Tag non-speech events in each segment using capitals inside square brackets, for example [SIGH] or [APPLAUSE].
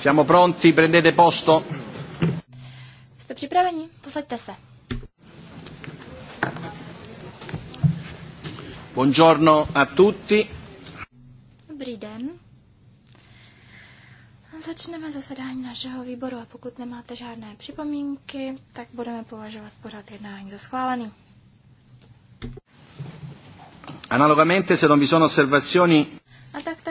Siamo pronti, prendete posto. Jste připraveni? Posaďte se. Buongiorno a tutti. Dobrý den. Začneme zasedání našeho výboru a pokud nemáte žádné připomínky, tak budeme považovat pořád jednání za schválený. Analogamente, se non vi sono osservazioni...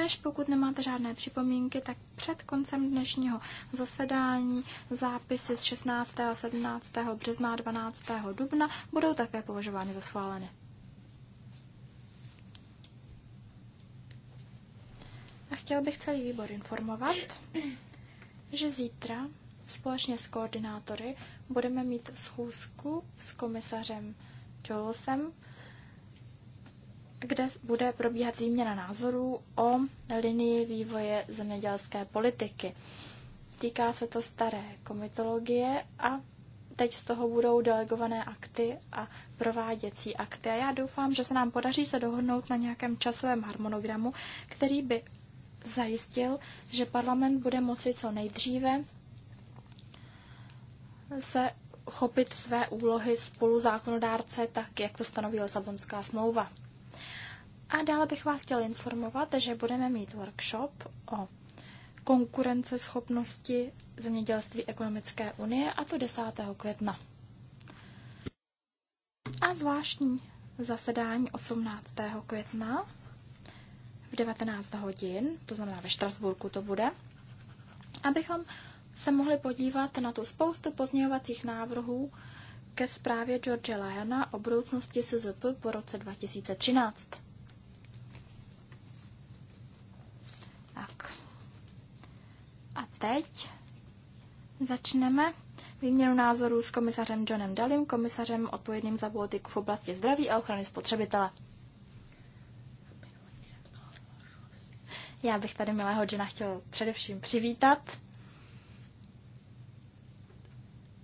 Rovněž pokud nemáte žádné připomínky, tak před koncem dnešního zasedání zápisy z 16. a 17. března 12. dubna budou také považovány za schváleny. A chtěl bych celý výbor informovat, že zítra společně s koordinátory budeme mít schůzku s komisařem Jolesem, kde bude probíhat výměna názorů o linii vývoje zemědělské politiky. Týká se to staré komitologie a teď z toho budou delegované akty a prováděcí akty. A já doufám, že se nám podaří se dohodnout na nějakém časovém harmonogramu, který by zajistil, že parlament bude moci co nejdříve se chopit své úlohy spoluzákonodárce tak, jak to stanoví Lisabonská smlouva. A dále bych vás chtěl informovat, že budeme mít workshop o konkurenceschopnosti zemědělství ekonomické unie a to 10. května. A zvláštní zasedání 18. května v 19 hodin, to znamená ve Štrasburku to bude, abychom se mohli podívat na tu spoustu pozměňovacích návrhů ke zprávě George Lyona o budoucnosti SZP po roce 2013. Tak. A teď začneme výměnu názorů s komisařem Johnem Dalim, komisařem odpovědným za politiku v oblasti zdraví a ochrany spotřebitele. Já bych tady milého Johna chtěl především přivítat.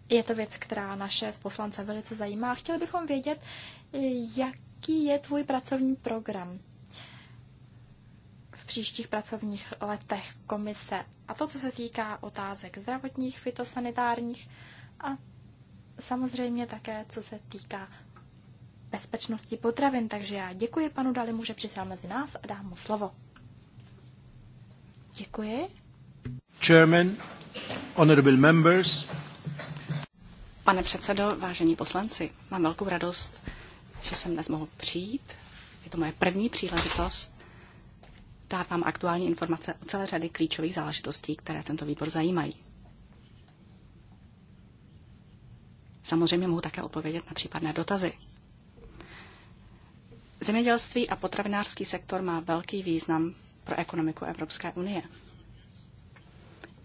Je to věc, která naše poslance velice zajímá. Chtěli bychom vědět, jaký je tvůj pracovní program v příštích pracovních letech komise. A to, co se týká otázek zdravotních, fitosanitárních a samozřejmě také, co se týká bezpečnosti potravin. Takže já děkuji panu Dalimu, že přišel mezi nás a dám mu slovo. Děkuji. Chairman, honorable members. Pane předsedo, vážení poslanci, mám velkou radost, že jsem dnes mohl přijít. Je to moje první příležitost dát vám aktuální informace o celé řady klíčových záležitostí, které tento výbor zajímají. Samozřejmě mohu také odpovědět na případné dotazy. Zemědělství a potravinářský sektor má velký význam pro ekonomiku Evropské unie.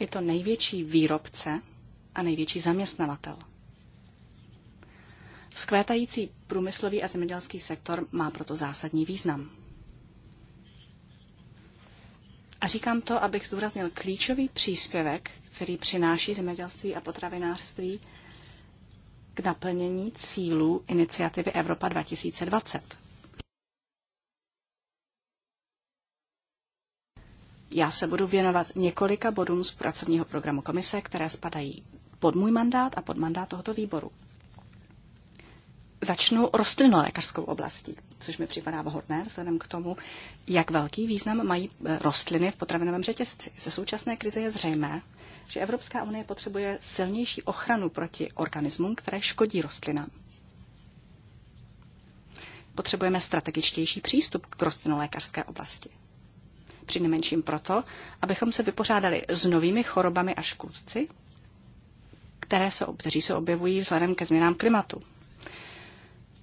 Je to největší výrobce a největší zaměstnavatel. Vzkvétající průmyslový a zemědělský sektor má proto zásadní význam. A říkám to, abych zdůraznil klíčový příspěvek, který přináší zemědělství a potravinářství k naplnění cílů iniciativy Evropa 2020. Já se budu věnovat několika bodům z pracovního programu komise, které spadají pod můj mandát a pod mandát tohoto výboru začnu rostlinolékařskou oblastí, což mi připadá vhodné vzhledem k tomu, jak velký význam mají eh, rostliny v potravinovém řetězci. Ze současné krize je zřejmé, že Evropská unie potřebuje silnější ochranu proti organismům, které škodí rostlinám. Potřebujeme strategičtější přístup k rostlinolékařské oblasti. Při nejmenším proto, abychom se vypořádali s novými chorobami a škůdci, které se, kteří se objevují vzhledem ke změnám klimatu,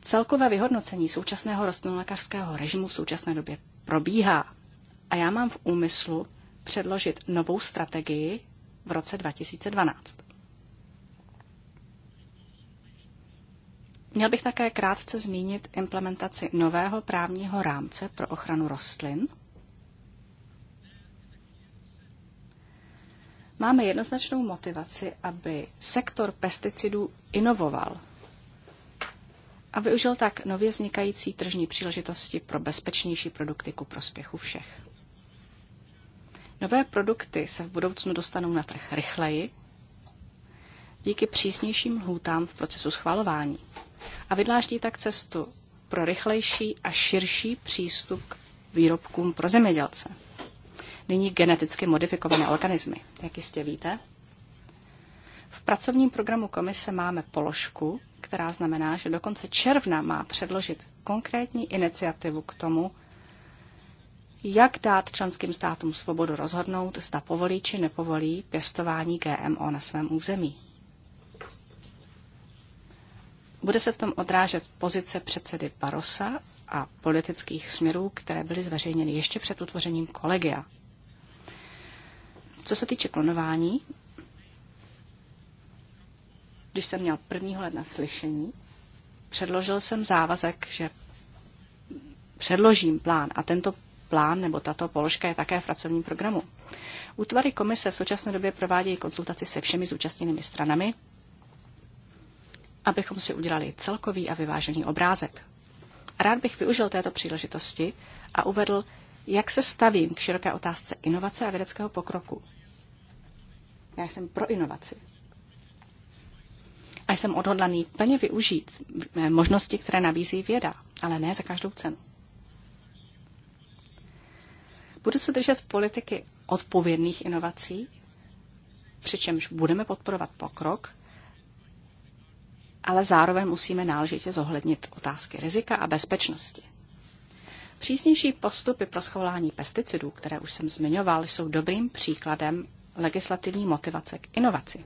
Celkové vyhodnocení současného rostlinolékařského režimu v současné době probíhá a já mám v úmyslu předložit novou strategii v roce 2012. Měl bych také krátce zmínit implementaci nového právního rámce pro ochranu rostlin. Máme jednoznačnou motivaci, aby sektor pesticidů inovoval a využil tak nově vznikající tržní příležitosti pro bezpečnější produkty ku prospěchu všech. Nové produkty se v budoucnu dostanou na trh rychleji díky přísnějším lhůtám v procesu schvalování a vydláždí tak cestu pro rychlejší a širší přístup k výrobkům pro zemědělce. Nyní geneticky modifikované organismy, jak jistě víte, v pracovním programu komise máme položku, která znamená, že do konce června má předložit konkrétní iniciativu k tomu, jak dát členským státům svobodu rozhodnout, zda povolí či nepovolí pěstování GMO na svém území. Bude se v tom odrážet pozice předsedy Barosa a politických směrů, které byly zveřejněny ještě před utvořením kolegia. Co se týče klonování, když jsem měl prvního ledna slyšení, předložil jsem závazek, že předložím plán a tento plán nebo tato položka je také v pracovním programu. Útvary komise v současné době provádějí konzultaci se všemi zúčastněnými stranami, abychom si udělali celkový a vyvážený obrázek. Rád bych využil této příležitosti a uvedl, jak se stavím k široké otázce inovace a vědeckého pokroku. Já jsem pro inovaci a jsem odhodlaný plně využít eh, možnosti, které nabízí věda, ale ne za každou cenu. Budu se držet politiky odpovědných inovací, přičemž budeme podporovat pokrok, ale zároveň musíme náležitě zohlednit otázky rizika a bezpečnosti. Přísnější postupy pro schování pesticidů, které už jsem zmiňoval, jsou dobrým příkladem legislativní motivace k inovaci.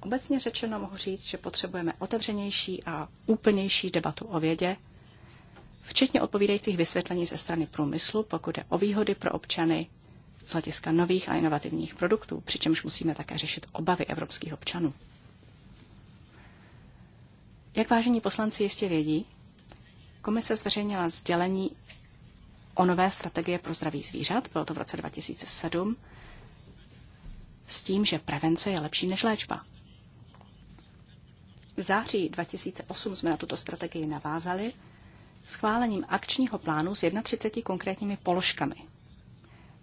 Obecně řečeno mohu říct, že potřebujeme otevřenější a úplnější debatu o vědě, včetně odpovídajících vysvětlení ze strany průmyslu, pokud je o výhody pro občany z hlediska nových a inovativních produktů, přičemž musíme také řešit obavy evropských občanů. Jak vážení poslanci jistě vědí, komise zveřejnila sdělení o nové strategie pro zdraví zvířat, bylo to v roce 2007, s tím, že prevence je lepší než léčba. V září 2008 jsme na tuto strategii navázali schválením akčního plánu s 31 konkrétními položkami.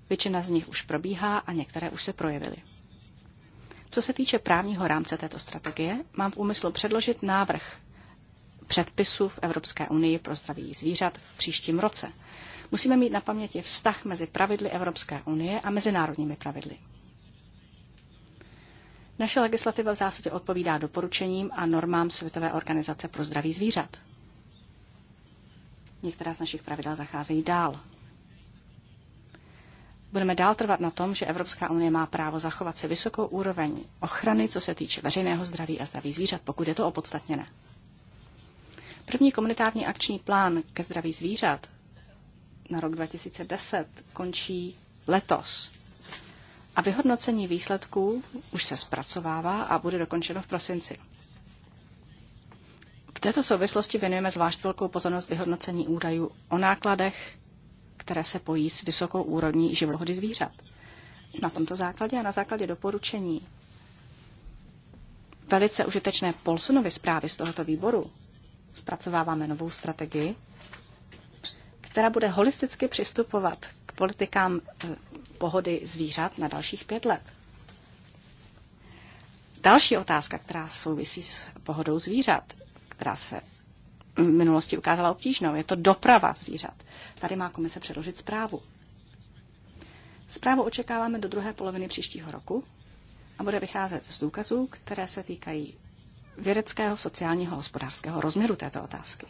Většina z nich už probíhá a některé už se projevily. Co se týče právního rámce této strategie, mám v úmyslu předložit návrh předpisu v Evropské unii pro zdraví zvířat v příštím roce. Musíme mít na paměti vztah mezi pravidly Evropské unie a mezinárodními pravidly. Naše legislativa v zásadě odpovídá doporučením a normám Světové organizace pro zdraví zvířat. Některá z našich pravidel zacházejí dál. Budeme dál trvat na tom, že Evropská unie má právo zachovat si vysokou úroveň ochrany, co se týče veřejného zdraví a zdraví zvířat, pokud je to opodstatněné. První komunitární akční plán ke zdraví zvířat na rok 2010 končí letos. A vyhodnocení výsledků už se zpracovává a bude dokončeno v prosinci. V této souvislosti věnujeme zvlášť velkou pozornost vyhodnocení údajů o nákladech, které se pojí s vysokou úrovní živlohody zvířat. Na tomto základě a na základě doporučení velice užitečné polsunové zprávy z tohoto výboru zpracováváme novou strategii, která bude holisticky přistupovat k politikám eh, pohody zvířat na dalších pět let. Další otázka, která souvisí s pohodou zvířat, která se v minulosti ukázala obtížnou, je to doprava zvířat. Tady má komise předložit zprávu. Zprávu očekáváme do druhé poloviny příštího roku a bude vycházet z důkazů, které se týkají vědeckého, sociálního a hospodářského rozměru této otázky.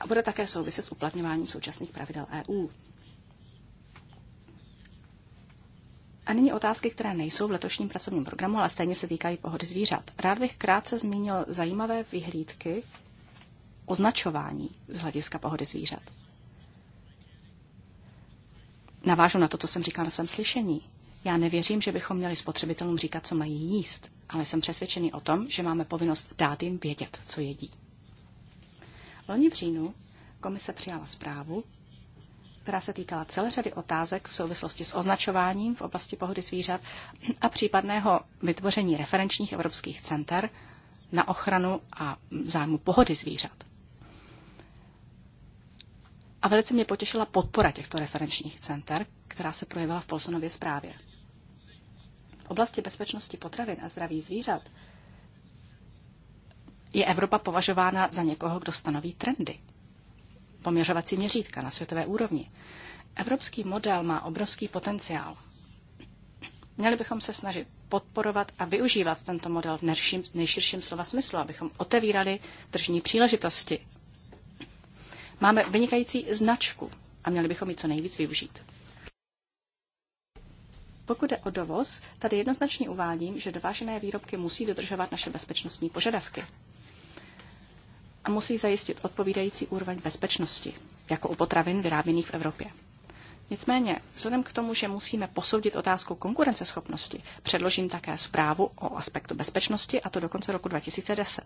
A bude také souviset s uplatňováním současných pravidel EU. A nyní otázky, které nejsou v letošním pracovním programu, ale stejně se týkají pohody zvířat. Rád bych krátce zmínil zajímavé vyhlídky označování z hlediska pohody zvířat. Navážu na to, co jsem říkal na svém slyšení. Já nevěřím, že bychom měli spotřebitelům říkat, co mají jíst, ale jsem přesvědčený o tom, že máme povinnost dát jim vědět, co jedí. Loni v říjnu komise přijala zprávu, která se týkala celé řady otázek v souvislosti s označováním v oblasti pohody zvířat a případného vytvoření referenčních evropských center na ochranu a zájmu pohody zvířat. A velice mě potěšila podpora těchto referenčních center, která se projevila v Polsonově zprávě. V oblasti bezpečnosti potravin a zdraví zvířat je Evropa považována za někoho, kdo stanoví trendy poměřovací měřítka na světové úrovni. Evropský model má obrovský potenciál. Měli bychom se snažit podporovat a využívat tento model v nejširším, nejširším slova smyslu, abychom otevírali tržní příležitosti. Máme vynikající značku a měli bychom ji co nejvíc využít. Pokud jde o dovoz, tady jednoznačně uvádím, že dovážené výrobky musí dodržovat naše bezpečnostní požadavky a musí zajistit odpovídající úroveň bezpečnosti, jako u potravin vyráběných v Evropě. Nicméně, vzhledem k tomu, že musíme posoudit otázku konkurenceschopnosti, předložím také zprávu o aspektu bezpečnosti, a to do konce roku 2010.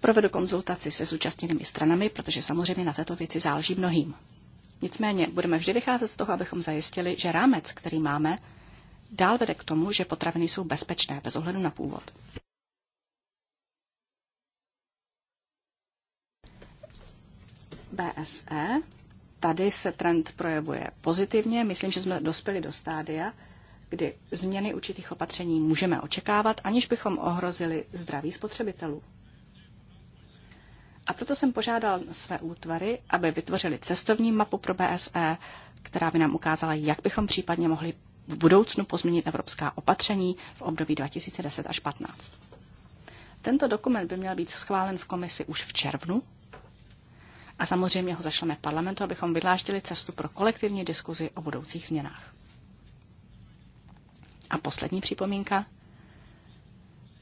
Provedu konzultaci se zúčastněnými stranami, protože samozřejmě na této věci záleží mnohým. Nicméně budeme vždy vycházet z toho, abychom zajistili, že rámec, který máme, dál vede k tomu, že potraviny jsou bezpečné bez ohledu na původ. BSE. Tady se trend projevuje pozitivně. Myslím, že jsme dospěli do stádia, kdy změny určitých opatření můžeme očekávat, aniž bychom ohrozili zdraví spotřebitelů. A proto jsem požádal své útvary, aby vytvořili cestovní mapu pro BSE, která by nám ukázala, jak bychom případně mohli v budoucnu pozměnit evropská opatření v období 2010 až 2015. Tento dokument by měl být schválen v komisi už v červnu a samozřejmě ho zašleme parlamentu, abychom vydláždili cestu pro kolektivní diskuzi o budoucích změnách. A poslední připomínka.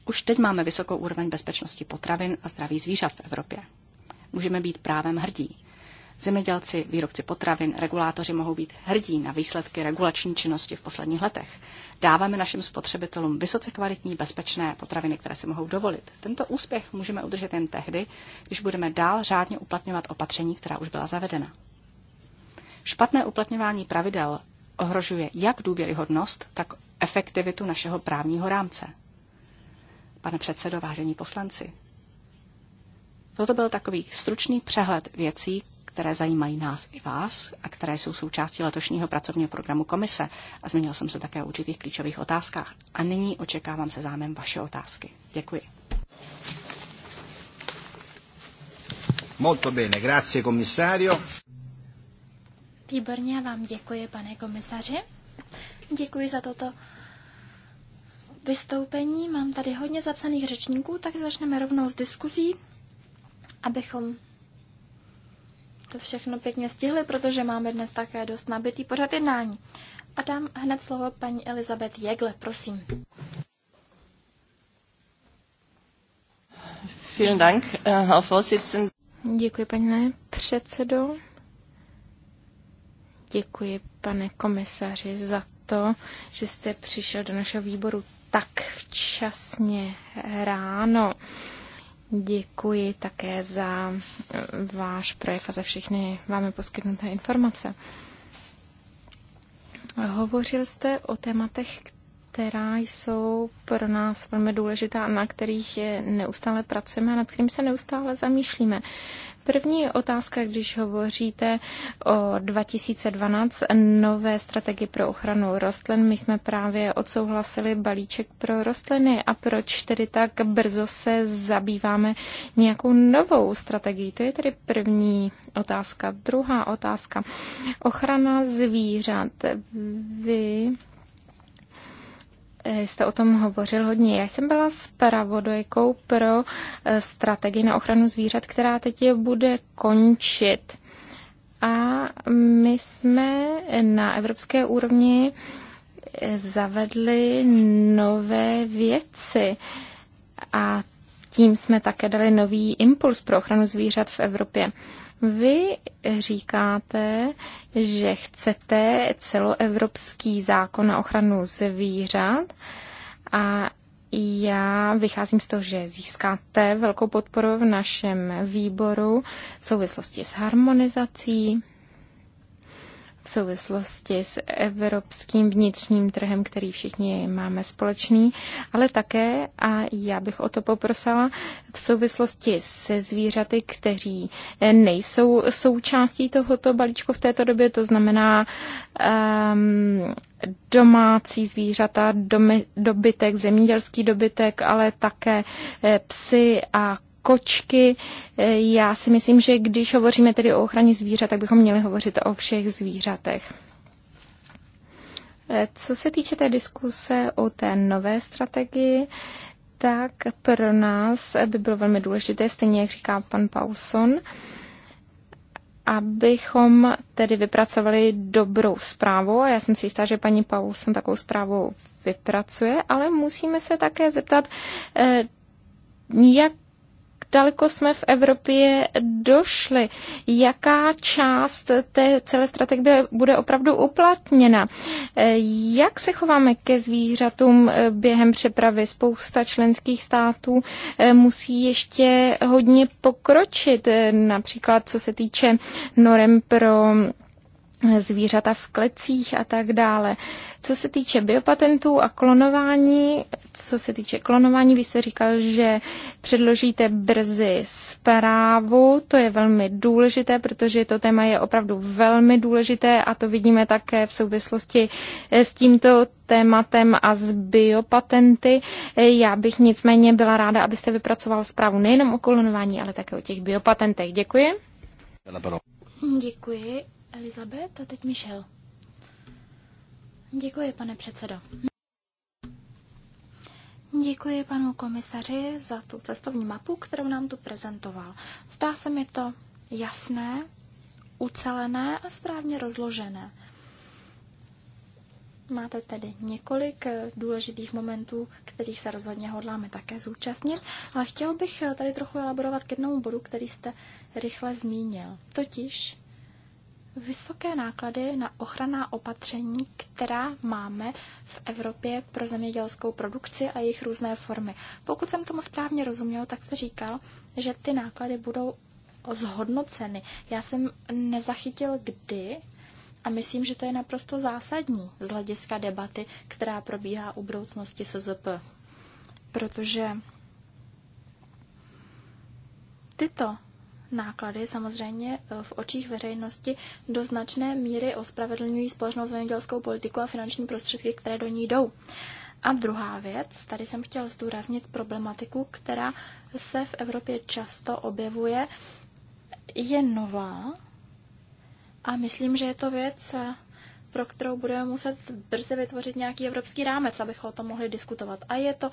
Už teď máme vysokou úroveň bezpečnosti potravin a zdraví zvířat v Evropě. Můžeme být právem hrdí. Zemědělci, výrobci potravin, regulátoři mohou být hrdí na výsledky regulační činnosti v posledních letech. Dáváme našim spotřebitelům vysoce kvalitní, bezpečné potraviny, které si mohou dovolit. Tento úspěch můžeme udržet jen tehdy, když budeme dál řádně uplatňovat opatření, která už byla zavedena. Špatné uplatňování pravidel ohrožuje jak důvěryhodnost, tak efektivitu našeho právního rámce. Pane předsedo, vážení poslanci, toto byl takový stručný přehled věcí, které zajímají nás i vás a které jsou součástí letošního pracovního programu komise. A zmínil jsem se také o určitých klíčových otázkách. A nyní očekávám se zájmem vaše otázky. Děkuji. Molto bene, grazie commissario. Výborně, já vám děkuji, pane komisaři. Děkuji za toto vystoupení. Mám tady hodně zapsaných řečníků, tak začneme rovnou s diskuzí, abychom to všechno pěkně stihli, protože máme dnes také dost nabitý pořad jednání. A dám hned slovo paní Elizabet Jegle, prosím. Vielen Dank, Herr äh, Vorsitzender. Děkuji, pane předsedo. Děkuji, pane komisaři, za to, že jste přišel do našeho výboru tak včasně ráno. Uh, Děkuji také za eh, váš projev a za všechny vámi poskytnuté informace. Hovořil jste o tématech, která jsou pro nás velmi důležitá a na kterých je neustále pracujeme a nad kterým se neustále zamýšlíme. První otázka, když hovoříte o 2012 nové strategii pro ochranu rostlin. My jsme právě odsouhlasili balíček pro rostliny a proč tedy tak brzo se zabýváme nějakou novou strategií? To je tedy první otázka. Druhá otázka. Ochrana zvířat. Vy jste o tom hovořil hodně. Já jsem byla pravodojkou pro eh, strategii na ochranu zvířat, která teď je bude končit. A my jsme na evropské úrovni eh, zavedli nové věci a tím jsme také dali nový impuls pro ochranu zvířat v Evropě. Vy říkáte, že chcete celoevropský zákon na ochranu zvířat a já vycházím z toho, že získáte velkou podporu v našem výboru v souvislosti s harmonizací v souvislosti s evropským vnitřním trhem, který všichni máme společný, ale také, a já bych o to poprosila, v souvislosti se zvířaty, kteří nejsou součástí tohoto balíčku v této době, to znamená um, domácí zvířata, domy, dobytek, zemědělský dobytek, ale také eh, psy a kočky. E, já si myslím, že když hovoříme tedy o ochraně zvířat, tak bychom měli hovořit o všech zvířatech. E, co se týče té diskuse o té nové strategii, tak pro nás by bylo velmi důležité, stejně jak říká pan Paulson, abychom tedy vypracovali dobrou zprávu. já jsem si jistá, že paní Paulson takovou zprávu vypracuje, ale musíme se také zeptat, e, jak daleko jsme v Evropě došli, jaká část té celé strategie bude opravdu uplatněna. Jak se chováme ke zvířatům během přepravy? Spousta členských států eh, musí ještě hodně pokročit, eh, například co se týče norem pro zvířata v klecích a tak dále. Co se týče biopatentů a klonování, co se týče klonování, vy jste říkal, že předložíte brzy zprávu, to je velmi důležité, protože to téma je opravdu velmi důležité a to vidíme také v souvislosti s tímto tématem a s biopatenty. Já bych nicméně byla ráda, abyste vypracoval zprávu nejenom o klonování, ale také o těch biopatentech. Děkuji. Děkuji. Elizabeth a teď Michel. Děkuji, pane předsedo. Děkuji panu komisaři za tu cestovní mapu, kterou nám tu prezentoval. Zdá se mi to jasné, ucelené a správně rozložené. Máte tedy několik eh, důležitých momentů, kterých se rozhodně hodláme také zúčastnit, ale chtěl bych eh, tady trochu elaborovat k jednomu bodu, který jste rychle zmínil. Totiž vysoké náklady na ochranná opatření, která máme v Evropě pro zemědělskou produkci a jejich různé formy. Pokud jsem tomu správně rozuměl, tak jste říkal, že ty náklady budou zhodnoceny. Já jsem nezachytil, kdy a myslím, že to je naprosto zásadní z hlediska debaty, která probíhá u budoucnosti SZP. Protože tyto náklady samozřejmě eh, v očích veřejnosti do značné míry ospravedlňují společnou zemědělskou politiku a finanční prostředky, které do ní jdou. A druhá věc, tady jsem chtěl zdůraznit problematiku, která se v Evropě často objevuje, je nová a myslím, že je to věc, eh, pro kterou budeme muset brzy vytvořit nějaký evropský rámec, abychom o tom mohli diskutovat. A je to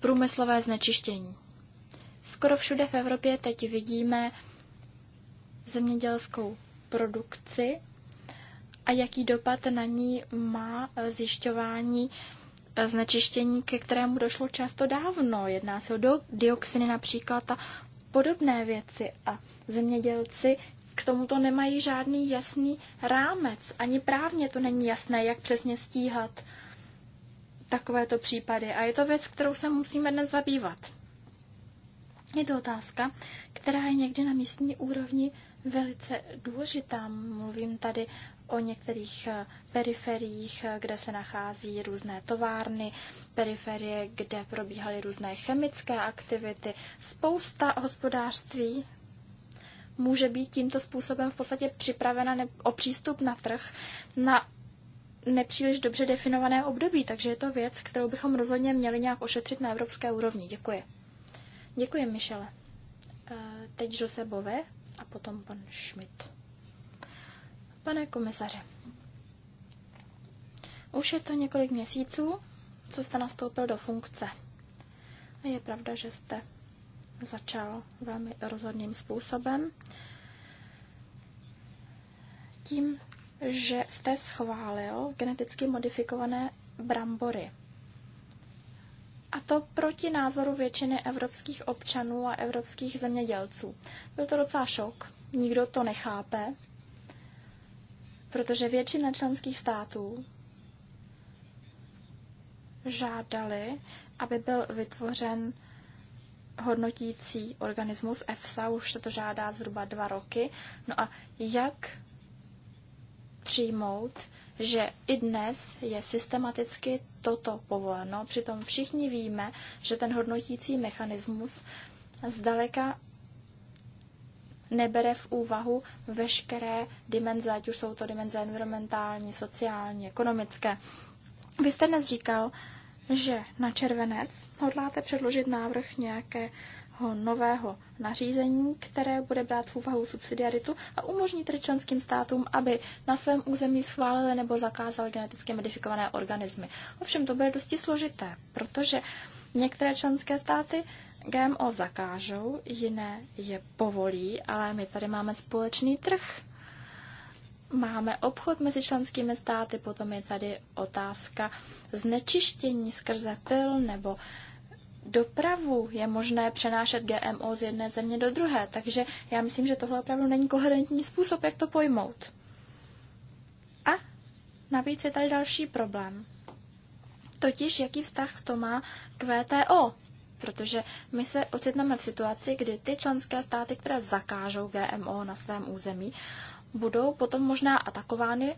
průmyslové znečištění. Skoro všude v Evropě teď vidíme zemědělskou produkci a jaký dopad na ní má eh, zjišťování eh, znečištění, ke kterému došlo často dávno. Jedná se o dioxiny například a podobné věci. A zemědělci k tomuto nemají žádný jasný rámec. Ani právně to není jasné, jak přesně stíhat takovéto případy. A je to věc, kterou se musíme dnes zabývat. Je to otázka, která je někdy na místní úrovni velice důležitá. Mluvím tady o některých eh, periferiích, eh, kde se nachází různé továrny, periferie, kde probíhaly různé chemické aktivity. Spousta hospodářství může být tímto způsobem v podstatě připravena o přístup na trh na nepříliš dobře definované období, takže je to věc, kterou bychom rozhodně měli nějak ošetřit na evropské úrovni. Děkuji. Děkuji, Michele. Eh, teď Josebové, a potom pan Schmidt. Pane komisaře, už je to několik měsíců, co jste nastoupil do funkce. A je pravda, že jste začal velmi rozhodným způsobem. Tím, že jste schválil geneticky modifikované brambory. A to proti názoru většiny evropských občanů a evropských zemědělců. Byl to docela šok, nikdo to nechápe, protože většina členských států žádali, aby byl vytvořen hodnotící organismus EFSA, už se to žádá zhruba dva roky. No a jak přijmout že i dnes je systematicky toto povoleno. Přitom všichni víme, že ten hodnotící mechanismus zdaleka nebere v úvahu veškeré dimenze, ať už jsou to dimenze environmentální, sociální, ekonomické. Vy jste dnes říkal, že na červenec hodláte předložit návrh nějaké nového nařízení, které bude brát v úvahu subsidiaritu a umožní tedy členským státům, aby na svém území schválili nebo zakázali geneticky modifikované organismy. Ovšem to bude dosti složité, protože některé členské státy GMO zakážou, jiné je povolí, ale my tady máme společný trh. Máme obchod mezi členskými státy, potom je tady otázka znečištění skrze pil nebo uh, dopravu je možné přenášet GMO z jedné země do druhé, takže já myslím, že tohle opravdu není koherentní způsob, jak to pojmout. A navíc je tady další problém. Totiž, jaký vztah to má k VTO, protože my se ocitneme v situaci, kdy ty členské státy, které zakážou GMO na svém území, budou potom možná atakovány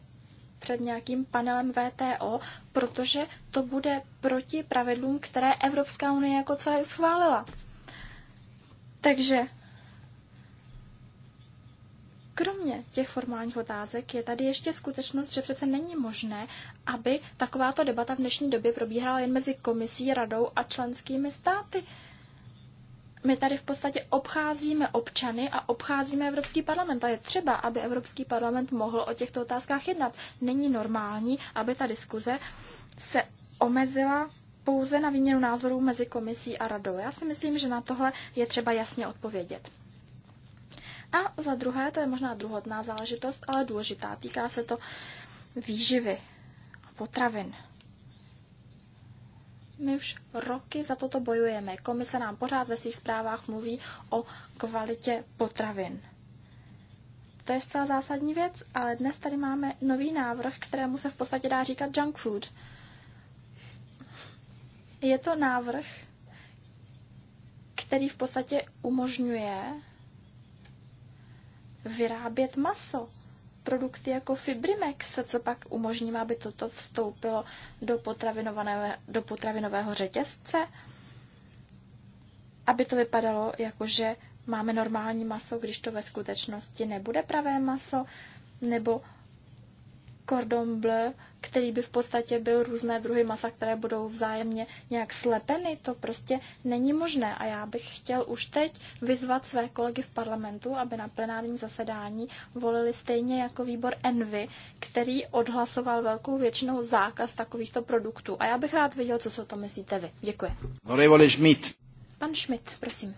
před nějakým panelem VTO, protože to bude proti pravidlům, které Evropská unie jako celé schválila. Takže kromě těch formálních otázek je tady ještě skutečnost, že přece není možné, aby takováto debata v dnešní době probíhala jen mezi komisí, radou a členskými státy my tady v podstatě obcházíme občany a obcházíme Evropský parlament. A je třeba, aby Evropský parlament mohl o těchto otázkách jednat. Není normální, aby ta diskuze se omezila pouze na výměnu názorů mezi komisí a radou. Já si myslím, že na tohle je třeba jasně odpovědět. A za druhé, to je možná druhotná záležitost, ale důležitá, týká se to výživy potravin. My už roky za toto bojujeme. Komise nám pořád ve svých zprávách mluví o kvalitě potravin. To je zcela zásadní věc, ale dnes tady máme nový návrh, kterému se v podstatě dá říkat junk food. Je to návrh, který v podstatě umožňuje vyrábět maso produkty jako Fibrimex, co pak umožní, aby toto vstoupilo do, potravinového do potravinového řetězce, aby to vypadalo jako, že máme normální maso, když to ve skutečnosti nebude pravé maso, nebo cordon bleu, který by v podstatě byl různé druhy masa, které budou vzájemně nějak slepeny, to prostě není možné. A já bych chtěl už teď vyzvat své kolegy v parlamentu, aby na plenární zasedání volili stejně jako výbor Envy, který odhlasoval velkou většinou zákaz takovýchto produktů. A já bych rád viděl, co si o tom myslíte vy. Děkuji. Pan Schmidt, prosím.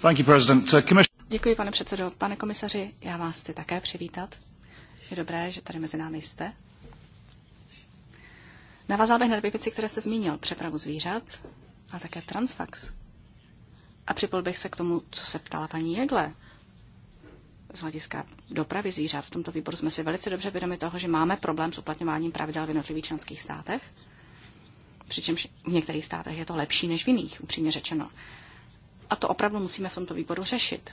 Thank you, President. Uh, commission... Děkuji, pane předsedo. Pane komisaři, já vás chci také přivítat. Je dobré, že tady mezi námi jste. Navázal bych na dvě věci, které jste zmínil. Přepravu zvířat a také transfax. A připol bych se k tomu, co se ptala paní Jegle. Z hlediska dopravy zvířat v tomto výboru jsme si velice dobře vědomi toho, že máme problém s uplatňováním pravidel v jednotlivých členských státech. Přičemž v některých státech je to lepší než v jiných, upřímně řečeno. A to opravdu musíme v tomto výboru řešit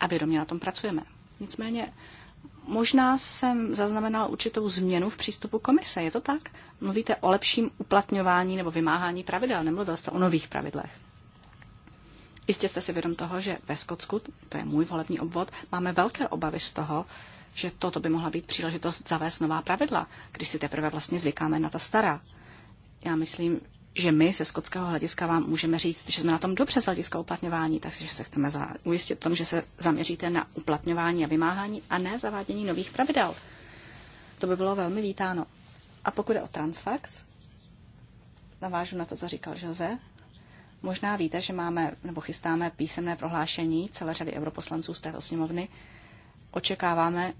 a vědomě na tom pracujeme. Nicméně možná jsem zaznamenal určitou změnu v přístupu komise. Je to tak? Mluvíte o lepším uplatňování nebo vymáhání pravidel, nemluvil jste o nových pravidlech. Jistě jste si vědom toho, že ve Skotsku, to je můj volební obvod, máme velké obavy z toho, že toto by mohla být příležitost zavést nová pravidla, když si teprve vlastně zvykáme na ta stará. Já myslím, že my ze skotského hlediska vám můžeme říct, že jsme na tom dobře z hlediska uplatňování, takže se chceme za, ujistit o tom, že se zaměříte na uplatňování a vymáhání a ne zavádění nových pravidel. To by bylo velmi vítáno. A pokud je o transfax, navážu na to, co říkal Jose, možná víte, že máme nebo chystáme písemné prohlášení celé řady europoslanců z této sněmovny. Očekáváme,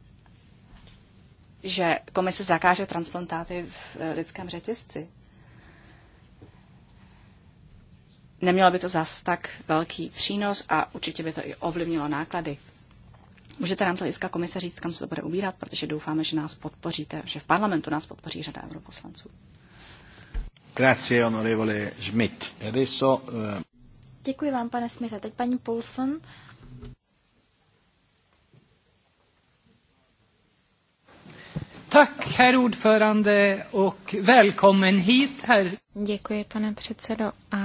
že komise zakáže transplantáty v lidském řetězci nemělo by to zas tak velký přínos a určitě by to i ovlivnilo náklady. Můžete nám to komise říct, kam se to bude ubírat, protože doufáme, že nás podpoříte, že v parlamentu nás podpoří řada europoslanců. Grazie, honorevole Schmidt. E adesso, uh... Děkuji vám, pane Smith. A teď paní Poulson. Tak, herr ordförande, och välkommen hit, herr. Děkuji, pane předsedo, a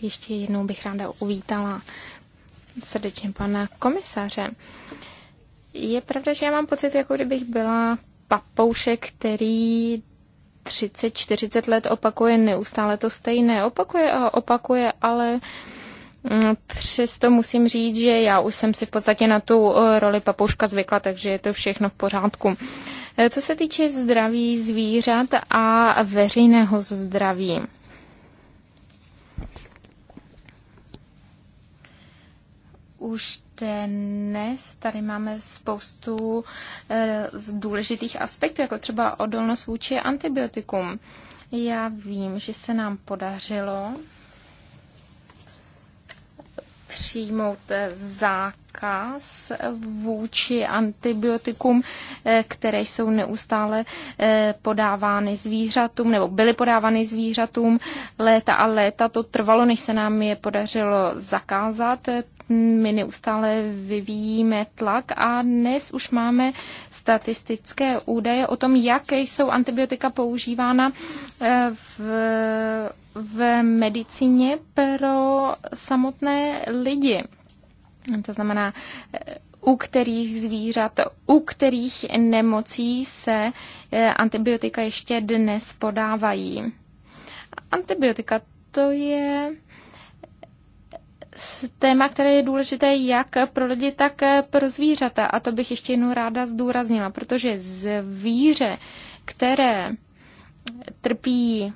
ještě jednou bych ráda uvítala srdečně pana komisaře. Je pravda, že já mám pocit, jako kdybych byla papoušek, který 30-40 let opakuje neustále to stejné. Opakuje a opakuje, ale mm, přesto musím říct, že já už jsem si v podstatě na tu eh, roli papouška zvykla, takže je to všechno v pořádku. Uh, Eh, co se týče zdraví zvířat a veřejného zdraví. Už dnes tady máme spoustu eh, důležitých aspektů, jako třeba odolnost vůči antibiotikum. Já vím, že se nám podařilo přijmout zákaz vůči antibiotikům, eh, které jsou neustále eh, podávány zvířatům, nebo byly podávány zvířatům léta a léta. To trvalo, než se nám je podařilo zakázat. Eh, my neustále vyvíjíme tlak a dnes už máme statistické údaje o tom, jak jsou antibiotika používána eh, v, v medicíně pro samotné lidi. To znamená, eh, u kterých zvířat, u kterých nemocí se eh, antibiotika ještě dnes podávají. Antibiotika to je téma, které je důležité jak pro lidi, tak pro zvířata. A to bych ještě jednou ráda zdůraznila, protože zvíře, které trpí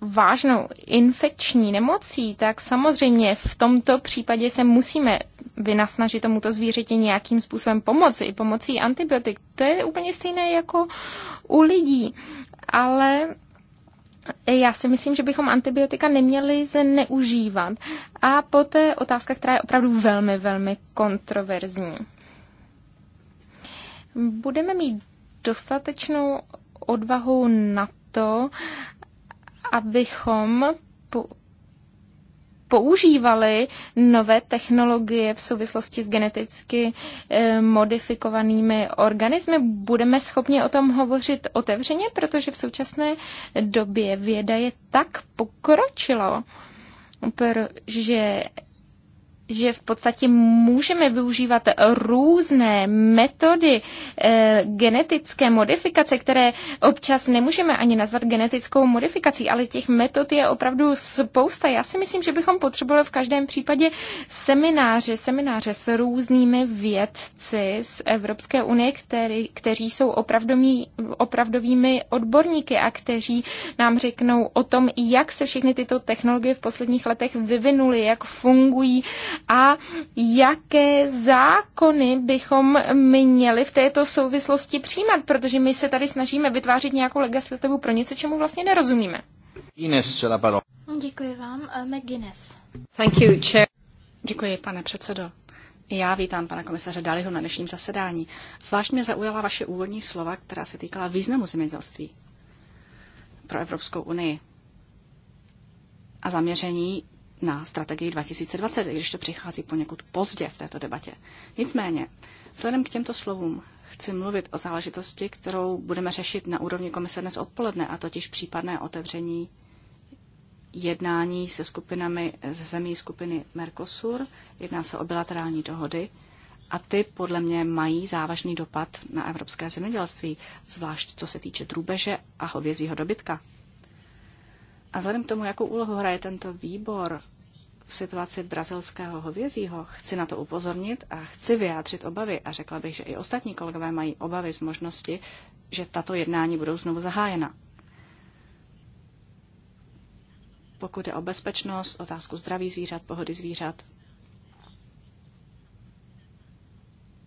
vážnou infekční nemocí, tak samozřejmě v tomto případě se musíme vynasnažit tomuto zvířeti nějakým způsobem pomoci, i pomocí antibiotik. To je úplně stejné jako u lidí. Ale já si myslím, že bychom antibiotika neměli zneužívat. A poté otázka, která je opravdu velmi, velmi kontroverzní. Budeme mít dostatečnou odvahu na to, abychom používali nové technologie v souvislosti s geneticky eh, modifikovanými organismy. Budeme schopni o tom hovořit otevřeně, protože v současné době věda je tak pokročilo, že že v podstatě můžeme využívat různé metody e, genetické modifikace, které občas nemůžeme ani nazvat genetickou modifikací, ale těch metod je opravdu spousta. Já si myslím, že bychom potřebovali v každém případě semináře, semináře s různými vědci z Evropské unie, který, kteří jsou opravdomí, opravdovými odborníky a kteří nám řeknou o tom, jak se všechny tyto technologie v posledních letech vyvinuly, jak fungují a jaké zákony bychom měli v této souvislosti přijímat, protože my se tady snažíme vytvářet nějakou legislativu pro něco, čemu vlastně nerozumíme. Ines, Děkuji vám, eh, McGuinness. Thank you, chair. Děkuji, pane předsedo. Já vítám pana komisaře Daliho na dnešním zasedání. Zvlášť mě zaujala vaše úvodní slova, která se týkala významu zemědělství pro Evropskou unii a zaměření, na strategii 2020, když to přichází poněkud pozdě v této debatě. Nicméně, vzhledem k těmto slovům chci mluvit o záležitosti, kterou budeme řešit na úrovni komise dnes odpoledne, a totiž případné otevření jednání se skupinami ze zemí skupiny Mercosur. Jedná se o bilaterální dohody a ty podle mě mají závažný dopad na evropské zemědělství, zvlášť co se týče drůbeže a hovězího dobytka. A vzhledem k tomu, jakou úlohu hraje tento výbor v situaci brazilského hovězího, chci na to upozornit a chci vyjádřit obavy. A řekla bych, že i ostatní kolegové mají obavy z možnosti, že tato jednání budou znovu zahájena. Pokud je o bezpečnost, otázku zdraví zvířat, pohody zvířat,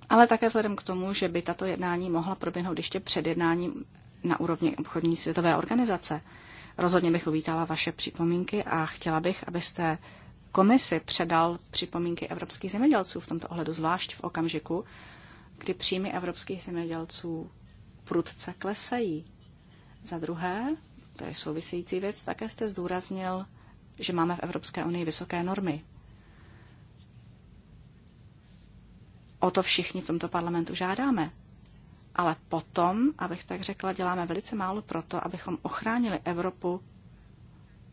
ale také vzhledem k tomu, že by tato jednání mohla proběhnout ještě před jednáním na úrovni obchodní světové organizace. Rozhodně bych uvítala vaše připomínky a chtěla bych, abyste komisi předal připomínky evropských zemědělců v tomto ohledu, zvlášť v okamžiku, kdy příjmy evropských zemědělců prudce klesají. Za druhé, to je související věc, také jste zdůraznil, že máme v Evropské unii vysoké normy. O to všichni v tomto parlamentu žádáme. Ale potom, abych tak řekla, děláme velice málo proto, abychom ochránili Evropu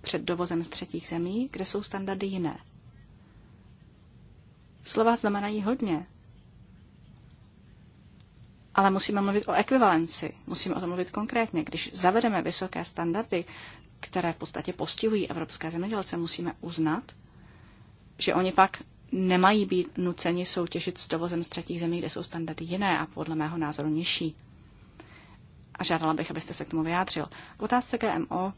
před dovozem z třetích zemí, kde jsou standardy jiné. Slova znamenají hodně, ale musíme mluvit o ekvivalenci, musíme o tom mluvit konkrétně. Když zavedeme vysoké standardy, které v podstatě postihují evropské zemědělce, musíme uznat, že oni pak nemají být nuceni soutěžit s dovozem z třetích zemí, kde jsou standardy jiné a podle mého názoru nižší. A žádala bych, abyste se k tomu vyjádřil. K otázce GMO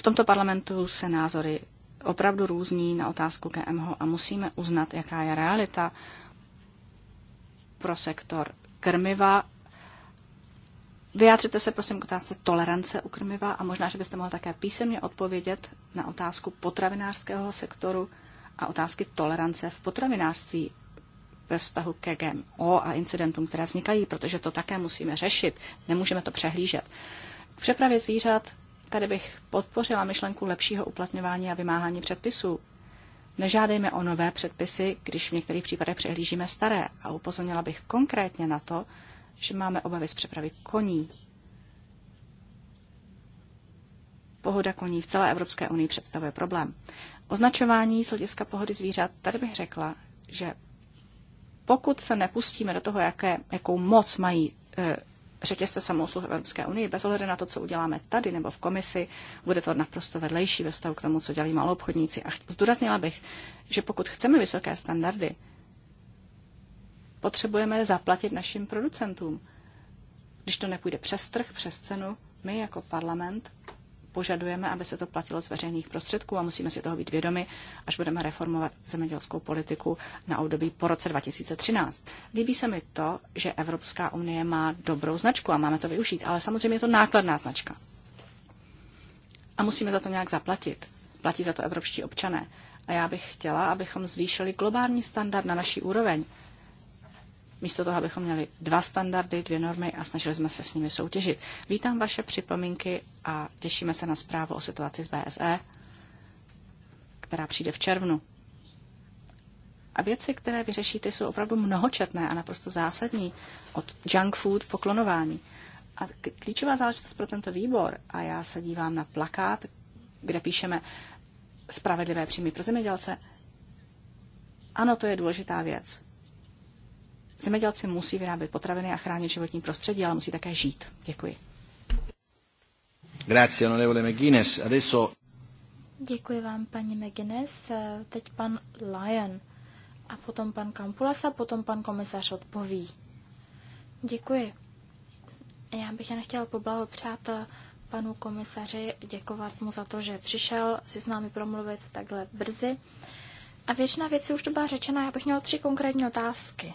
v tomto parlamentu se názory opravdu různí na otázku GMO a musíme uznat, jaká je realita pro sektor krmiva. Vyjádřete se prosím k otázce tolerance u krmiva a možná, že byste mohl také písemně odpovědět na otázku potravinářského sektoru a otázky tolerance v potravinářství ve vztahu ke GMO a incidentům, které vznikají, protože to také musíme řešit, nemůžeme to přehlížet. K přepravě zvířat Tady bych podpořila myšlenku lepšího uplatňování a vymáhání předpisů. Nežádejme o nové předpisy, když v některých případech přehlížíme staré a upozornila bych konkrétně na to, že máme obavy z přepravy koní. Pohoda koní v celé Evropské unii představuje problém. Označování z hlediska pohody zvířat, tady bych řekla, že pokud se nepustíme do toho, jaké, jakou moc mají e, řetězce samousluh v Evropské unii, bez ohledu na to, co uděláme tady nebo v komisi, bude to naprosto vedlejší ve stavu k tomu, co dělají maloobchodníci. A zdůraznila bych, že pokud chceme vysoké standardy, potřebujeme zaplatit našim producentům. Když to nepůjde přes trh, přes cenu, my jako parlament požadujeme, aby se to platilo z veřejných prostředků a musíme si toho být vědomi, až budeme reformovat zemědělskou politiku na období po roce 2013. Líbí se mi to, že Evropská unie má dobrou značku a máme to využít, ale samozřejmě je to nákladná značka. A musíme za to nějak zaplatit. Platí za to evropští občané. A já bych chtěla, abychom zvýšili globální standard na naší úroveň, místo toho, abychom měli dva standardy, dvě normy a snažili jsme se s nimi soutěžit. Vítám vaše připomínky a těšíme se na zprávu o situaci z BSE, která přijde v červnu. A věci, které vyřešíte, jsou opravdu mnohočetné a naprosto zásadní, od junk food po klonování. A klíčová záležitost pro tento výbor, a já se dívám na plakát, kde píšeme spravedlivé příjmy pro zemědělce, ano, to je důležitá věc. Zemědělci musí vyrábět potraviny a chránit životní prostředí, ale musí také žít. Děkuji. Grazie, onorevole McGuinness. Adesso... Děkuji vám, paní McGuinness. Teď pan Lyon a potom pan Kampulas a potom pan komisař odpoví. Děkuji. Já bych jen chtěla poblahopřát panu komisaři, děkovat mu za to, že přišel si s námi promluvit takhle brzy. A většina věcí už tu byla řečena, já bych měla tři konkrétní otázky.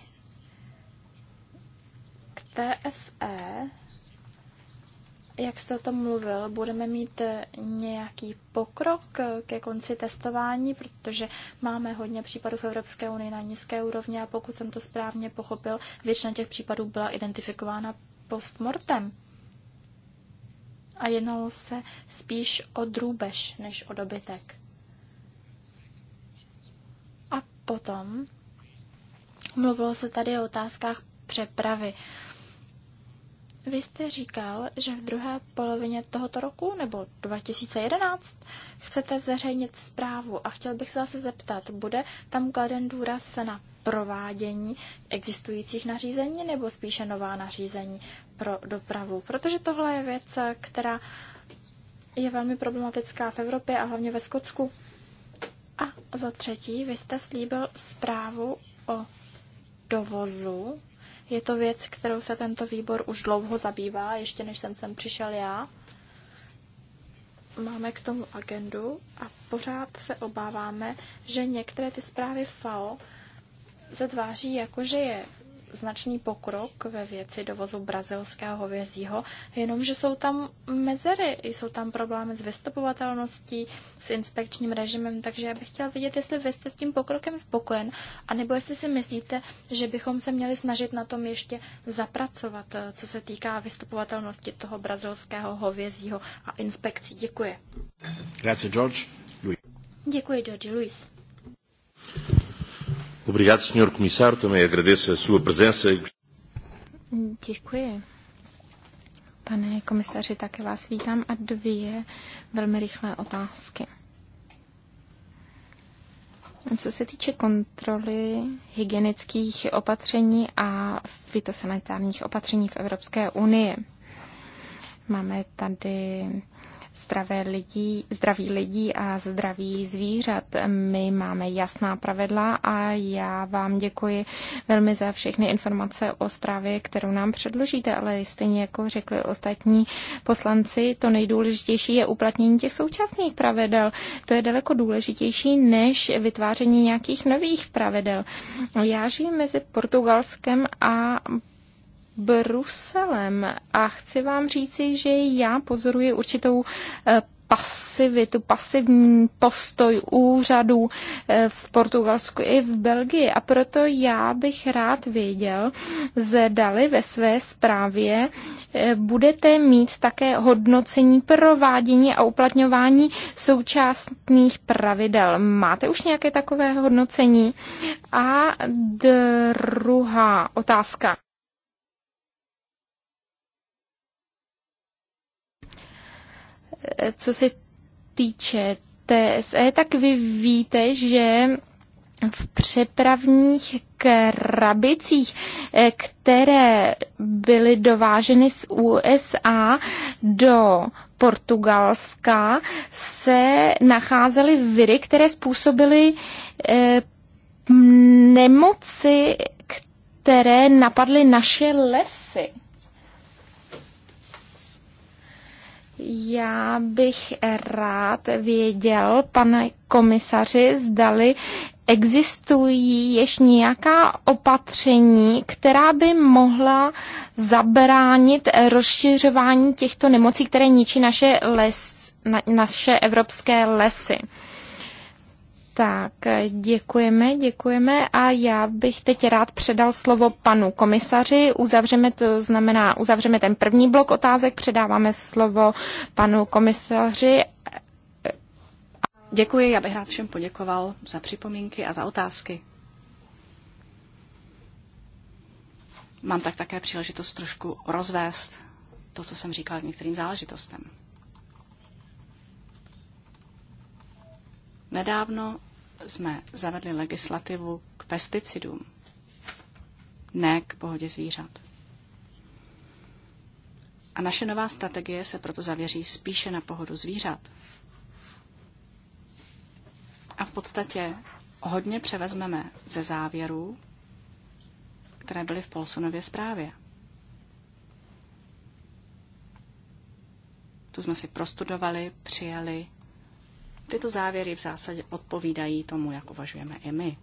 TSE, jak jste o tom mluvil, budeme mít nějaký pokrok ke konci testování, protože máme hodně případů v Evropské unii na nízké úrovni a pokud jsem to správně pochopil, většina těch případů byla identifikována postmortem. A jednalo se spíš o drůbež než o dobytek. A potom mluvilo se tady o otázkách přepravy. Uh, vy jste říkal, že v druhé polovině tohoto roku nebo 2011 chcete zveřejnit zprávu a chtěl bych se zase zeptat, bude tam kladen důraz na provádění existujících nařízení nebo spíše nová nařízení pro dopravu? Protože tohle je věc, která je velmi problematická v Evropě a hlavně ve Skotsku. A za třetí, vy jste slíbil zprávu o dovozu je to věc, kterou se tento výbor už dlouho zabývá, ještě než jsem sem přišel já. Máme k tomu agendu a pořád se obáváme, že některé ty zprávy FAO zatváří jako, že je značný pokrok ve věci dovozu brazilského hovězího, jenomže jsou tam mezery, jsou tam problémy s vystupovatelností, s inspekčním režimem, takže já bych chtěla vidět, jestli vy jste s tím pokrokem spokojen, anebo jestli si myslíte, že bychom se měli snažit na tom ještě zapracovat, eh, co se týká vystupovatelnosti toho brazilského hovězího a inspekcí. Děkuji. George. Louis. Děkuji, George. Luis. Obrigado, Sr. Comissário. Também agradeço a sua presença. Děkuji. Pane komisaři, také vás vítám a dvě velmi rychlé otázky. Co se týče kontroly hygienických opatření a fitosanitárních opatření v Evropské unii, máme tady zdravé lidí, zdraví lidí a zdraví zvířat. My máme jasná pravidla a já vám děkuji velmi za všechny informace o zprávě, kterou nám předložíte, ale stejně jako řekli ostatní poslanci, to nejdůležitější je uplatnění těch současných pravidel. To je daleko důležitější než vytváření nějakých nových pravidel. Já žiju mezi Portugalskem a Bruselem a chci vám říci, že já pozoruji určitou eh, pasivitu, pasivní postoj úřadů eh, v Portugalsku i v Belgii. A proto já bych rád věděl, zdali ve své zprávě eh, budete mít také hodnocení provádění a uplatňování současných pravidel. Máte už nějaké takové hodnocení? A druhá otázka. Eh, co se týče TSE, tak vy víte, že v přepravních krabicích, eh, které byly dováženy z USA do Portugalska, se nacházely viry, které způsobily eh, nemoci, které napadly naše lesy. Já bych rád věděl, pane komisaři, zdali existují ještě nějaká opatření, která by mohla zabránit rozšiřování těchto nemocí, které ničí naše, les, na, naše evropské lesy. Tak, děkujeme, děkujeme a já bych teď rád předal slovo panu komisaři. Uzavřeme to, znamená, uzavřeme ten první blok otázek, předáváme slovo panu komisaři. Děkuji, já bych rád všem poděkoval za připomínky a za otázky. Mám tak také příležitost trošku rozvést to, co jsem říkal některým záležitostem. Nedávno jsme zavedli legislativu k pesticidům, ne k pohodě zvířat. A naše nová strategie se proto zavěří spíše na pohodu zvířat. A v podstatě hodně převezmeme ze závěrů, které byly v Polsonově zprávě. Tu jsme si prostudovali, přijali Tyto závěry v zásadě odpovídají tomu, jak uvažujeme i my.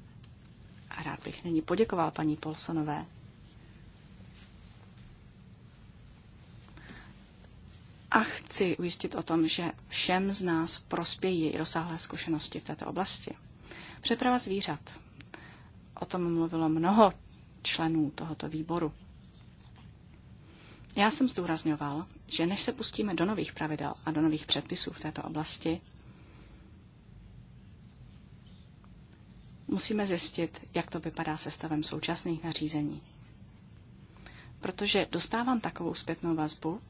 A rád bych nyní poděkoval paní Polsonové a chci ujistit o tom, že všem z nás prospějí její rozsáhlé zkušenosti v této oblasti. Přeprava zvířat. O tom mluvilo mnoho členů tohoto výboru. Já jsem zdůrazňoval, že než se pustíme do nových pravidel a do nových předpisů v této oblasti, musíme zjistit, jak to vypadá se stavem současných nařízení. Protože dostávám takovou zpětnou vazbu,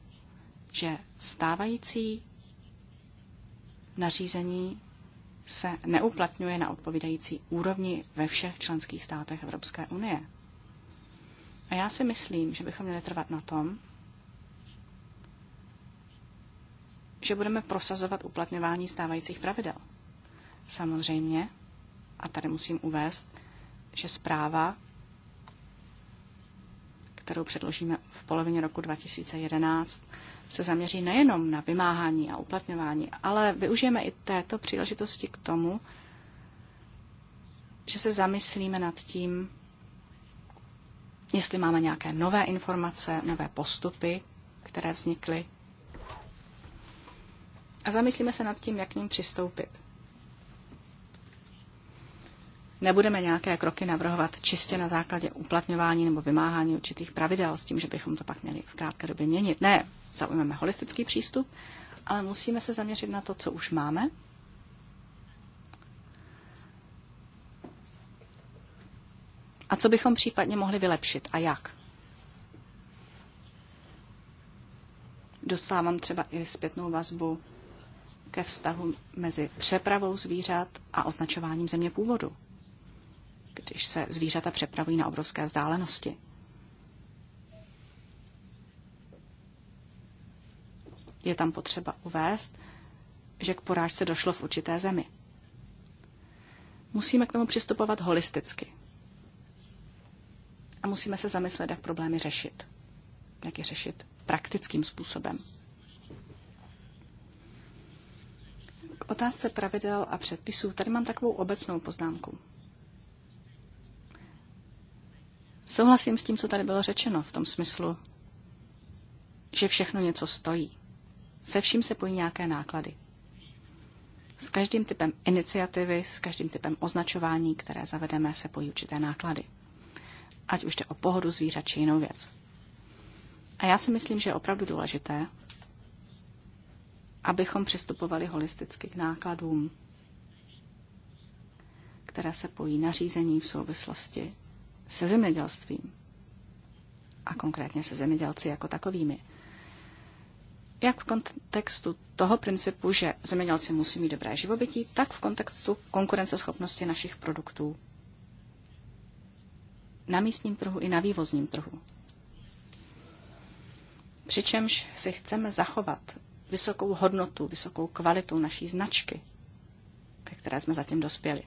že stávající nařízení se neuplatňuje na odpovídající úrovni ve všech členských státech Evropské unie. A já si myslím, že bychom měli trvat na tom, že budeme prosazovat uplatňování stávajících pravidel. Samozřejmě, a tady musím uvést, že zpráva, kterou předložíme v polovině roku 2011, se zaměří nejenom na vymáhání a uplatňování, ale využijeme i této příležitosti k tomu, že se zamyslíme nad tím, jestli máme nějaké nové informace, nové postupy, které vznikly. A zamyslíme se nad tím, jak k ním přistoupit. Nebudeme nějaké kroky navrhovat čistě na základě uplatňování nebo vymáhání určitých pravidel s tím, že bychom to pak měli v krátké době měnit. Ne, zaujmeme holistický přístup, ale musíme se zaměřit na to, co už máme. A co bychom případně mohli vylepšit a jak? Dostávám třeba i zpětnou vazbu ke vztahu mezi přepravou zvířat a označováním země původu když se zvířata přepravují na obrovské vzdálenosti. Je tam potřeba uvést, že k porážce došlo v určité zemi. Musíme k tomu přistupovat holisticky. A musíme se zamyslet, jak problémy řešit. Jak je řešit praktickým způsobem. K otázce pravidel a předpisů tady mám takovou obecnou poznámku. Souhlasím s tím, co tady bylo řečeno, v tom smyslu, že všechno něco stojí. Se vším se pojí nějaké náklady. S každým typem iniciativy, s každým typem označování, které zavedeme, se pojí určité náklady. Ať už jde o pohodu zvířat či jinou věc. A já si myslím, že je opravdu důležité, abychom přistupovali holisticky k nákladům, které se pojí nařízení v souvislosti se zemědělstvím a konkrétně se zemědělci jako takovými. Jak v kontextu toho principu, že zemědělci musí mít dobré živobytí, tak v kontextu konkurenceschopnosti našich produktů na místním trhu i na vývozním trhu. Přičemž si chceme zachovat vysokou hodnotu, vysokou kvalitu naší značky, ke které jsme zatím dospěli.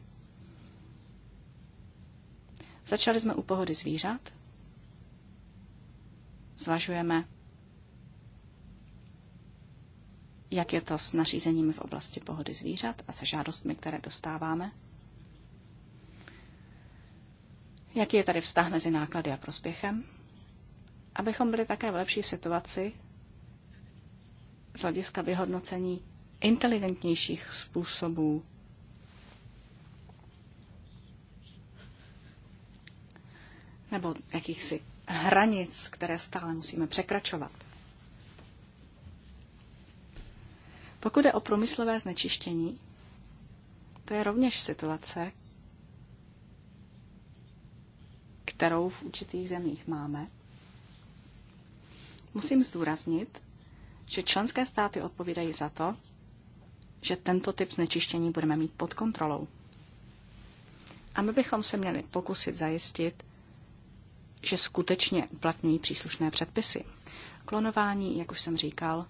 Začali jsme u pohody zvířat. Zvažujeme, jak je to s nařízeními v oblasti pohody zvířat a se žádostmi, které dostáváme. Jaký je tady vztah mezi náklady a prospěchem? Abychom byli také v lepší situaci z hlediska vyhodnocení inteligentnějších způsobů nebo jakýchsi hranic, které stále musíme překračovat. Pokud je o průmyslové znečištění, to je rovněž situace, kterou v určitých zemích máme. Musím zdůraznit, že členské státy odpovídají za to, že tento typ znečištění budeme mít pod kontrolou. A my bychom se měli pokusit zajistit, že skutečně uplatňují příslušné předpisy. Klonování, jak už jsem říkal,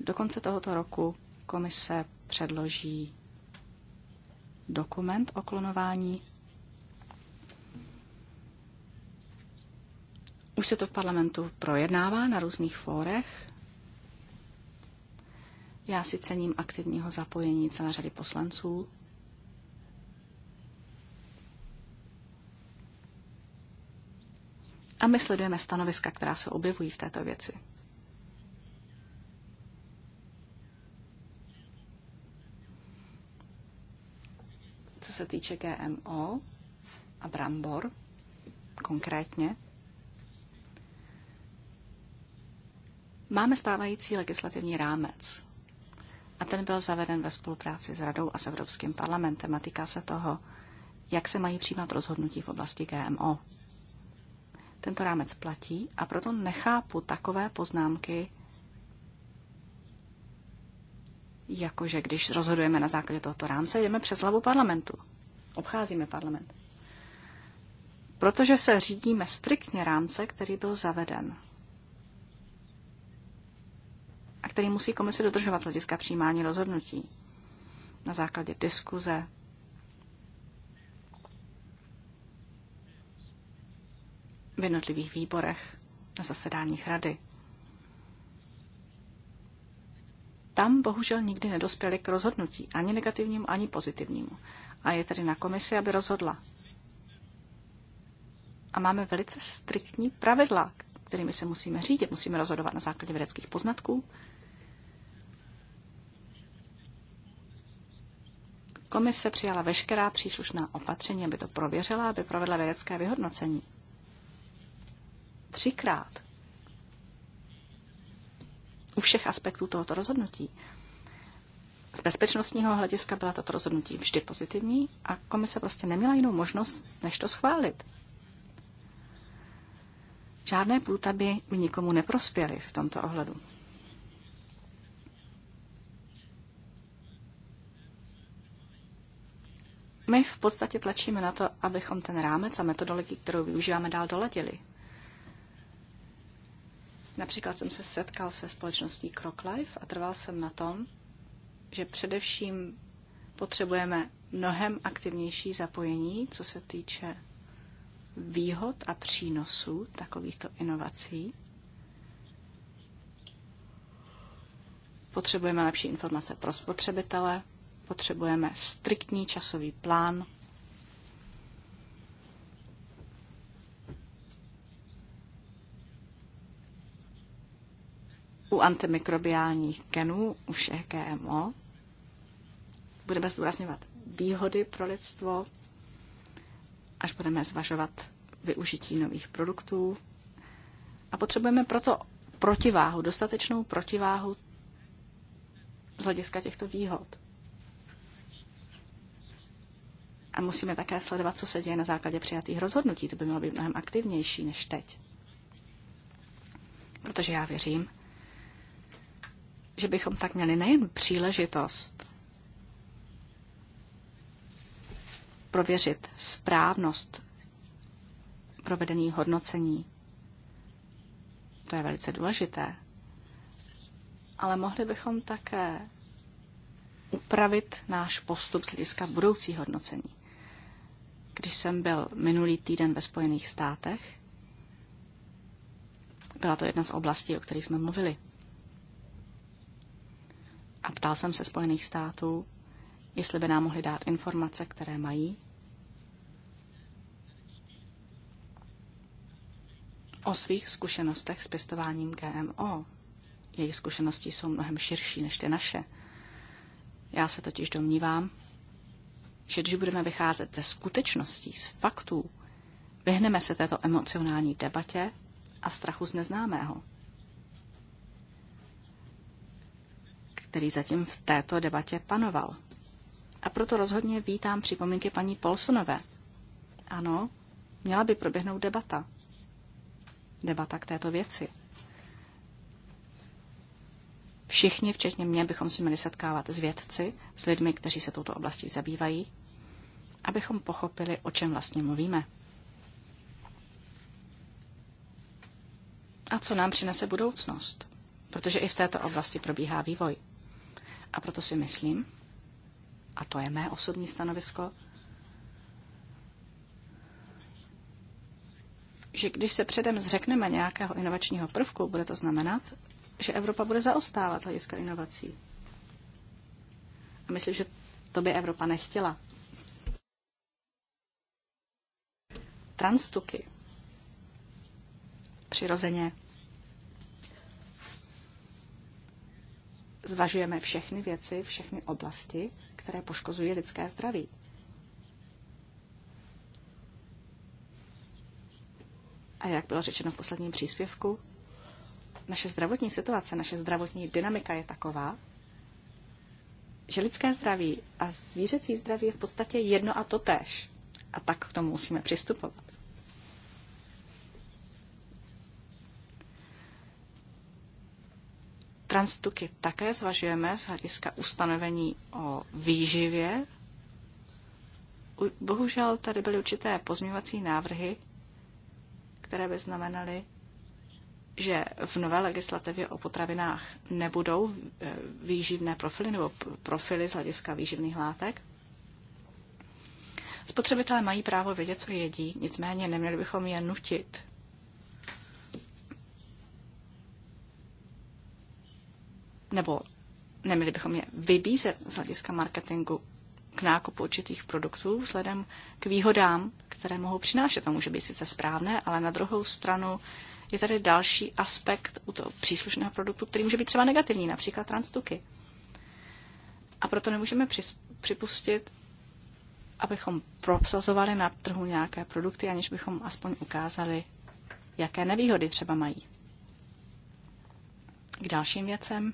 do konce tohoto roku komise předloží dokument o klonování. Už se to v parlamentu projednává na různých fórech. Já si cením aktivního zapojení celé řady poslanců A my sledujeme stanoviska, která se objevují v této věci. Co se týče GMO a brambor konkrétně, máme stávající legislativní rámec a ten byl zaveden ve spolupráci s Radou a s Evropským parlamentem a týká se toho, jak se mají přijímat rozhodnutí v oblasti GMO. Tento rámec platí a proto nechápu takové poznámky, jakože když rozhodujeme na základě tohoto rámce, jdeme přes hlavu parlamentu. Obcházíme parlament. Protože se řídíme striktně rámce, který byl zaveden a který musí komise dodržovat hlediska přijímání rozhodnutí na základě diskuze v jednotlivých výborech na zasedáních rady. Tam bohužel nikdy nedospěli k rozhodnutí, ani negativnímu, ani pozitivnímu. A je tedy na komisi, aby rozhodla. A máme velice striktní pravidla, kterými se musíme řídit. Musíme rozhodovat na základě vědeckých poznatků. Komise přijala veškerá příslušná opatření, aby to prověřila, aby provedla vědecké vyhodnocení. Třikrát. U všech aspektů tohoto rozhodnutí. Z bezpečnostního hlediska byla tato rozhodnutí vždy pozitivní a komise prostě neměla jinou možnost, než to schválit. Žádné průtaby by nikomu neprospěly v tomto ohledu. My v podstatě tlačíme na to, abychom ten rámec a metodologii, kterou využíváme, dál doladili. Například jsem se setkal se společností CrocLife a trval jsem na tom, že především potřebujeme mnohem aktivnější zapojení, co se týče výhod a přínosů takovýchto inovací. Potřebujeme lepší informace pro spotřebitele, potřebujeme striktní časový plán u antimikrobiálních genů, u všech GMO. Budeme zdůrazňovat výhody pro lidstvo, až budeme zvažovat využití nových produktů. A potřebujeme proto protiváhu, dostatečnou protiváhu z hlediska těchto výhod. A musíme také sledovat, co se děje na základě přijatých rozhodnutí. To by mělo být mnohem aktivnější než teď. Protože já věřím, že bychom tak měli nejen příležitost prověřit správnost provedení hodnocení, to je velice důležité, ale mohli bychom také upravit náš postup z hlediska budoucí hodnocení. Když jsem byl minulý týden ve Spojených státech, byla to jedna z oblastí, o kterých jsme mluvili a ptal jsem se Spojených států, jestli by nám mohli dát informace, které mají o svých zkušenostech s pěstováním GMO. Jejich zkušenosti jsou mnohem širší než ty naše. Já se totiž domnívám, že když budeme vycházet ze skutečností, z faktů, vyhneme se této emocionální debatě a strachu z neznámého. který zatím v této debatě panoval. A proto rozhodně vítám připomínky paní Polsonové. Ano, měla by proběhnout debata. Debata k této věci. Všichni, včetně mě, bychom si měli setkávat s vědci, s lidmi, kteří se touto oblastí zabývají, abychom pochopili, o čem vlastně mluvíme. A co nám přinese budoucnost? Protože i v této oblasti probíhá vývoj. A proto si myslím, a to je mé osobní stanovisko, že když se předem zřekneme nějakého inovačního prvku, bude to znamenat, že Evropa bude zaostávat hlediska inovací. A myslím, že to by Evropa nechtěla. Transtuky. Přirozeně zvažujeme všechny věci, všechny oblasti, které poškozují lidské zdraví. A jak bylo řečeno v posledním příspěvku, naše zdravotní situace, naše zdravotní dynamika je taková, že lidské zdraví a zvířecí zdraví je v podstatě jedno a to tež. A tak k tomu musíme přistupovat. Transtuky také zvažujeme z hlediska ustanovení o výživě. Bohužel tady byly určité pozměňovací návrhy, které by znamenaly, že v nové legislativě o potravinách nebudou e, výživné profily nebo profily z hlediska výživných látek. Spotřebitelé mají právo vědět, co jedí, nicméně neměli bychom je nutit nebo neměli bychom je vybízet z hlediska marketingu k nákupu určitých produktů vzhledem k výhodám, které mohou přinášet. To může být sice správné, ale na druhou stranu je tady další aspekt u toho příslušného produktu, který může být třeba negativní, například transtuky. A proto nemůžeme připustit, abychom prosazovali na trhu nějaké produkty, aniž bychom aspoň ukázali, jaké nevýhody třeba mají. K dalším věcem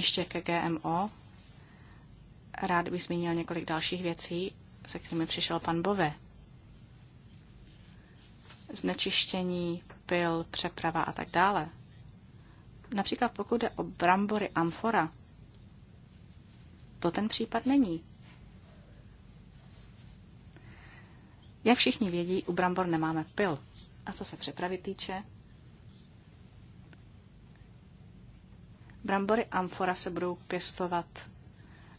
Ještě ke GMO. Rád bych zmínil několik dalších věcí, se kterými přišel pan Bove. Znečištění, pil, přeprava a tak dále. Například pokud jde o brambory amfora, to ten případ není. Jak všichni vědí, u brambor nemáme pil. A co se přepravy týče, Brambory amfora se budou pěstovat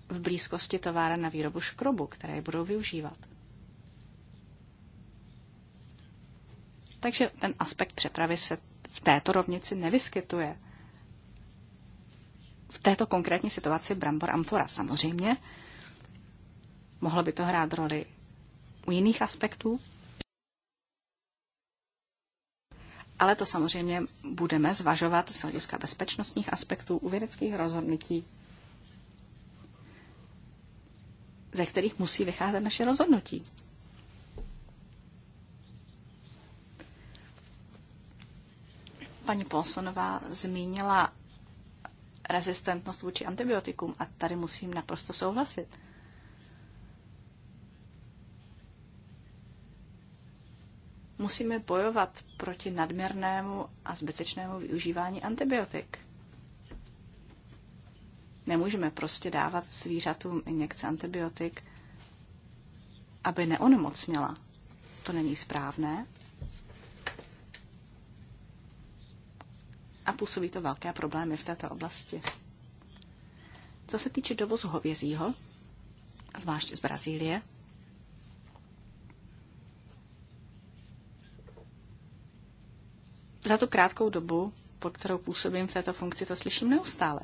v blízkosti továren na výrobu škrobu, které je budou využívat. Takže ten aspekt přepravy se v této rovnici nevyskytuje. V této konkrétní situaci brambor amfora samozřejmě. Mohlo by to hrát roli u jiných aspektů, ale to samozřejmě budeme zvažovat z hlediska bezpečnostních aspektů u vědeckých rozhodnutí, ze kterých musí vycházet naše rozhodnutí. Paní Polsonová zmínila rezistentnost vůči antibiotikům a tady musím naprosto souhlasit. Musíme bojovat proti nadměrnému a zbytečnému využívání antibiotik. Nemůžeme prostě dávat zvířatům injekce antibiotik, aby neonemocněla. To není správné. A působí to velké problémy v této oblasti. Co se týče dovozu hovězího, zvlášť z Brazílie, Za tu krátkou dobu, po kterou působím v této funkci, to slyším neustále.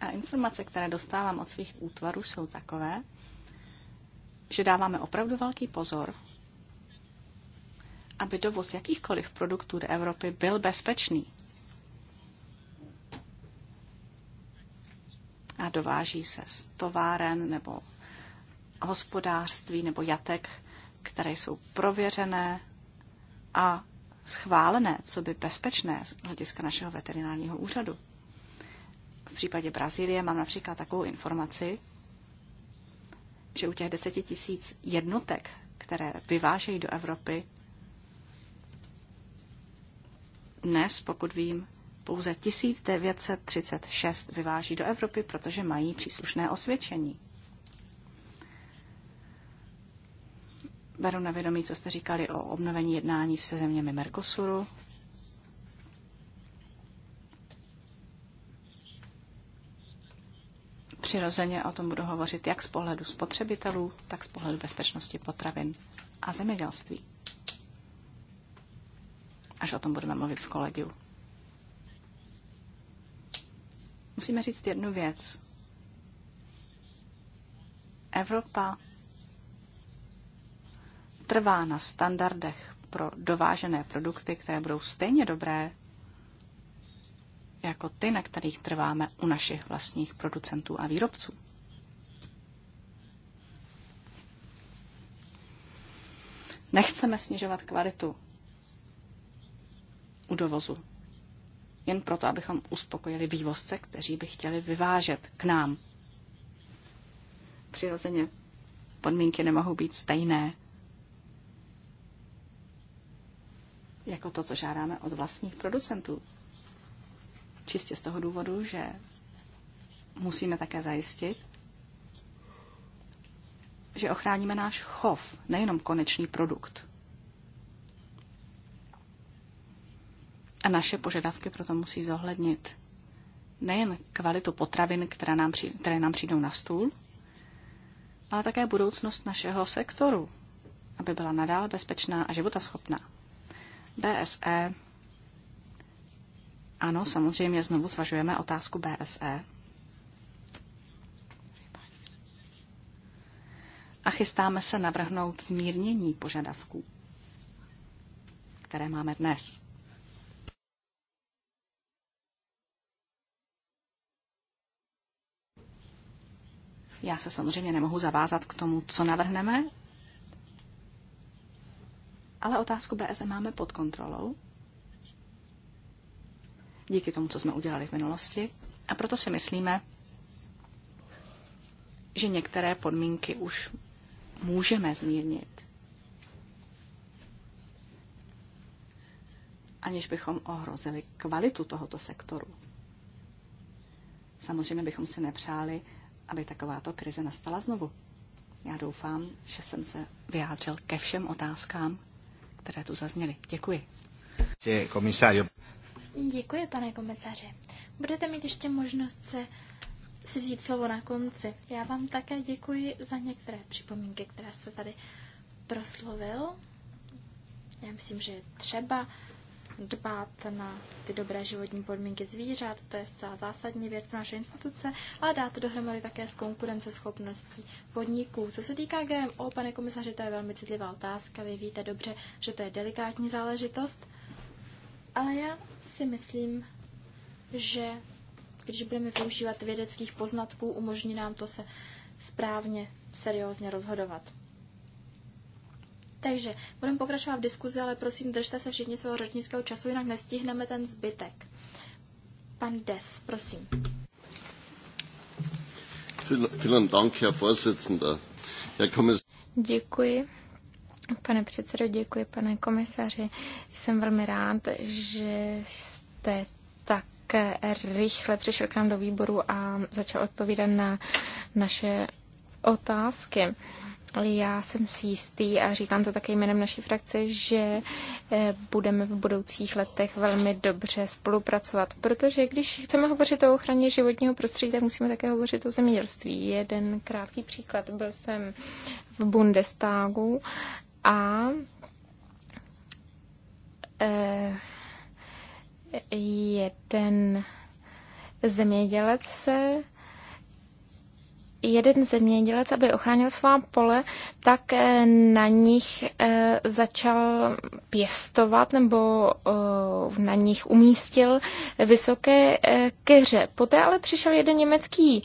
A informace, které dostávám od svých útvarů, jsou takové, že dáváme opravdu velký pozor, aby dovoz jakýchkoliv produktů do Evropy byl bezpečný. A dováží se z továren nebo hospodářství nebo jatek, které jsou prověřené a schválené, co by bezpečné z hlediska našeho veterinárního úřadu. V případě Brazílie mám například takovou informaci, že u těch deseti tisíc jednotek, které vyvážejí do Evropy, dnes, pokud vím, pouze 1936 vyváží do Evropy, protože mají příslušné osvědčení. beru na vědomí, co jste říkali o obnovení jednání se zeměmi Mercosuru. Přirozeně o tom budu hovořit jak z pohledu spotřebitelů, tak z pohledu bezpečnosti potravin a zemědělství. Až o tom budeme mluvit v kolegiu. Musíme říct jednu věc. Evropa trvá na standardech pro dovážené produkty, které budou stejně dobré jako ty, na kterých trváme u našich vlastních producentů a výrobců. Nechceme snižovat kvalitu u dovozu. Jen proto, abychom uspokojili vývozce, kteří by chtěli vyvážet k nám. Přirozeně podmínky nemohou být stejné jako to, co žádáme od vlastních producentů. Čistě z toho důvodu, že musíme také zajistit, že ochráníme náš chov, nejenom konečný produkt. A naše požadavky proto musí zohlednit nejen kvalitu potravin, které nám, při, které nám přijdou na stůl, ale také budoucnost našeho sektoru, aby byla nadále bezpečná a životaschopná. BSE. Ano, samozřejmě znovu zvažujeme otázku BSE. A chystáme se navrhnout zmírnění požadavků, které máme dnes. Já se samozřejmě nemohu zavázat k tomu, co navrhneme, ale otázku BSM máme pod kontrolou díky tomu, co jsme udělali v minulosti. A proto si myslíme, že některé podmínky už můžeme zmírnit. Aniž bychom ohrozili kvalitu tohoto sektoru. Samozřejmě bychom si nepřáli, aby takováto krize nastala znovu. Já doufám, že jsem se vyjádřil ke všem otázkám, které tu zazněly. Děkuji. Děkuji, pane komisaře. Budete mít ještě možnost se si vzít slovo na konci. Já vám také děkuji za některé připomínky, které jste tady proslovil. Já myslím, že třeba dbát na ty dobré životní podmínky zvířat, to je zcela zásadní věc pro naše instituce, a dát to dohromady také s konkurenceschopností podniků. Co se týká GMO, pane komisaři, to je velmi citlivá otázka, vy víte dobře, že to je delikátní záležitost, ale já si myslím, že když budeme využívat vědeckých poznatků, umožní nám to se správně, seriózně rozhodovat. Takže budeme pokračovat v diskuzi, ale prosím, držte se všichni svého řečnického času, jinak nestihneme ten zbytek. Pan Des, prosím. Vielen Dank, Herr Vorsitzender. Herr Kommissar. Děkuji. Pane předsedo, děkuji, pane komisaři. Jsem velmi rád, že jste tak rychle přišel k nám do výboru a začal odpovídat na naše otázky. Já jsem si jistý a říkám to také jménem naší frakce, že eh, budeme v budoucích letech velmi dobře spolupracovat, protože když chceme hovořit o ochraně životního prostředí, tak musíme také hovořit o zemědělství. Jeden krátký příklad. Byl jsem v Bundestagu a eh, jeden zemědělec se jeden zemědělec, aby ochránil svá pole, tak eh, na nich eh, začal pěstovat nebo eh, na nich umístil vysoké keře. Poté ale přišel jeden německý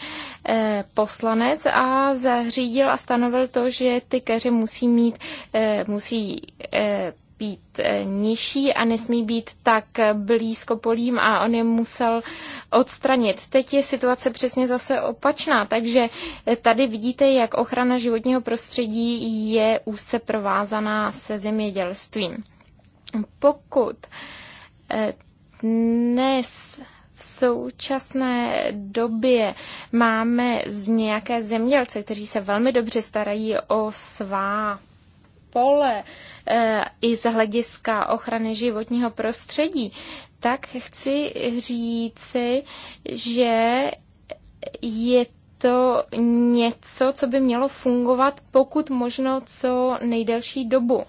poslanec a zařídil a stanovil to, že ty keře musí mít, musí být eh, nižší a nesmí být tak blízko polím a on je musel odstranit. Teď je situace přesně zase opačná, takže eh, tady vidíte, jak ochrana životního prostředí je úzce provázaná se zemědělstvím. Pokud eh, dnes v současné době máme z nějaké zemědělce, kteří se velmi dobře starají o svá pole eh, i z hlediska ochrany životního prostředí, tak chci říci, že je to něco, co by mělo fungovat pokud možno co nejdelší dobu.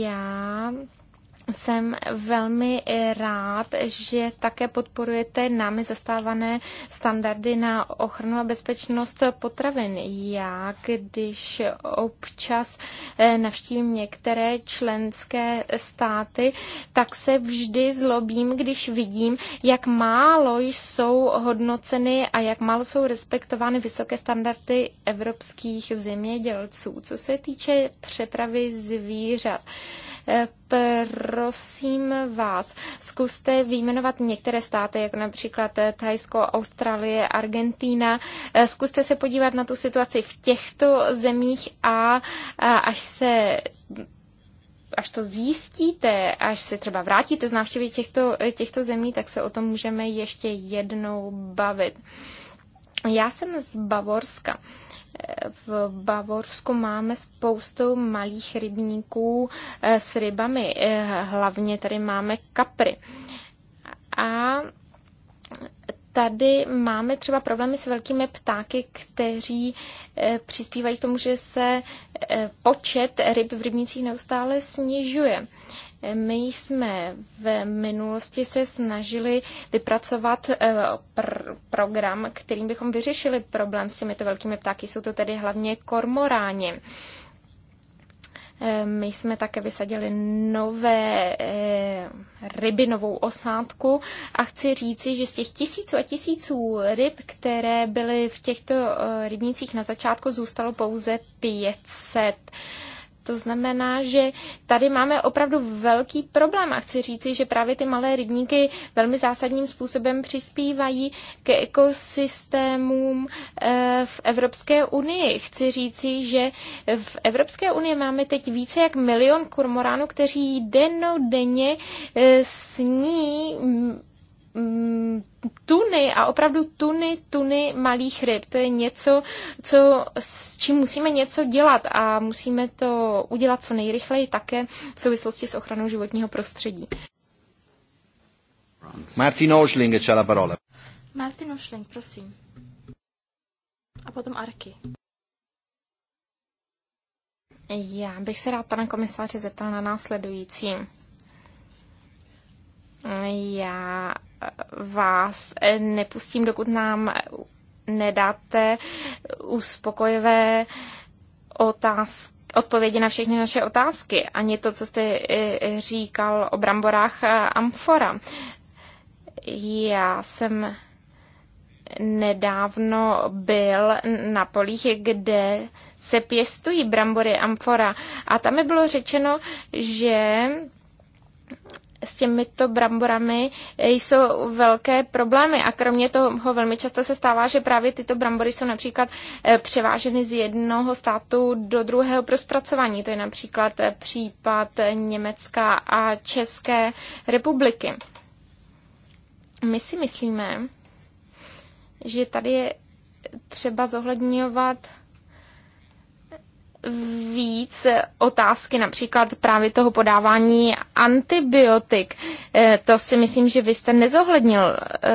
Já jsem velmi eh, rád, že také podporujete námi zastávané standardy na ochranu a bezpečnost potravin. Já, když občas eh, navštívím některé členské státy, tak se vždy zlobím, když vidím, jak málo jsou hodnoceny a jak málo jsou respektovány vysoké standardy evropských zemědělců. Co se týče přepravy zvířat, eh, pr prosím vás, zkuste výjmenovat některé státy, jako například Thajsko, Austrálie, Argentína. Eh, zkuste se podívat na tu situaci v těchto zemích a až se až to zjistíte, až se třeba vrátíte z návštěvy těchto, těchto zemí, tak se o tom můžeme ještě jednou bavit. Já jsem z Bavorska v Bavorsku máme spoustu malých rybníků eh, s rybami, eh, hlavně tady máme kapry. A tady máme třeba problémy s velkými ptáky, kteří eh, přispívají k tomu, že se počet ryb v rybnicích neustále snižuje. My jsme v minulosti se snažili vypracovat eh, pr- program, kterým bychom vyřešili problém s těmito velkými ptáky. Jsou to tedy hlavně kormoráni. Eh, my jsme také vysadili nové eh, ryby, novou osádku a chci říci, že z těch tisíců a tisíců ryb, které byly v těchto rybnících na začátku, zůstalo pouze 500. To znamená, že tady máme opravdu velký problém a chci říci, že právě ty malé rybníky velmi zásadním způsobem přispívají k ekosystémům eh, v Evropské unii. Chci říci, že v Evropské unii máme teď více jak milion kormoránů, kteří dennou denně eh, sní Mm, tuny a opravdu tuny, tuny malých ryb. To je něco, co, s čím musíme něco dělat a musíme to udělat co nejrychleji také v souvislosti s ochranou životního prostředí. Martin Ošling la parola. Martin Ošling, prosím. A potom Arky. Já bych se rád pana komisáře zeptal na následujícím. Já vás nepustím, dokud nám nedáte uspokojivé otázky odpovědi na všechny naše otázky, ani to, co jste eh, říkal o bramborách Amfora. Já jsem nedávno byl na polích, kde se pěstují brambory Amfora a tam mi bylo řečeno, že s těmito bramborami jsou velké problémy a kromě toho velmi často se stává, že právě tyto brambory jsou například eh, převáženy z jednoho státu do druhého pro zpracování. To je například eh, případ eh, Německa a České republiky. My si myslíme, že tady je třeba zohledňovat víc otázky například právě toho podávání antibiotik. Eh, to si myslím, že vy jste nezohlednil eh,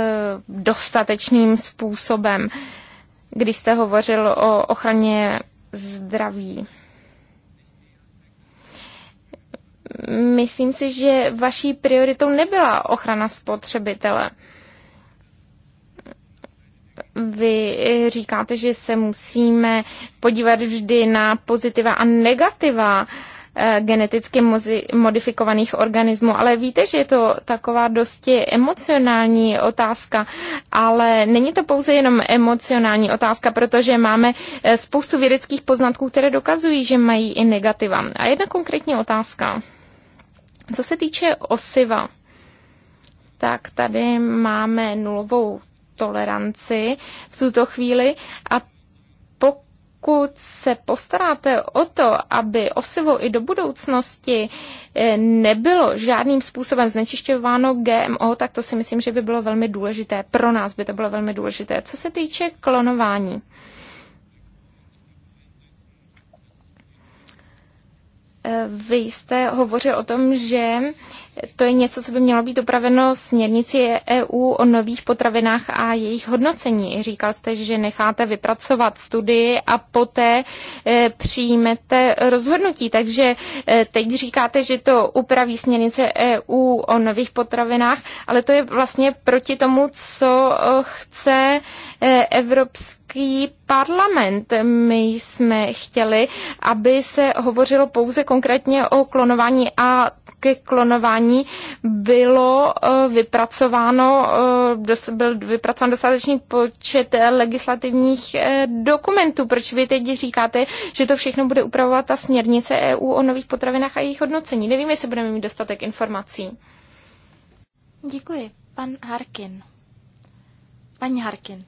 dostatečným způsobem, když jste hovořil o ochraně zdraví. Myslím si, že vaší prioritou nebyla ochrana spotřebitele vy eh, říkáte, že se musíme podívat vždy na pozitiva a negativa eh, geneticky modifikovaných organismů. Ale víte, že je to taková dosti emocionální otázka, ale není to pouze jenom emocionální otázka, protože máme eh, spoustu vědeckých poznatků, které dokazují, že mají i negativa. A jedna konkrétní otázka. Co se týče osiva, tak tady máme nulovou toleranci v tuto chvíli a pokud se postaráte o to, aby osivo i do budoucnosti eh, nebylo žádným způsobem znečišťováno GMO, tak to si myslím, že by bylo velmi důležité. Pro nás by to bylo velmi důležité. Co se týče klonování. Eh, vy jste hovořil o tom, že to je něco, co by mělo být upraveno směrnici EU o nových potravinách a jejich hodnocení. Říkal jste, že necháte vypracovat studii a poté e, přijmete rozhodnutí. Takže e, teď říkáte, že to upraví směrnice EU o nových potravinách, ale to je vlastně proti tomu, co e, chce Evropský Evropský parlament. My jsme chtěli, aby se hovořilo pouze konkrétně o klonování a ke klonování bylo eh, vypracováno, eh, byl vypracován dostatečný počet legislativních eh, dokumentů. Proč vy teď říkáte, že to všechno bude upravovat ta směrnice EU o nových potravinách a jejich hodnocení? Nevím, jestli budeme mít dostatek informací. Děkuji. Pan Harkin. Paní Harkin.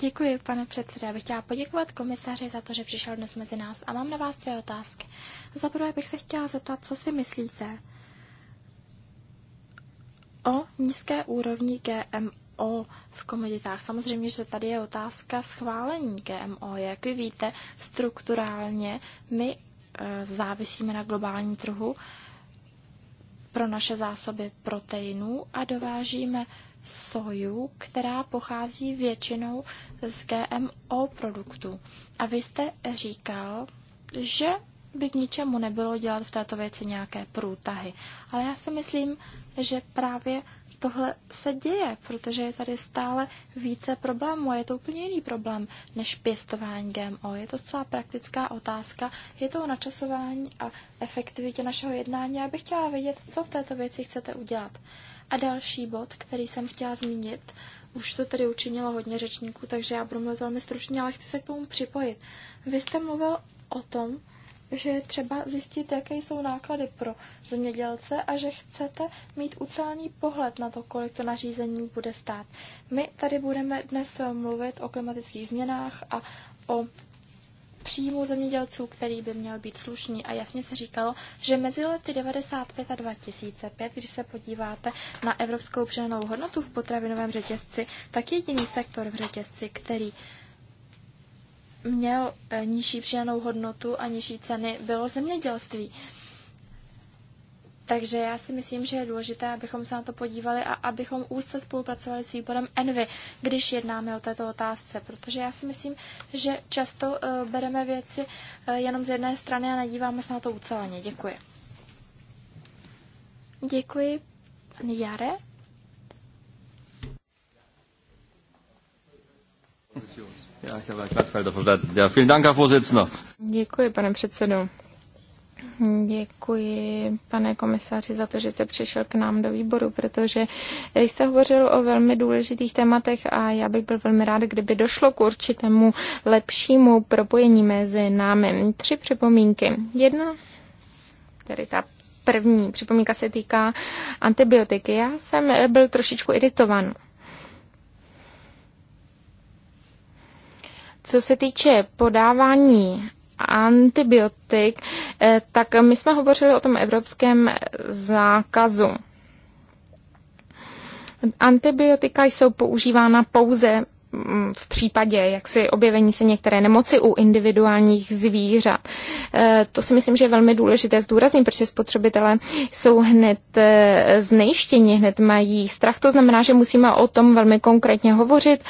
Děkuji, pane Já Bych chtěla poděkovat komisaři za to, že přišel dnes mezi nás a mám na vás dvě otázky. Za prvé bych se chtěla zeptat, co si myslíte o nízké úrovni GMO v komoditách. Samozřejmě, že tady je otázka schválení GMO. Jak vy víte, strukturálně my e, závisíme na globálním trhu pro naše zásoby proteinů a dovážíme soju, která pochází většinou z GMO produktů. A vy jste říkal, že by k ničemu nebylo dělat v této věci nějaké průtahy. Ale já si myslím, že právě tohle se děje, protože je tady stále více problémů a je to úplně jiný problém než pěstování GMO. Je to zcela praktická otázka, je to o načasování a efektivitě našeho jednání. Já bych chtěla vědět, co v této věci chcete udělat. A další bod, který jsem chtěla zmínit, už to tady učinilo hodně řečníků, takže já budu mluvit velmi stručně, ale chci se k tomu připojit. Vy jste mluvil o tom, že je třeba zjistit, jaké jsou náklady pro zemědělce a že chcete mít ucelený pohled na to, kolik to nařízení bude stát. My tady budeme dnes mluvit o klimatických změnách a o příjmu zemědělců, který by měl být slušný. A jasně se říkalo, že mezi lety 95 a 2005, když se podíváte na evropskou přidanou hodnotu v potravinovém řetězci, tak jediný sektor v řetězci, který měl eh, nižší přidanou hodnotu a nižší ceny, bylo zemědělství. Takže já si myslím, že je důležité, abychom se na to podívali a abychom úzce spolupracovali s výborem Envy, když jednáme o této otázce, protože já si myslím, že často uh, bereme věci uh, jenom z jedné strany a nedíváme se na to uceleně. Děkuji. Děkuji. Pan Jare? Děkuji, pane předsedo. Děkuji, pane komisaři, za to, že jste přišel k nám do výboru, protože jste hovořil o velmi důležitých tématech a já bych byl velmi rád, kdyby došlo k určitému lepšímu propojení mezi námi. Tři připomínky. Jedna, tedy ta první připomínka se týká antibiotiky. Já jsem byl trošičku iritovan. Co se týče podávání antibiotik, eh, tak my jsme hovořili o tom evropském zákazu. Antibiotika jsou používána pouze Mm, v případě jaksi objevení se některé nemoci u individuálních zvířat. Eh, to si myslím, že je velmi důležité zdůraznit, protože spotřebitelé jsou hned eh, znejištěni, hned mají strach. To znamená, že musíme o tom velmi konkrétně hovořit,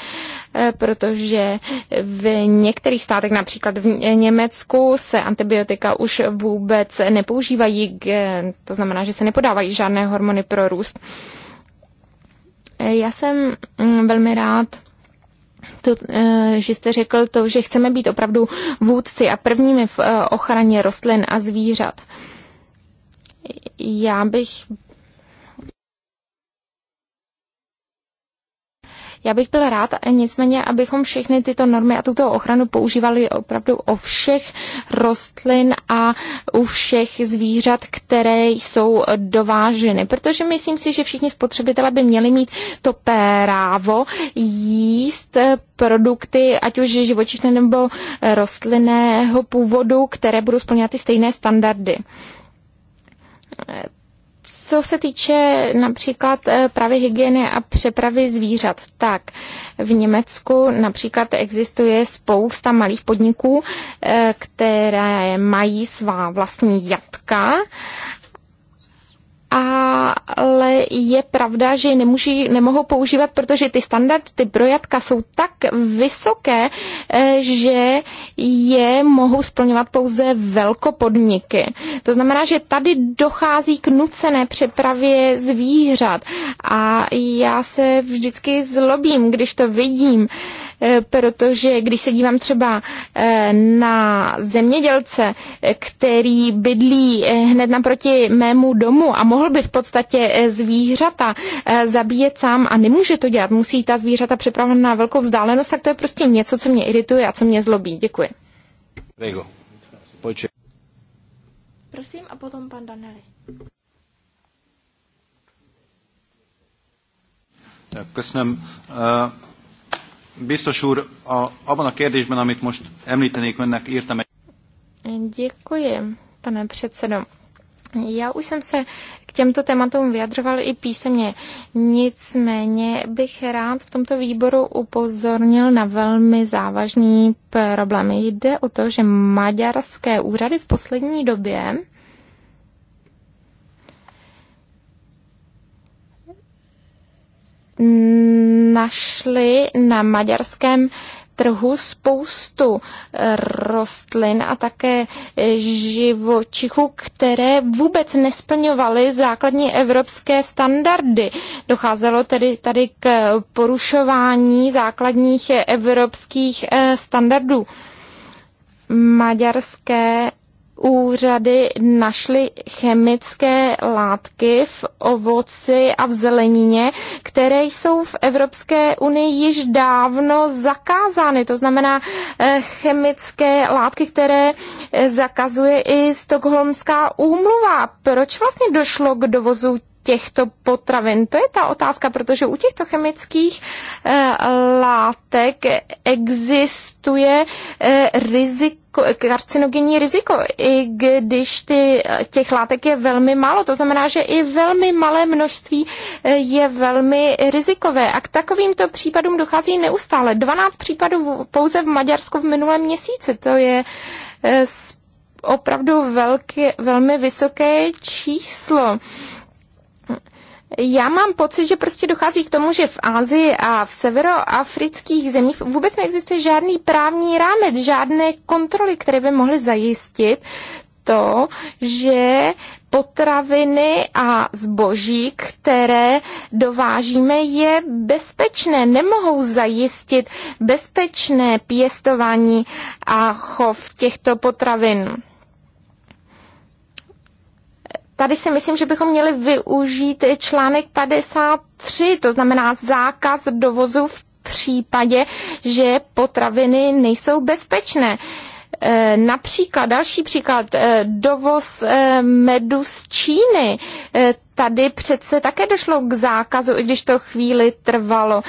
eh, protože v některých státech, například v Německu, se antibiotika už vůbec nepoužívají, to znamená, že se nepodávají žádné hormony pro růst. Já jsem mm, velmi rád, to, eh, že jste řekl to, že chceme být opravdu vůdci a prvními v eh, ochraně rostlin a zvířat. Já bych Já bych byl rád, nicméně, abychom všechny tyto normy a tuto ochranu používali opravdu o všech rostlin a u všech zvířat, které jsou dováženy. Protože myslím si, že všichni spotřebitelé by měli mít to právo jíst produkty, ať už živočišné nebo rostlinného původu, které budou splňovat ty stejné standardy co se týče například eh, právě hygieny a přepravy zvířat, tak v Německu například existuje spousta malých podniků, eh, které mají svá vlastní jatka ale je pravda, že nemůži, nemohou používat, protože ty standardy ty brojatka jsou tak vysoké, eh, že je mohou splňovat pouze velkopodniky. To znamená, že tady dochází k nucené přepravě zvířat a já se vždycky zlobím, když to vidím Eh, protože když se dívám třeba eh, na zemědělce, eh, který bydlí hned naproti mému domu a mohl by v podstatě zvířata zabíjet sám a nemůže to dělat, musí ta zvířata připravovat na velkou vzdálenost, tak to je prostě něco, co mě irituje a co mě zlobí. Děkuji. Rego. Prosím a potom pan Daneli. Tak, Biztos úr, a, abban a kérdésben, amit most említenék önnek, írtam egy... Děkuji, pane předsedo. Já už jsem se k těmto tématům vyjadřoval i písemně. Nicméně bych rád v tomto výboru upozornil na velmi závažný problém. Jde o to, že maďarské úřady v poslední době našli na maďarském trhu spoustu eh, rostlin a také živočichů, které vůbec nesplňovaly základní evropské standardy. Docházelo tedy tady k porušování základních evropských eh, standardů. Maďarské úřady našly chemické látky v ovoci a v zelenině, které jsou v Evropské unii již dávno zakázány. To znamená eh, chemické látky, které eh, zakazuje i Stockholmská úmluva. Proč vlastně došlo k dovozu těchto potravin? To je ta otázka, protože u těchto chemických eh, látek existuje riziko, jako karcinogenní riziko, i když ty, těch látek je velmi málo. To znamená, že i velmi malé množství eh, je velmi rizikové. A k takovýmto případům dochází neustále. 12 případů pouze v Maďarsku v minulém měsíci. To je eh, opravdu velké, velmi vysoké číslo. Já mám pocit, že prostě dochází k tomu, že v Ázii a v severoafrických zemích vůbec neexistuje žádný právní rámec, žádné kontroly, které by mohly zajistit to, že potraviny a zboží, které dovážíme, je bezpečné. Nemohou zajistit bezpečné pěstování a chov těchto potravin. Tady si myslím, že bychom měli využít článek 53, to znamená zákaz dovozu v případě, že potraviny nejsou bezpečné. E, například, další příklad, e, dovoz e, medu z Číny. Tady přece také došlo k zákazu, i když to chvíli trvalo.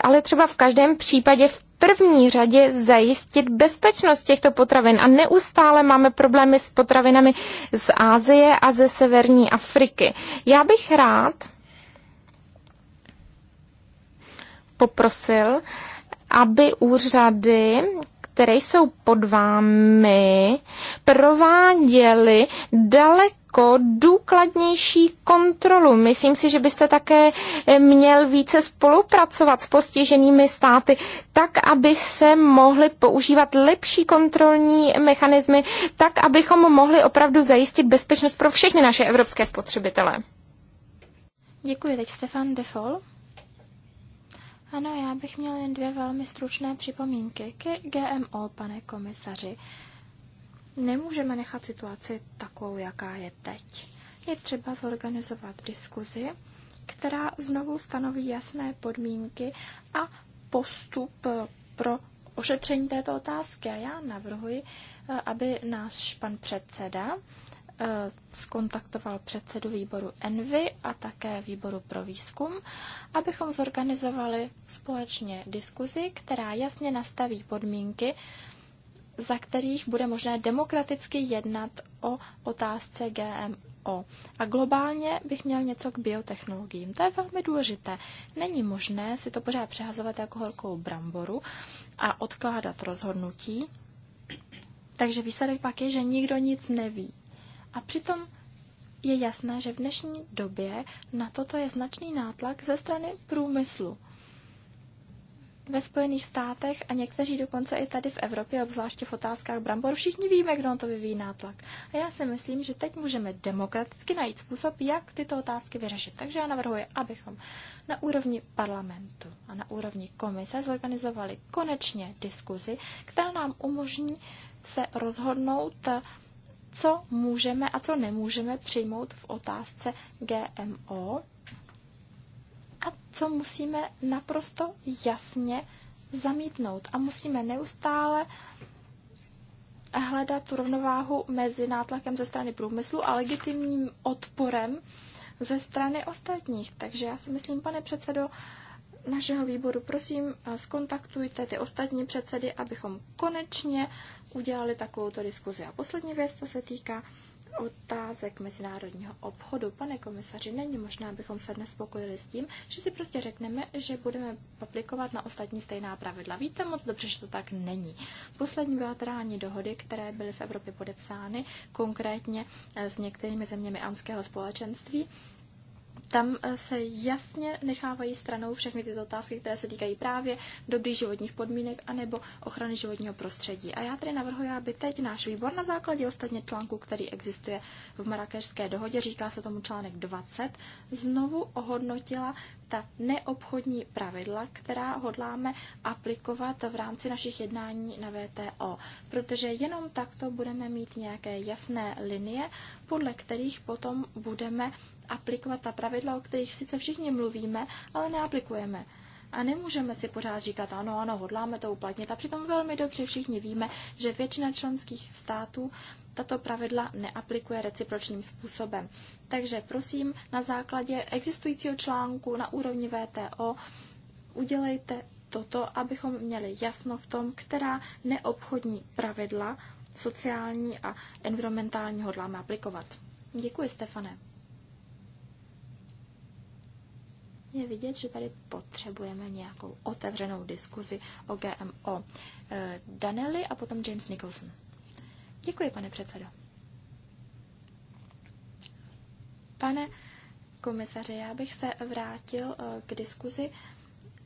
ale třeba v každém případě v první řadě zajistit bezpečnost těchto potravin. A neustále máme problémy s potravinami z Ázie a ze severní Afriky. Já bych rád poprosil, aby úřady které jsou pod vámi, prováděly daleko jako důkladnější kontrolu. Myslím si, že byste také eh, měl více spolupracovat s postiženými státy, tak, aby se mohly používat lepší kontrolní mechanismy, tak, abychom mohli opravdu zajistit bezpečnost pro všechny naše evropské spotřebitele. Děkuji. Teď Stefan Defol. Ano, já bych měl jen dvě velmi stručné připomínky k GMO, pane komisaři. Nemůžeme nechat situaci takovou, jaká je teď. Je třeba zorganizovat diskuzi, která znovu stanoví jasné podmínky a postup pro ošetření této otázky. A já navrhuji, aby náš pan předseda eh, skontaktoval předsedu výboru Envy a také výboru pro výzkum, abychom zorganizovali společně diskuzi, která jasně nastaví podmínky, za kterých bude možné demokraticky jednat o otázce GMO. A globálně bych měl něco k biotechnologiím. To je velmi důležité. Není možné si to pořád přehazovat jako horkou bramboru a odkládat rozhodnutí. Takže výsledek pak je, že nikdo nic neví. A přitom je jasné, že v dnešní době na toto je značný nátlak ze strany průmyslu ve Spojených státech a někteří dokonce i tady v Evropě, obzvláště v otázkách brambor, všichni víme, kdo to vyvíjí nátlak. A já si myslím, že teď můžeme demokraticky najít způsob, jak tyto otázky vyřešit. Takže já navrhuji, abychom na úrovni parlamentu a na úrovni komise zorganizovali konečně diskuzi, která nám umožní se rozhodnout, co můžeme a co nemůžeme přijmout v otázce GMO a co musíme naprosto jasně zamítnout. A musíme neustále hledat tu rovnováhu mezi nátlakem ze strany průmyslu a legitimním odporem ze strany ostatních. Takže já si myslím, pane předsedo, našeho výboru, prosím, skontaktujte ty ostatní předsedy, abychom konečně udělali takovouto diskuzi. A poslední věc, to se týká otázek mezinárodního obchodu. Pane komisaři, není možná, abychom se dnes spokojili s tím, že si prostě řekneme, že budeme aplikovat na ostatní stejná pravidla. Víte moc dobře, že to tak není. Poslední bilaterální dohody, které byly v Evropě podepsány, konkrétně eh, s některými zeměmi anského společenství, tam eh, se jasně nechávají stranou všechny tyto otázky, které se týkají právě dobrých životních podmínek anebo ochrany životního prostředí. A já tedy navrhuji, aby teď náš výbor na základě ostatně článku, který existuje v Marrakešské dohodě, říká se tomu článek 20, znovu ohodnotila ta neobchodní pravidla, která hodláme aplikovat v rámci našich jednání na VTO, protože jenom takto budeme mít nějaké jasné linie, podle kterých potom budeme aplikovat ta pravidla, o kterých sice všichni mluvíme, ale neaplikujeme. A nemůžeme si pořád říkat, ano, ano, hodláme to uplatnit. A přitom velmi dobře všichni víme, že většina členských států tato pravidla neaplikuje recipročním způsobem. Takže prosím, na základě existujícího článku na úrovni VTO udělejte toto, abychom měli jasno v tom, která neobchodní pravidla sociální a environmentální hodláme aplikovat. Děkuji, Stefane. Je vidět, že tady potřebujeme nějakou otevřenou diskuzi o GMO. E, Danelli a potom James Nicholson. Děkuji, pane předsedo. Pane komisaři, já bych se vrátil eh, k diskuzi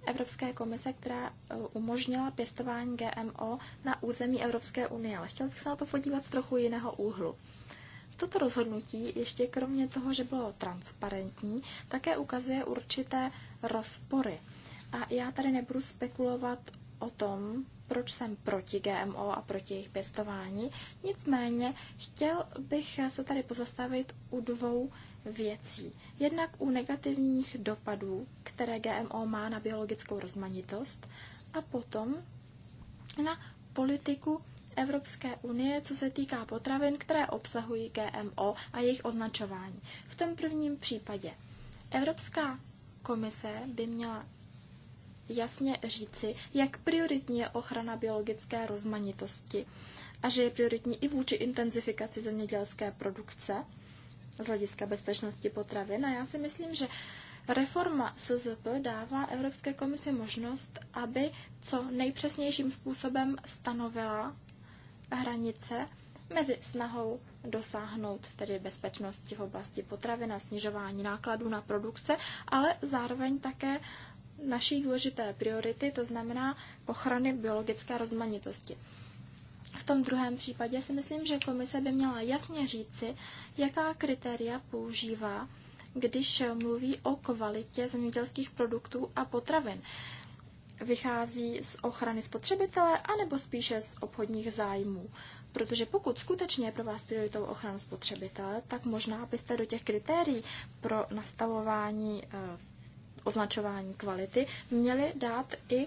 Evropské komise, která eh, umožnila pěstování GMO na území Evropské unie, ale chtěl bych se na to podívat z trochu jiného úhlu. Toto rozhodnutí, ještě kromě toho, že bylo transparentní, také ukazuje určité rozpory. A já tady nebudu spekulovat o tom, proč jsem proti GMO a proti jejich pěstování. Nicméně chtěl bych se tady pozastavit u dvou věcí. Jednak u negativních dopadů, které GMO má na biologickou rozmanitost a potom na politiku Evropské unie, co se týká potravin, které obsahují GMO a jejich označování. V tom prvním případě Evropská komise by měla jasně říci, jak prioritní je ochrana biologické rozmanitosti a že je prioritní i vůči intenzifikaci zemědělské produkce z hlediska bezpečnosti potravin. A já si myslím, že Reforma SZP dává Evropské komisi možnost, aby co nejpřesnějším způsobem stanovila hranice mezi snahou dosáhnout tedy bezpečnosti v oblasti potravin a snižování nákladů na produkce, ale zároveň také naší důležité priority, to znamená ochrany biologické rozmanitosti. V tom druhém případě si myslím, že komise by měla jasně říci, jaká kritéria používá, když mluví o kvalitě zemědělských produktů a potravin. Vychází z ochrany spotřebitele anebo spíše z obchodních zájmů. Protože pokud skutečně je pro vás prioritou ochrana spotřebitele, tak možná byste do těch kritérií pro nastavování eh, označování kvality měli dát i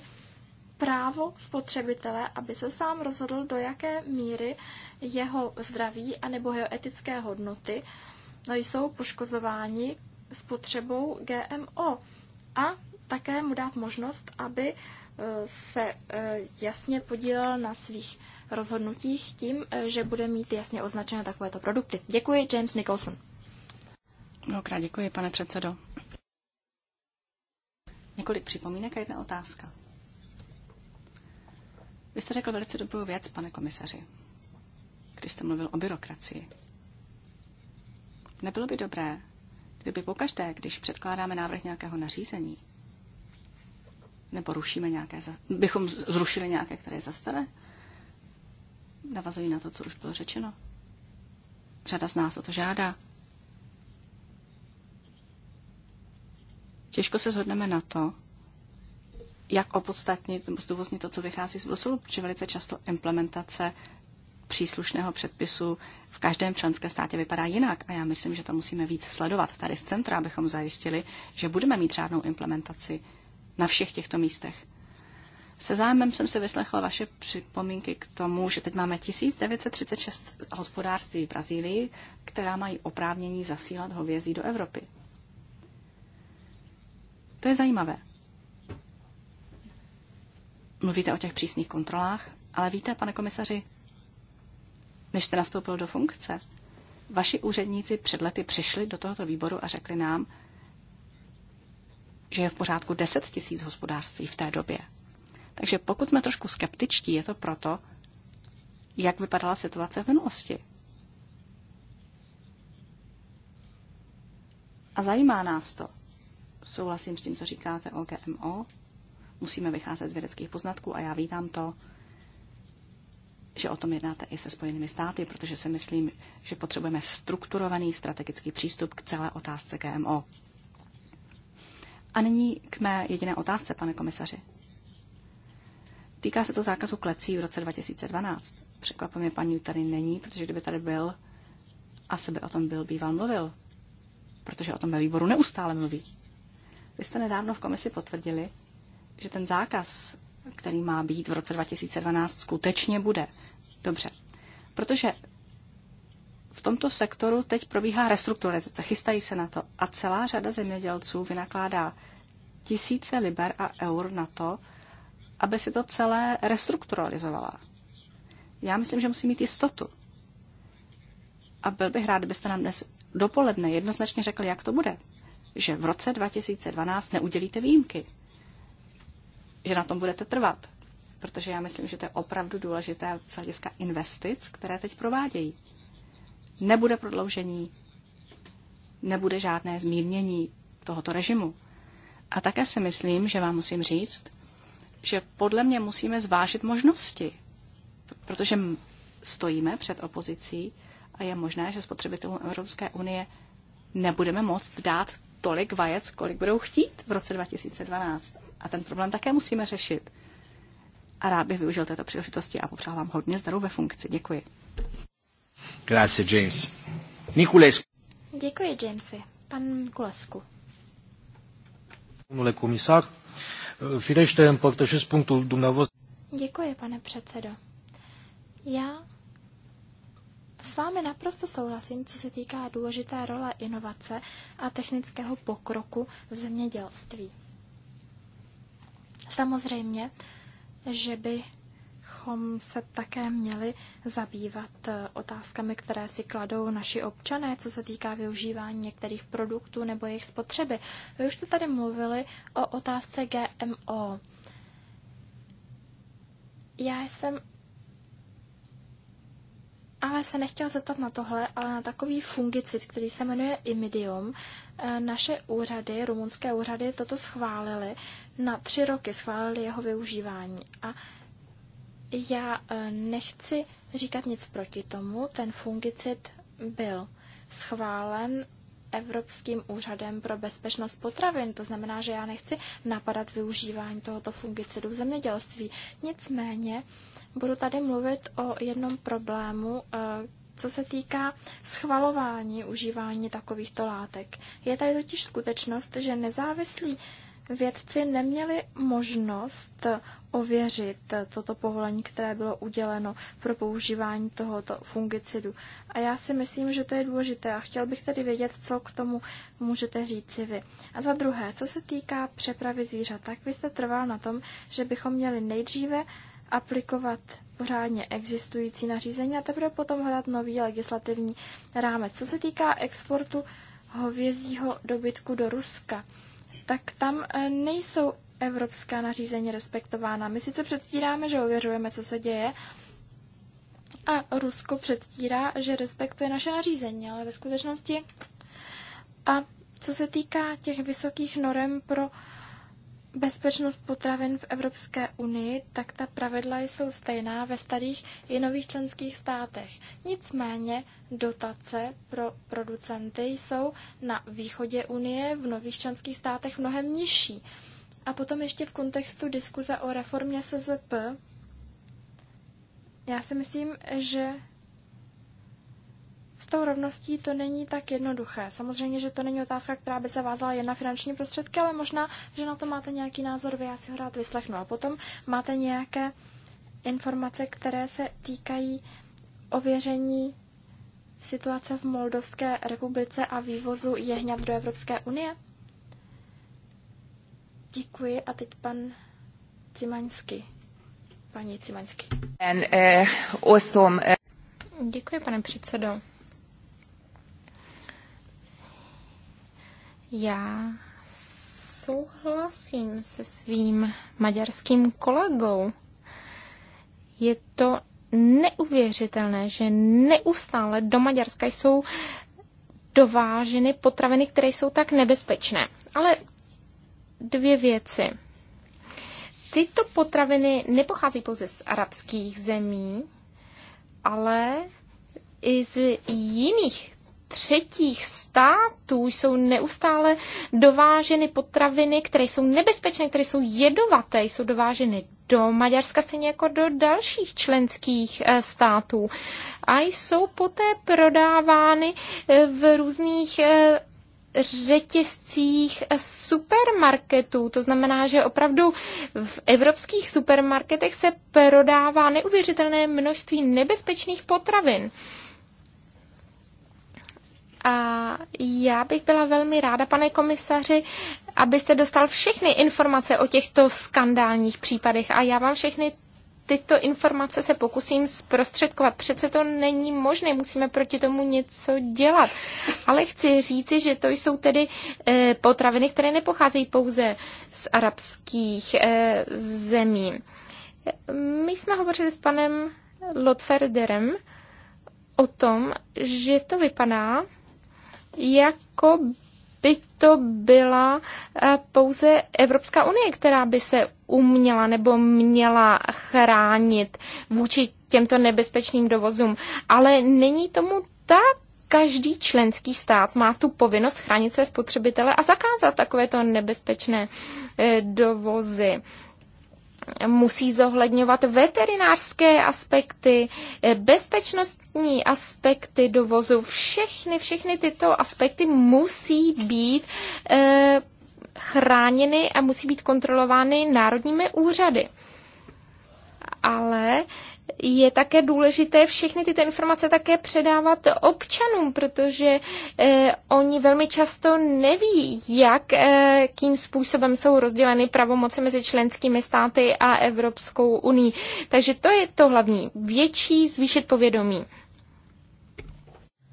právo spotřebitele, aby se sám rozhodl, do jaké míry jeho zdraví nebo jeho etické hodnoty no, jsou poškozováni spotřebou GMO. A také mu dát možnost, aby e, se e, jasně podílel na svých rozhodnutích tím, e, že bude mít jasně označené takovéto produkty. Děkuji, James Nicholson. Mnohokrát děkuji, pane předsedo. Několik připomínek a jedna otázka. Vy jste řekl velice dobrou věc, pane komisaři, když jste mluvil o byrokracii. Nebylo by dobré, kdyby pokaždé, když předkládáme návrh nějakého nařízení, nebo rušíme nějaké, bychom zrušili nějaké, které je zastaré, navazují na to, co už bylo řečeno. Řada z nás o to žádá. těžko se zhodneme na to, jak opodstatnit nebo zdůvodnit to, co vychází z Bruselu, protože velice často implementace příslušného předpisu v každém členském státě vypadá jinak a já myslím, že to musíme víc sledovat tady z centra, abychom zajistili, že budeme mít řádnou implementaci na všech těchto místech. Se zájmem jsem si vyslechla vaše připomínky k tomu, že teď máme 1936 hospodářství v Brazílii, která mají oprávnění zasílat hovězí do Evropy. To je zajímavé. Mluvíte o těch přísných kontrolách, ale víte, pane komisaři, než jste nastoupil do funkce, vaši úředníci před lety přišli do tohoto výboru a řekli nám, že je v pořádku 10 tisíc hospodářství v té době. Takže pokud jsme trošku skeptičtí, je to proto, jak vypadala situace v minulosti. A zajímá nás to. Souhlasím s tím, co říkáte o GMO. Musíme vycházet z vědeckých poznatků a já vítám to, že o tom jednáte i se Spojenými státy, protože si myslím, že potřebujeme strukturovaný strategický přístup k celé otázce GMO. A nyní k mé jediné otázce, pane komisaři. Týká se to zákazu klecí v roce 2012. Překvapuje mě, paní tady není, protože kdyby tady byl, asi by o tom byl býval mluvil. Protože o tom ve výboru neustále mluví. Vy jste nedávno v komisi potvrdili, že ten zákaz, který má být v roce 2012, skutečně bude. Dobře. Protože v tomto sektoru teď probíhá restrukturalizace, chystají se na to a celá řada zemědělců vynakládá tisíce liber a eur na to, aby si to celé restrukturalizovala. Já myslím, že musí mít jistotu. A byl bych rád, kdybyste nám dnes dopoledne jednoznačně řekli, jak to bude, že v roce 2012 neudělíte výjimky. Že na tom budete trvat. Protože já myslím, že to je opravdu důležité z hlediska investic, které teď provádějí. Nebude prodloužení, nebude žádné zmírnění tohoto režimu. A také si myslím, že vám musím říct, že podle mě musíme zvážit možnosti, protože stojíme před opozicí a je možné, že spotřebitelům Evropské unie nebudeme moct dát tolik vajec, kolik budou chtít v roce 2012. A ten problém také musíme řešit. A rád bych využil této příležitosti a popřál vám hodně zdaru ve funkci. Děkuji. Grazie, James. Nikulescu. Děkuji, Jamesy. Pan Kulesku. Domnule komisar, firește împărtășesc punctul dumneavoastră. Děkuji, pane předsedo. Já s vámi naprosto souhlasím, co se týká důležité role inovace a technického pokroku v zemědělství. Samozřejmě, že bychom se také měli zabývat eh, otázkami, které si kladou naši občané, co se týká využívání některých produktů nebo jejich spotřeby. Vy už jste tady mluvili o otázce GMO. Já jsem ale se nechtěl zeptat na tohle, ale na takový fungicid, který se jmenuje imidium. E, naše úřady, rumunské úřady, toto schválili. Na tři roky schválili jeho využívání. A já e, nechci říkat nic proti tomu. Ten fungicid byl schválen Evropským úřadem pro bezpečnost potravin. To znamená, že já nechci napadat využívání tohoto fungicidu v zemědělství. Nicméně budu tady mluvit o jednom problému, eh, co se týká schvalování užívání takovýchto látek. Je tady totiž skutečnost, že nezávislí vědci neměli možnost ověřit toto povolení, které bylo uděleno pro používání tohoto fungicidu. A já si myslím, že to je důležité a chtěl bych tedy vědět, co k tomu můžete říci vy. A za druhé, co se týká přepravy zvířat, tak vy jste trval na tom, že bychom měli nejdříve aplikovat pořádně existující nařízení a teprve potom hledat nový legislativní rámec. Co se týká exportu hovězího dobytku do Ruska, tak tam eh, nejsou evropská nařízení respektována. My sice předstíráme, že ověřujeme, co se děje, a Rusko předstírá, že respektuje naše nařízení, ale ve skutečnosti. A co se týká těch vysokých norem pro bezpečnost potravin v Evropské unii, tak ta pravidla jsou stejná ve starých i nových členských státech. Nicméně dotace pro producenty jsou na východě unie v nových členských státech mnohem nižší. A potom ještě v kontextu diskuze o reformě SZP, já si myslím, že s tou rovností to není tak jednoduché. Samozřejmě, že to není otázka, která by se vázala jen na finanční prostředky, ale možná, že na to máte nějaký názor, vy já si ho rád vyslechnu. A potom máte nějaké informace, které se týkají ověření situace v Moldovské republice a vývozu jehňat do Evropské unie? Děkuji a teď pan Cimaňský. Paní Cimaňský. Eh, eh. Děkuji, pane předsedo. Já souhlasím se svým maďarským kolegou. Je to neuvěřitelné, že neustále do Maďarska jsou dováženy potraviny, které jsou tak nebezpečné. Ale dvě věci. Tyto potraviny nepochází pouze z arabských zemí, ale i z jiných třetích států jsou neustále dováženy potraviny, které jsou nebezpečné, které jsou jedovaté, jsou dováženy do Maďarska, stejně jako do dalších členských eh, států. A jsou poté prodávány eh, v různých eh, řetězcích supermarketů. To znamená, že opravdu v evropských supermarketech se prodává neuvěřitelné množství nebezpečných potravin. A já bych byla velmi ráda, pane komisaři, abyste dostal všechny informace o těchto skandálních případech. A já vám všechny tyto informace se pokusím zprostředkovat. Přece to není možné, musíme proti tomu něco dělat. Ale chci říci, že to jsou tedy eh, potraviny, které nepocházejí pouze z arabských eh, zemí. My jsme hovořili s panem Lotferderem o tom, že to vypadá, jako by to byla eh, pouze Evropská unie, která by se uměla nebo měla chránit vůči těmto nebezpečným dovozům. Ale není tomu tak. Každý členský stát má tu povinnost chránit své spotřebitele a zakázat takovéto nebezpečné eh, dovozy musí zohledňovat veterinářské aspekty, eh, bezpečnostní aspekty dovozu, všechny, všechny tyto aspekty musí být e, chráněny a musí být kontrolovány národními úřady. Ale je také důležité všechny tyto informace také předávat občanům, protože eh, oni velmi často neví, jak, eh, kým způsobem jsou rozděleny pravomoci mezi členskými státy a Evropskou unii. Takže to je to hlavní. Větší zvýšit povědomí.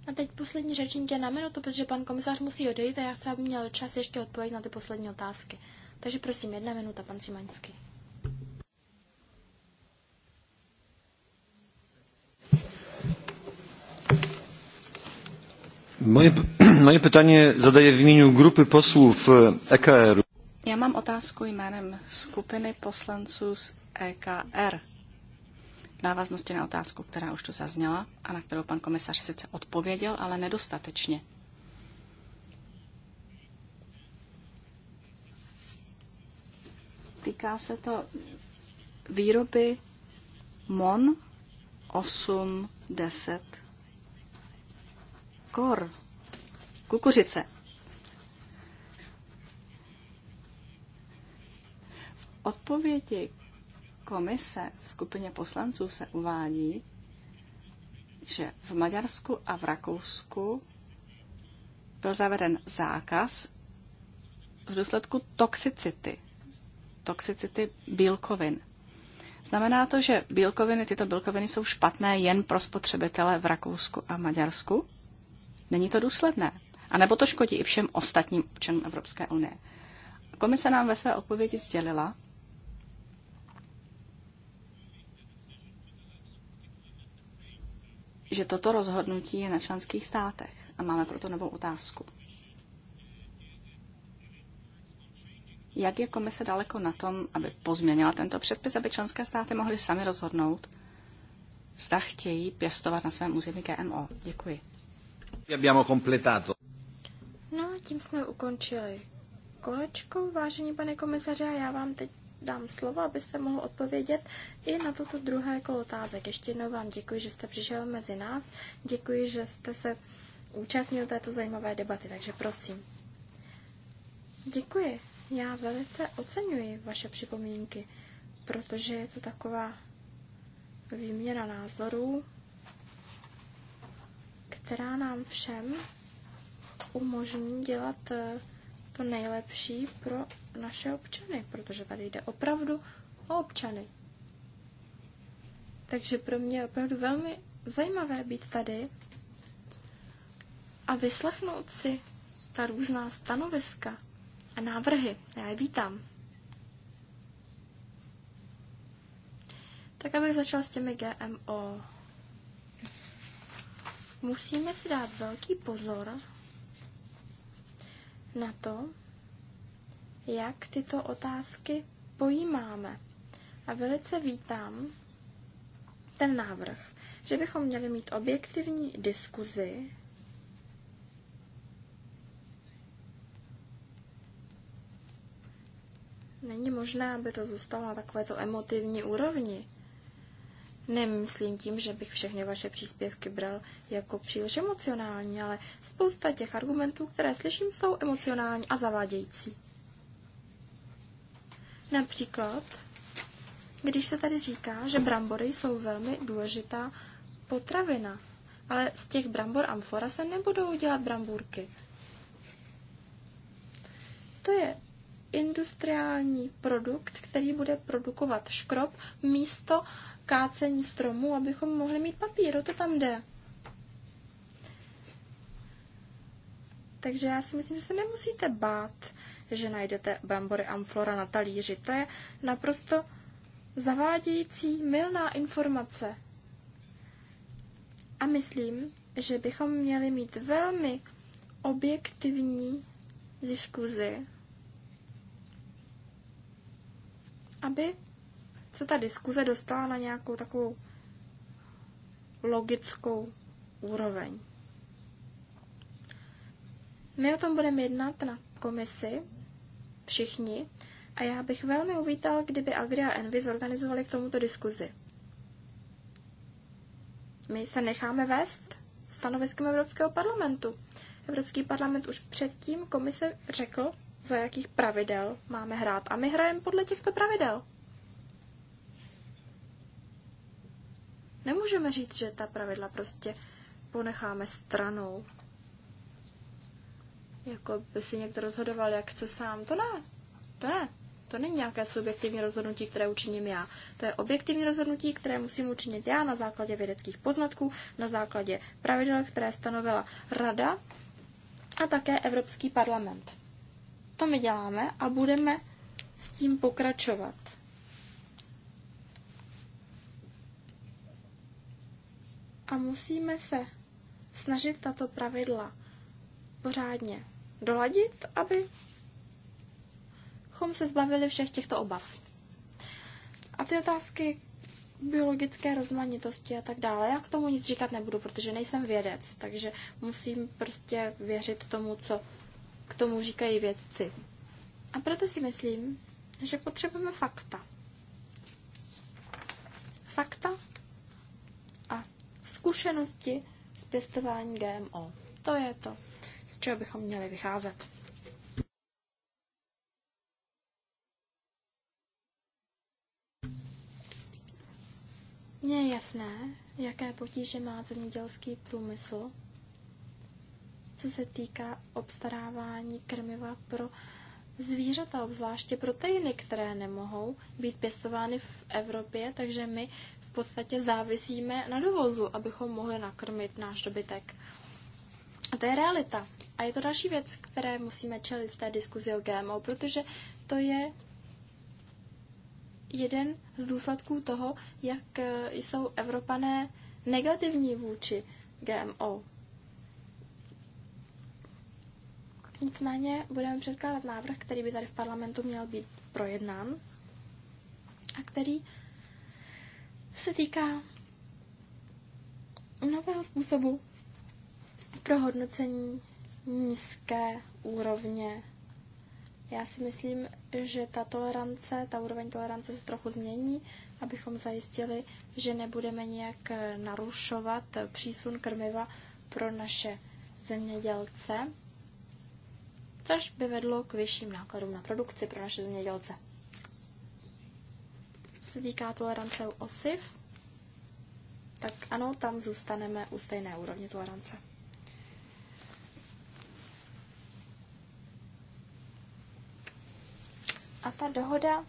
A teď poslední řečník je na minutu, protože pan komisař musí odejít a já chci, aby měl čas ještě odpovědět na ty poslední otázky. Takže prosím, jedna minuta, pan Šimaňský. Moje, [CLEARS THROAT] moje pytanie zadaję w imieniu grupy posłów EKR. E Já mám otázku jménem skupiny poslanců z EKR. V návaznosti na otázku, která už tu zazněla a na kterou pan komisař sice odpověděl, ale nedostatečně. Týká se to výroby MON 810 kor, kukuřice. V odpovědi komise skupině poslanců se uvádí, že v Maďarsku a v Rakousku byl zaveden zákaz v důsledku toxicity. Toxicity bílkovin. Znamená to, že bílkoviny, tyto bílkoviny jsou špatné jen pro spotřebitele v Rakousku a Maďarsku? Není to důsledné. A nebo to škodí i všem ostatním občanům Evropské unie. Komise nám ve své odpovědi sdělila, že toto rozhodnutí je na členských státech a máme proto novou otázku. Jak je komise daleko na tom, aby pozměnila tento předpis, aby členské státy mohly sami rozhodnout, zda chtějí pěstovat na svém území GMO? Děkuji. Abbiamo completato. No, tím jsme ukončili kolečko, vážení pane komisaři, a já vám teď dám slovo, abyste mohl odpovědět i na toto druhé kolo otázek. Ještě jednou vám děkuji, že jste přišel mezi nás, děkuji, že jste se účastnil této zajímavé debaty, takže prosím. Děkuji. Já velice oceňuji vaše připomínky, protože je to taková výměna názorů která nám všem umožní dělat eh, to nejlepší pro naše občany, protože tady jde opravdu o občany. Takže pro mě je opravdu velmi zajímavé být tady a vyslechnout si ta různá stanoviska a návrhy. Já je vítám. Tak abych začal s těmi GMO musíme si dát velký pozor na to, jak tyto otázky pojímáme. A velice vítám ten návrh, že bychom měli mít objektivní diskuzi Není možné, aby to zůstalo na takovéto emotivní úrovni. Nemyslím tím, že bych všechny vaše příspěvky bral jako příliš emocionální, ale spousta těch argumentů, které slyším, jsou emocionální a zavádějící. Například, když se tady říká, že brambory jsou velmi důležitá potravina, ale z těch brambor amfora se nebudou dělat brambůrky. To je industriální produkt, který bude produkovat škrob místo kácení stromů, abychom mohli mít papír. O to tam jde. Takže já si myslím, že se nemusíte bát, že najdete brambory amflora na talíři. To je naprosto zavádějící, milná informace. A myslím, že bychom měli mít velmi objektivní diskuzi, aby se ta diskuze dostala na nějakou takovou logickou úroveň. My o tom budeme jednat na komisi, všichni, a já bych velmi uvítal, kdyby Agria a Envy zorganizovali k tomuto diskuzi. My se necháme vést stanoviskem Evropského parlamentu. Evropský parlament už předtím komise řekl, za jakých pravidel máme hrát. A my hrajeme podle těchto pravidel. Nemůžeme říct, že ta pravidla prostě ponecháme stranou. Jako by si někdo rozhodoval, jak chce sám. To ne. To ne. To není nějaké subjektivní rozhodnutí, které učiním já. To je objektivní rozhodnutí, které musím učinit já na základě vědeckých poznatků, na základě pravidel, které stanovila Rada a také Evropský parlament. To my děláme a budeme s tím pokračovat. a musíme se snažit tato pravidla pořádně doladit, chom se zbavili všech těchto obav. A ty otázky biologické rozmanitosti a tak dále. Já k tomu nic říkat nebudu, protože nejsem vědec, takže musím prostě věřit tomu, co k tomu říkají vědci. A proto si myslím, že potřebujeme fakta. Fakta zkušenosti s pěstováním GMO. To je to, z čeho bychom měli vycházet. Mně je jasné, jaké potíže má zemědělský průmysl, co se týká obstarávání krmiva pro zvířata, obzvláště proteiny, které nemohou být pěstovány v Evropě, takže my podstatě závisíme na dovozu, abychom mohli nakrmit náš dobytek. A to je realita. A je to další věc, které musíme čelit v té diskuzi o GMO, protože to je jeden z důsledků toho, jak eh, jsou Evropané negativní vůči GMO. Nicméně budeme předkládat návrh, který by tady v parlamentu měl být projednán a který se týká nového způsobu pro hodnocení nízké úrovně. Já si myslím, že ta tolerance, ta úroveň tolerance se trochu změní, abychom zajistili, že nebudeme nějak narušovat přísun krmiva pro naše zemědělce, což by vedlo k vyšším nákladům na produkci pro naše zemědělce se týká tolerance u osiv, tak ano, tam zůstaneme u stejné úrovně tolerance. A ta dohoda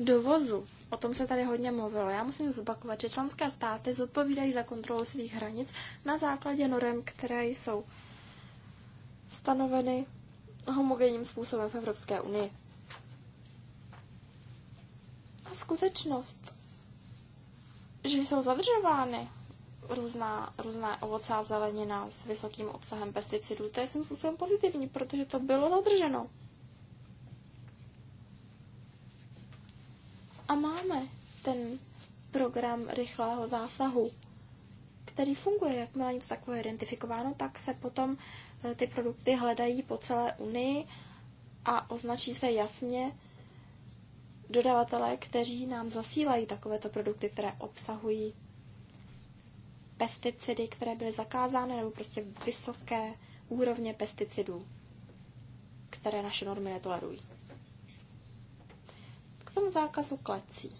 dovozu, o tom se tady hodně mluvilo. Já musím zopakovat, že členské státy zodpovídají za kontrolu svých hranic na základě norem, které jsou stanoveny homogenním způsobem v Evropské unii skutečnost, že jsou zadržovány různá, různá ovoce a zelenina s vysokým obsahem pesticidů, to je svým způsobem pozitivní, protože to bylo zadrženo. A máme ten program rychlého zásahu, který funguje. Jakmile něco takového je identifikováno, tak se potom eh, ty produkty hledají po celé Unii a označí se jasně, dodavatelé, kteří nám zasílají takovéto produkty, které obsahují pesticidy, které byly zakázány, nebo prostě vysoké úrovně pesticidů, které naše normy netolerují. K tomu zákazu klecí.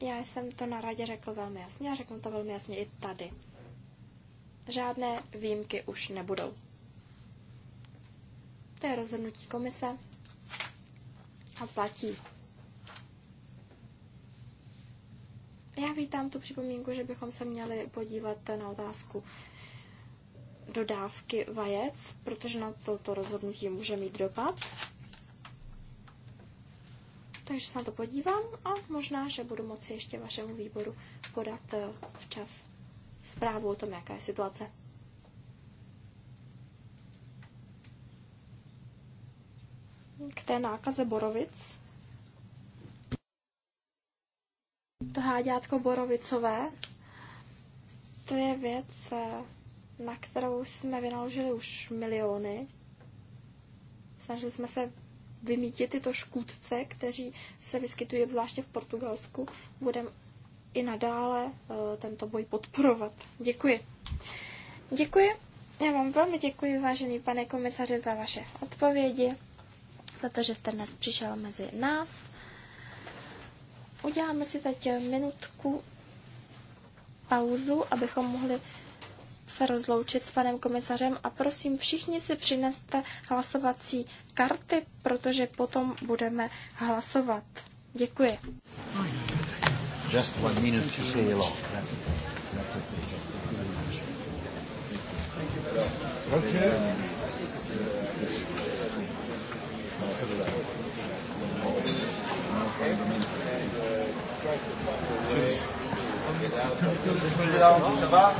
Já jsem to na radě řekl velmi jasně a řeknu to velmi jasně i tady. Žádné výjimky už nebudou. To je rozhodnutí komise a platí Já vítám tu připomínku, že bychom se měli podívat na otázku dodávky vajec, protože na toto rozhodnutí může mít dopad. Takže se na to podívám a možná, že budu moci ještě vašemu výboru podat eh, včas zprávu o tom, jaká je situace. K té nákaze borovic To háďátko borovicové, to je věc, eh, na kterou jsme vynaložili už miliony. Snažili jsme se vymítit tyto škůdce, kteří se vyskytují zvláště v Portugalsku. Budeme i nadále eh, tento boj podporovat. Děkuji. Děkuji. Já vám velmi děkuji, vážený pane komisaře, za vaše odpovědi, za to, že jste dnes přišel mezi nás. Uděláme si teď minutku pauzu, abychom mohli se rozloučit s panem komisařem a prosím, všichni si přineste hlasovací karty, protože potom budeme hlasovat. Děkuji. Just one minute to say hello. Okay. Ça va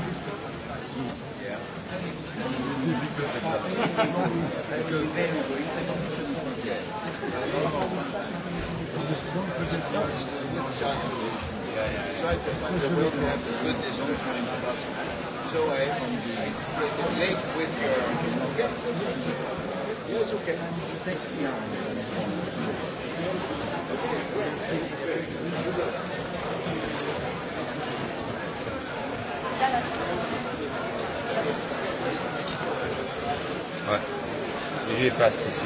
So I, I get late with your. Okay? Yes, okay. Ouais. J'y passe ici.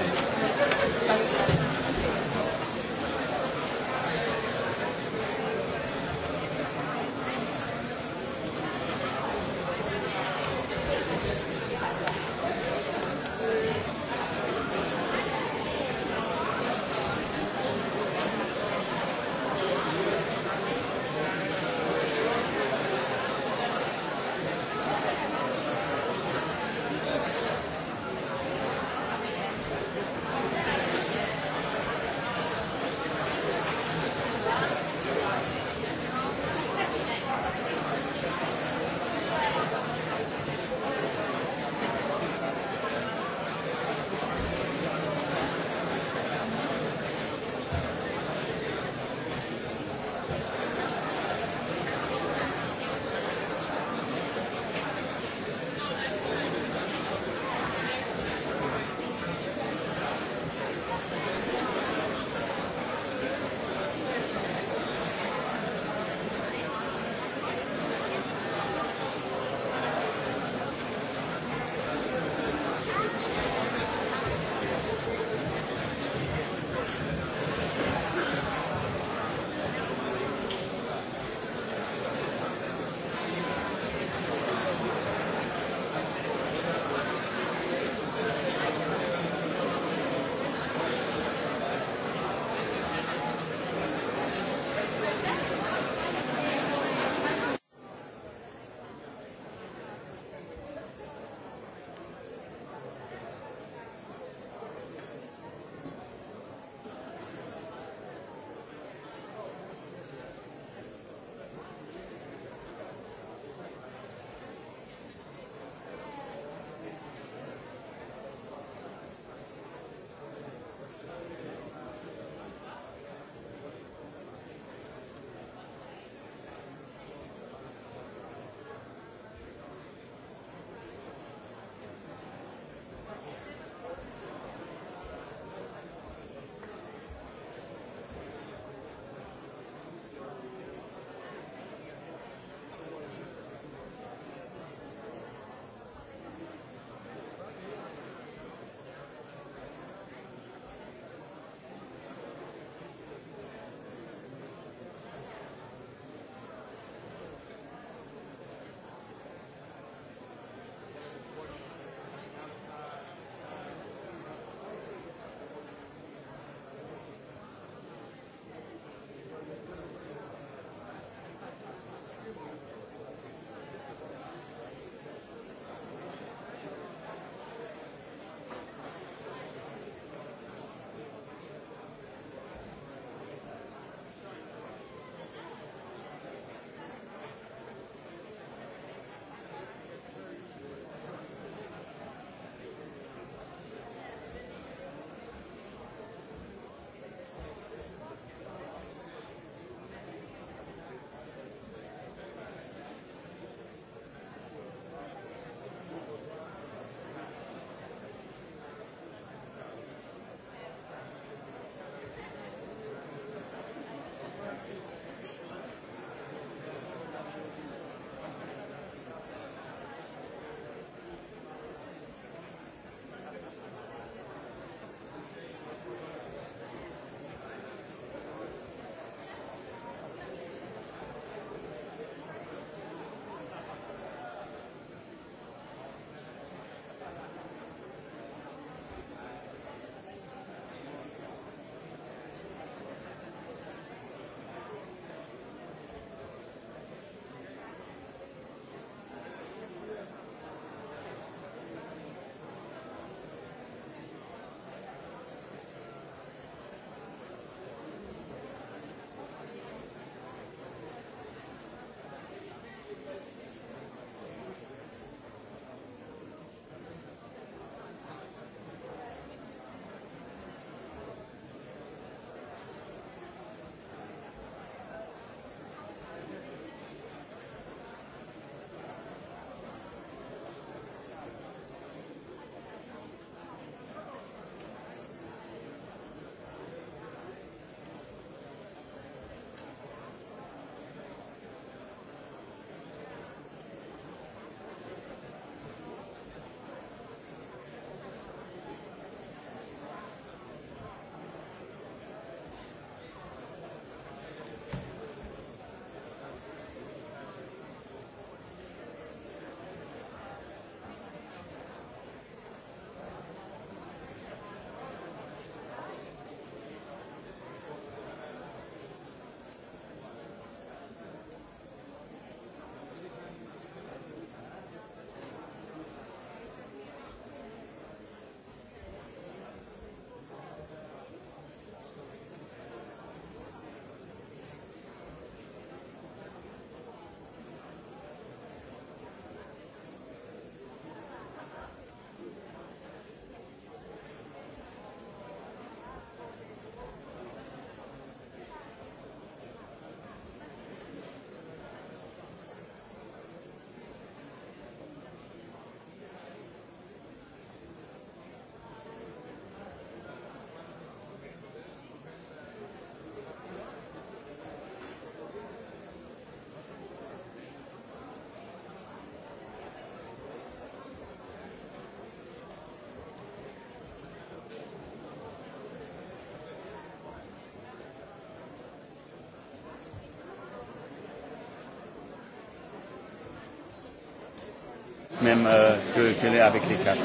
même euh, que, que les, avec les cartes.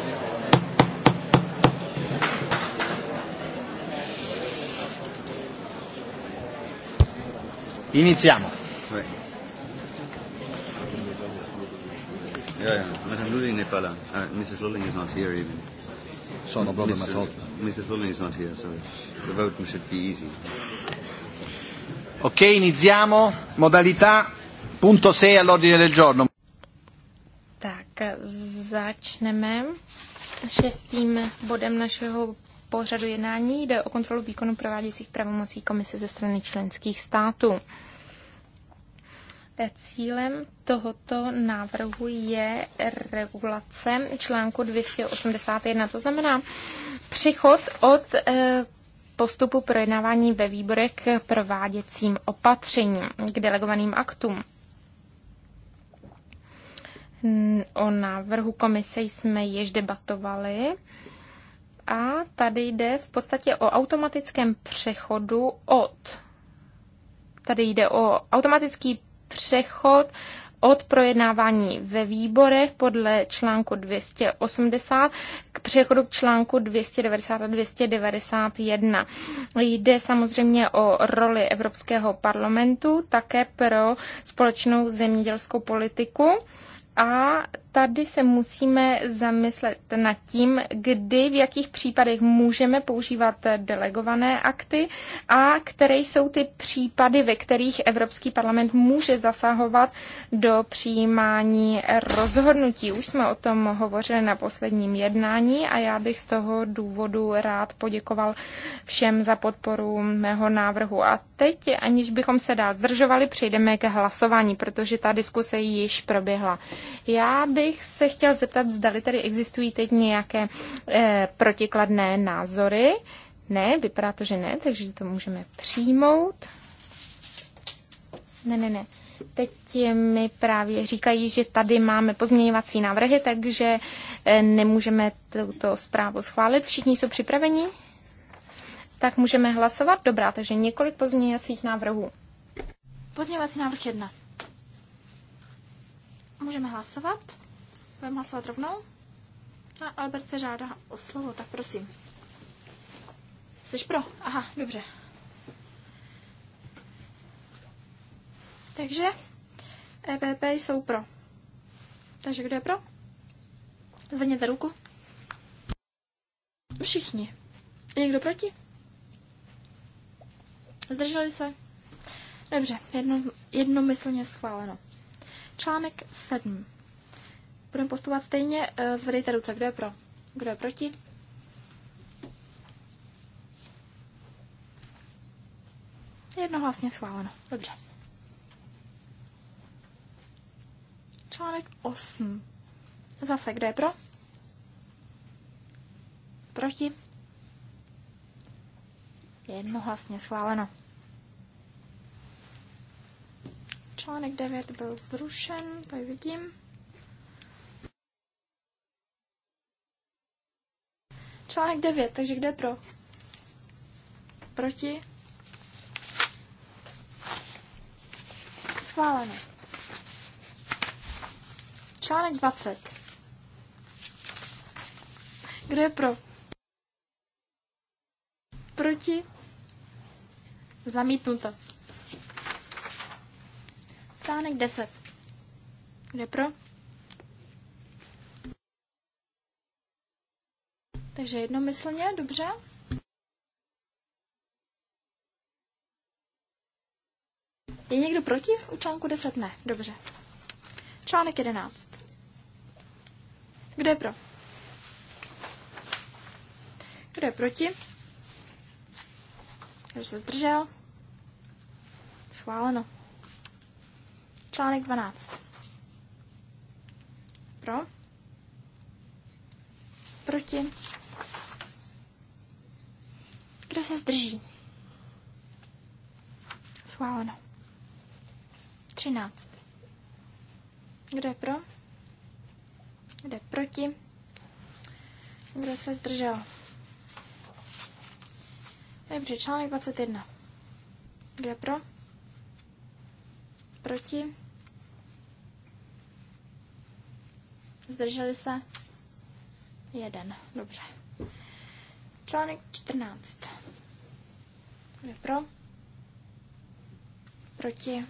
Iniziamo. Yeah, yeah. Madame n'est pas là. Uh, Mrs. Lulling is not here even. So no problem Mr. at all. Uh, Mrs. Lulling is not here, so the vote should be easy. Ok, iniziamo. Modalità punto 6 all'ordine del giorno. šestým bodem našeho pořadu jednání jde o kontrolu výkonu prováděcích pravomocí komise ze strany členských států. E, cílem tohoto návrhu je regulace článku 281, to znamená přichod od e, postupu projednávání ve výborech k prováděcím opatřením k delegovaným aktům. O návrhu komise jsme již debatovali. A tady jde v podstatě o automatickém přechodu od. Tady jde o automatický přechod od projednávání ve výborech podle článku 280 k přechodu k článku 290 a 291. Jde samozřejmě o roli Evropského parlamentu také pro společnou zemědělskou politiku. A tady se musíme zamyslet nad tím, kdy, v jakých případech můžeme používat delegované akty a které jsou ty případy, ve kterých Evropský parlament může zasahovat do přijímání rozhodnutí. Už jsme o tom hovořili na posledním jednání a já bych z toho důvodu rád poděkoval všem za podporu mého návrhu. A teď, aniž bychom se dál zdržovali, přejdeme k hlasování, protože ta diskuse již proběhla. Já bych se chtěl zeptat, zdali tady existují teď nějaké eh, protikladné názory. Ne, vypadá to, že ne, takže to můžeme přijmout. Ne, ne, ne. Teď mi právě říkají, že tady máme pozměňovací návrhy, takže eh, nemůžeme tuto zprávu schválit. Všichni jsou připraveni? Tak můžeme hlasovat? Dobrá, takže několik pozměňovacích návrhů. Pozměňovací návrh jedna. Můžeme hlasovat. Budeme hlasovat rovnou. A Albert se žádá o slovo, tak prosím. Jsi pro? Aha, dobře. Takže EPP jsou pro. Takže kdo je pro? Zvedněte ruku. Všichni. Je někdo proti? Zdrželi se? Dobře, jedno, jednomyslně schváleno. Článek 7. Budeme postupovat stejně. Eh, zvedejte ruce. Kdo je pro? Kdo je proti? Jednohlasně schváleno. Dobře. Článek 8. Zase, kdo je pro? Proti? Jednohlasně schváleno. Článek 9 byl zrušen, to vidím. Článek 9, takže kde pro? Proti? Schváleno. Článek 20. Kdo je pro? Proti? Zamítnuto. Článek 10. Kde pro? Takže jednomyslně, dobře. Je někdo proti? U článku 10 ne. Dobře. Článek 11. Kdo je pro? Kdo je proti? Kdo se zdržel? Schváleno. Článek 12. Pro. Proti. Kdo se zdrží? Schváleno. 13. Kdo je pro? Kdo je proti? Kdo se zdržel? Dobře, článek 21. Kdo je pro? Proti? Zdrželi se? Jeden. Dobře. Článek 14. Kdo je pro? Proti?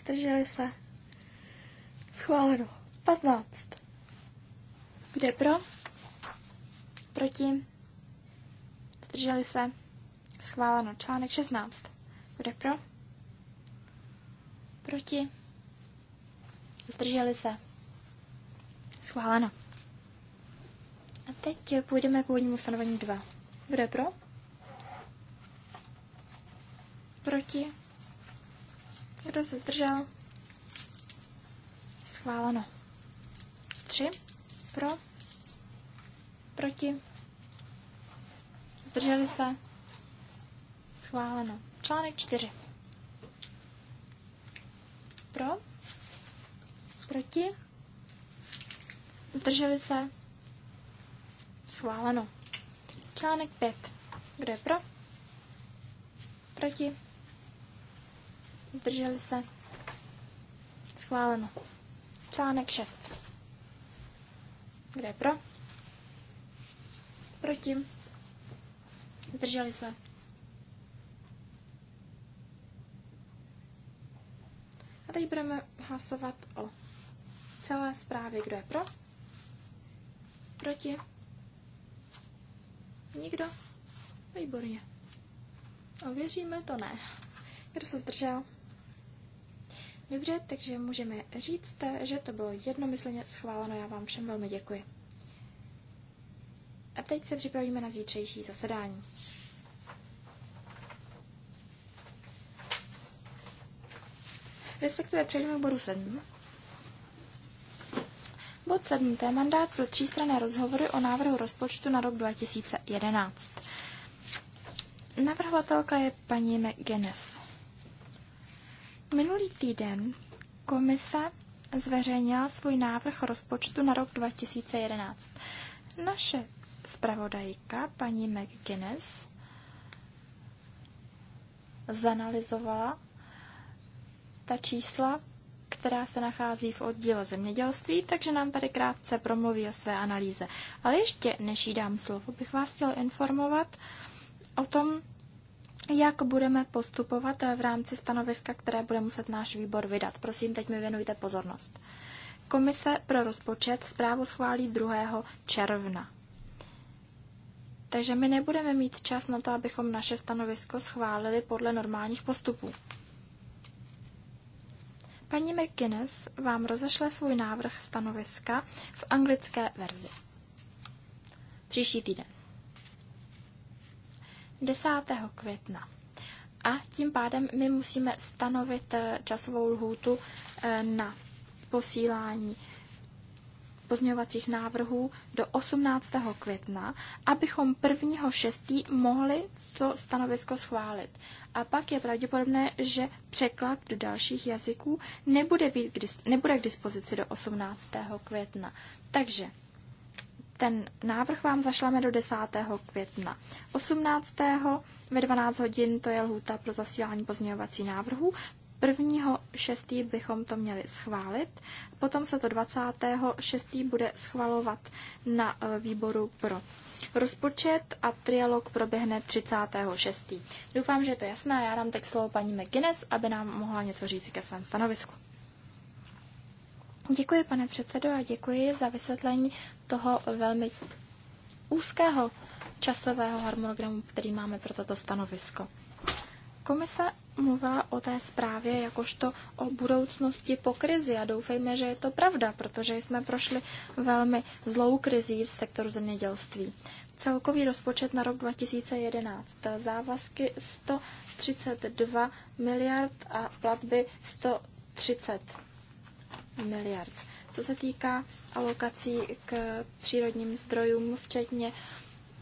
Zdrželi se? Schváleno. 15. Kde pro? Proti? Zdrželi se? Schváleno. Článek 16. Kde pro? Proti? Zdrželi se. Schváleno. A teď půjdeme k úvodnímu stanovení 2. Kdo je pro? Proti? Kdo se zdržel? Schváleno. 3. Pro? Proti? Zdrželi se? Schváleno. Článek 4. Pro? Proti? Drželi se? Schváleno. Článek 5. Kdo je pro? Proti? Zdrželi se? Schváleno. Článek 6. Kdo je pro? Proti? Zdrželi se? A teď budeme hlasovat o celé zprávy. Kdo je pro? Proti? Nikdo? Výborně. Ověříme to ne. Kdo se zdržel? Dobře, takže můžeme říct, že to bylo jednomyslně schváleno. Já vám všem velmi děkuji. A teď se připravíme na zítřejší zasedání. Respektive přejdeme k bodu 7. Bod 7. To je mandát pro třístranné rozhovory o návrhu rozpočtu na rok 2011. Navrhovatelka je paní McGuinness. Minulý týden komise zveřejnila svůj návrh rozpočtu na rok 2011. Naše zpravodajka, paní McGuinness, zanalizovala ta čísla která se nachází v oddíle zemědělství, takže nám tady krátce promluví o své analýze. Ale ještě než jí dám slovo, bych vás chtěl informovat o tom, jak budeme postupovat eh, v rámci stanoviska, které bude muset náš výbor vydat. Prosím, teď mi věnujte pozornost. Komise pro rozpočet zprávu schválí 2. června. Takže my nebudeme mít čas na to, abychom naše stanovisko schválili podle normálních postupů. Paní McGuinness vám rozešle svůj návrh stanoviska v anglické verzi. Příští týden. 10. května. A tím pádem my musíme stanovit eh, časovou lhůtu eh, na posílání pozměňovacích návrhů do 18. května, abychom 1. 6. mohli to stanovisko schválit. A pak je pravděpodobné, že překlad do dalších jazyků nebude, být k dis- nebude k dispozici do 18. května. Takže ten návrh vám zašleme do 10. května. 18. ve 12 hodin to je lhůta pro zasílání pozměňovací návrhů. Prvního šestý bychom to měli schválit, potom se to 26. bude schvalovat na e, výboru pro rozpočet a trialog proběhne 36. Doufám, že je to jasné. Já dám teď slovo paní McGuinness, aby nám mohla něco říct ke svém stanovisku. Děkuji, pane předsedo, a děkuji za vysvětlení toho velmi úzkého časového harmonogramu, který máme pro toto stanovisko. Komise mluvila o té zprávě jakožto o budoucnosti po krizi a doufejme, že je to pravda, protože jsme prošli velmi zlou krizí v sektoru zemědělství. Celkový rozpočet na rok 2011. Závazky 132 miliard a platby 130 miliard. Co se týká alokací k přírodním zdrojům, včetně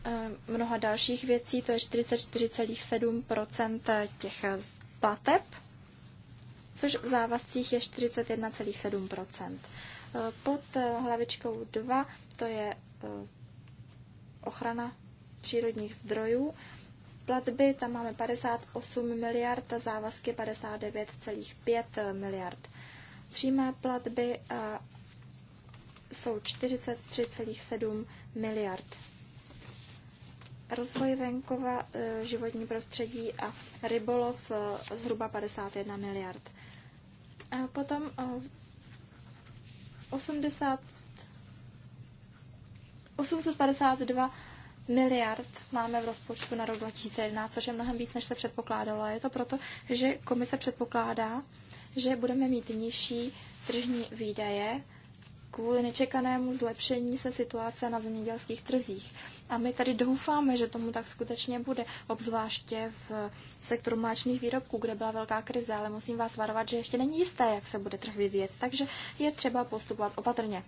eh, mnoha dalších věcí, to je 44,7 těch plateb, což v závazcích je 41,7 eh, Pod eh, hlavičkou 2 to je eh, ochrana přírodních zdrojů. Platby tam máme 58 miliard a závazky 59,5 miliard. Přímé platby jsou 43,7 miliard. Rozvoj venkova, e, životní prostředí a rybolov e, zhruba 51 miliard. A potom 80, e, 852 miliard máme v rozpočtu na rok 2011, což je mnohem víc, než se předpokládalo. A je to proto, že komise předpokládá, že budeme mít nižší tržní výdaje kvůli nečekanému zlepšení se situace na zemědělských trzích. A my tady doufáme, že tomu tak skutečně bude, obzvláště v sektoru mléčných výrobků, kde byla velká krize, ale musím vás varovat, že ještě není jisté, jak se bude trh vyvíjet, takže je třeba postupovat opatrně.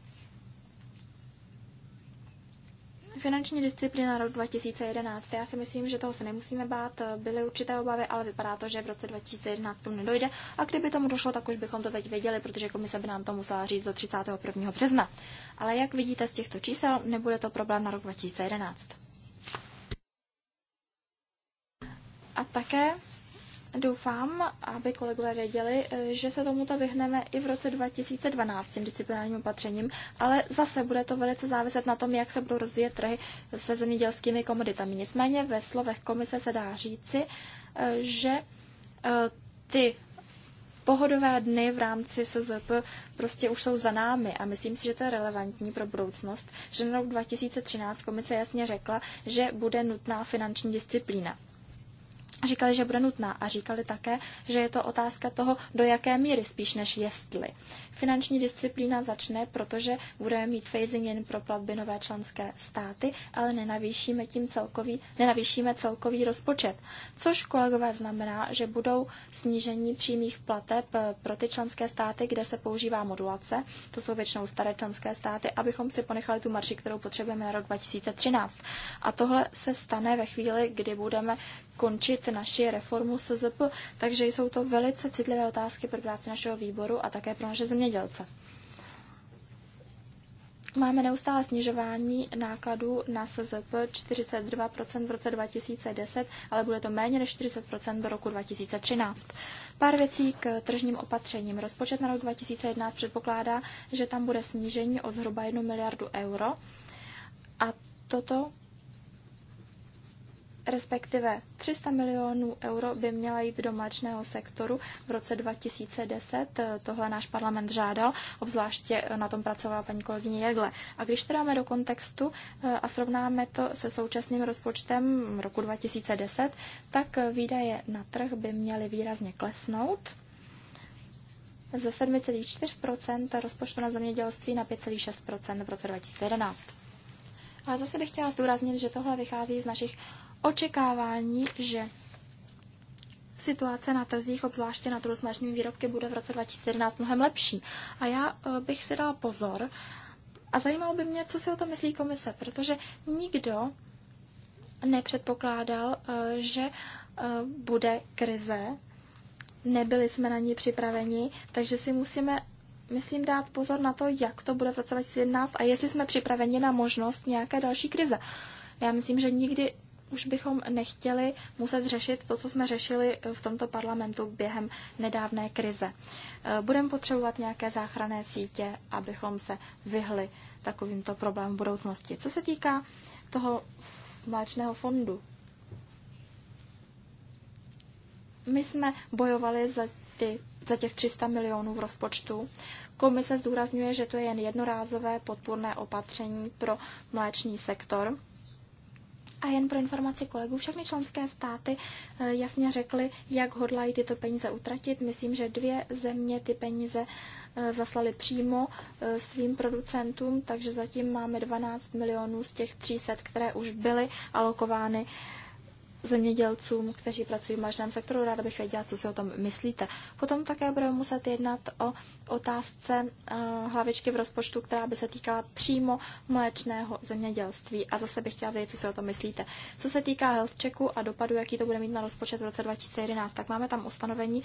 Finanční disciplína rok 2011. Já si myslím, že toho se nemusíme bát. Byly určité obavy, ale vypadá to, že v roce 2011 tomu nedojde. A kdyby tomu došlo, tak už bychom to teď věděli, protože komise by nám to musela říct do 31. března. Ale jak vidíte z těchto čísel, nebude to problém na rok 2011. A také Doufám, aby kolegové věděli, eh, že se tomuto vyhneme i v roce 2012 tím disciplinárním opatřením, ale zase bude to velice záviset na tom, jak se budou rozvíjet trhy se zemědělskými komoditami. Nicméně ve slovech komise se dá říci, eh, že eh, ty pohodové dny v rámci SZP prostě už jsou za námi a myslím si, že to je relevantní pro budoucnost, že na rok 2013 komise jasně řekla, že bude nutná finanční disciplína. Říkali, že bude nutná a říkali také, že je to otázka toho, do jaké míry spíš než jestli. Finanční disciplína začne, protože budeme mít phasing jen pro platby nové členské státy, ale nenavýšíme tím celkový, nenavýšíme celkový rozpočet. Což kolegové znamená, že budou snížení přímých plateb eh, pro ty členské státy, kde se používá modulace, to jsou většinou staré členské státy, abychom si ponechali tu marži, kterou potřebujeme na rok 2013. A tohle se stane ve chvíli, kdy budeme končit naši reformu SZP, takže jsou to velice citlivé otázky pro práci našeho výboru a také pro naše zemědělce. Máme neustále snižování nákladů na SZP 42% v roce 2010, ale bude to méně než 40% do roku 2013. Pár věcí k tržním opatřením. Rozpočet na rok 2011 předpokládá, že tam bude snížení o zhruba 1 miliardu euro a toto respektive 300 milionů euro by měla jít do mléčného sektoru v roce 2010. Eh, tohle náš parlament žádal, obzvláště eh, na tom pracovala paní kolegyně Jegle. A když to dáme do kontextu eh, a srovnáme to se současným rozpočtem roku 2010, tak výdaje na trh by měly výrazně klesnout ze 7,4 rozpočtu na zemědělství na 5,6 v roce 2011. Ale zase bych chtěla zdůraznit, že tohle vychází z našich očekávání, že situace na trzích, obzvláště na trhu s mléčnými výrobky, bude v roce 2011 mnohem lepší. A já eh, bych si dala pozor a zajímalo by mě, co si o tom myslí komise, protože nikdo nepředpokládal, eh, že eh, bude krize, nebyli jsme na ní připraveni, takže si musíme myslím, dát pozor na to, jak to bude v roce 2011 a jestli jsme připraveni na možnost nějaké další krize. Já myslím, že nikdy už bychom nechtěli muset řešit to, co jsme řešili eh, v tomto parlamentu během nedávné krize. Eh, budeme potřebovat nějaké záchranné sítě, abychom se vyhli takovýmto problémům v budoucnosti. Co se týká toho mléčného fondu, my jsme bojovali za, ty, za těch 300 milionů v rozpočtu. Komise zdůrazňuje, že to je jen jednorázové podpůrné opatření pro mléčný sektor a jen pro informaci kolegů, všechny členské státy eh, jasně řekly, jak hodlají tyto peníze utratit. Myslím, že dvě země ty peníze eh, zaslali přímo eh, svým producentům, takže zatím máme 12 milionů z těch 300, které už byly alokovány zemědělcům, kteří pracují v mléčném sektoru. Ráda bych věděla, co si o tom myslíte. Potom také budeme muset jednat o otázce eh, hlavičky v rozpočtu, která by se týkala přímo mléčného zemědělství. A zase bych chtěla vědět, co si o tom myslíte. Co se týká health checku a dopadu, jaký to bude mít na rozpočet v roce 2011, tak máme tam ustanovení,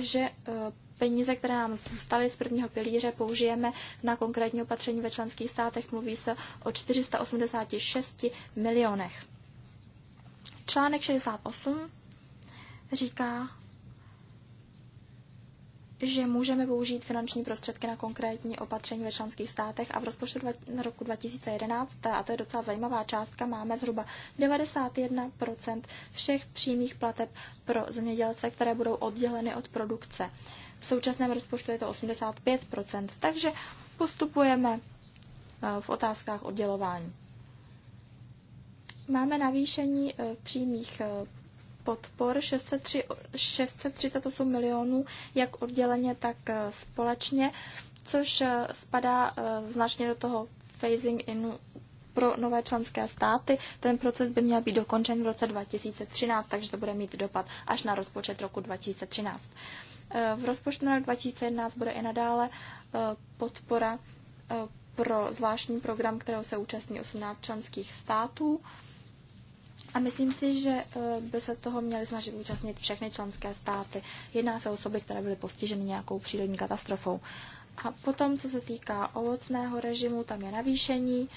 že eh, peníze, které nám zůstaly z prvního pilíře, použijeme na konkrétní opatření ve členských státech. Mluví se o 486 milionech. Článek 68 říká, že můžeme použít finanční prostředky na konkrétní opatření ve členských státech a v rozpočtu dva, na roku 2011, a to je docela zajímavá částka, máme zhruba 91% všech přímých plateb pro zemědělce, které budou odděleny od produkce. V současném rozpočtu je to 85%, takže postupujeme eh, v otázkách oddělování. Máme navýšení e, přímých e, podpor 603, 638 milionů, jak odděleně, tak e, společně, což spadá značně do toho phasing inu pro nové členské státy. Ten proces by měl být dokončen v roce 2013, takže to bude mít dopad až na rozpočet roku 2013. V rozpočtu na rok 2011 bude i nadále podpora pro zvláštní program, kterého se účastní 18 členských států. A myslím si, že eh, by se toho měly snažit účastnit všechny členské státy. Jedná se o osoby, které byly postiženy nějakou přírodní katastrofou. A potom, co se týká ovocného režimu, tam je navýšení.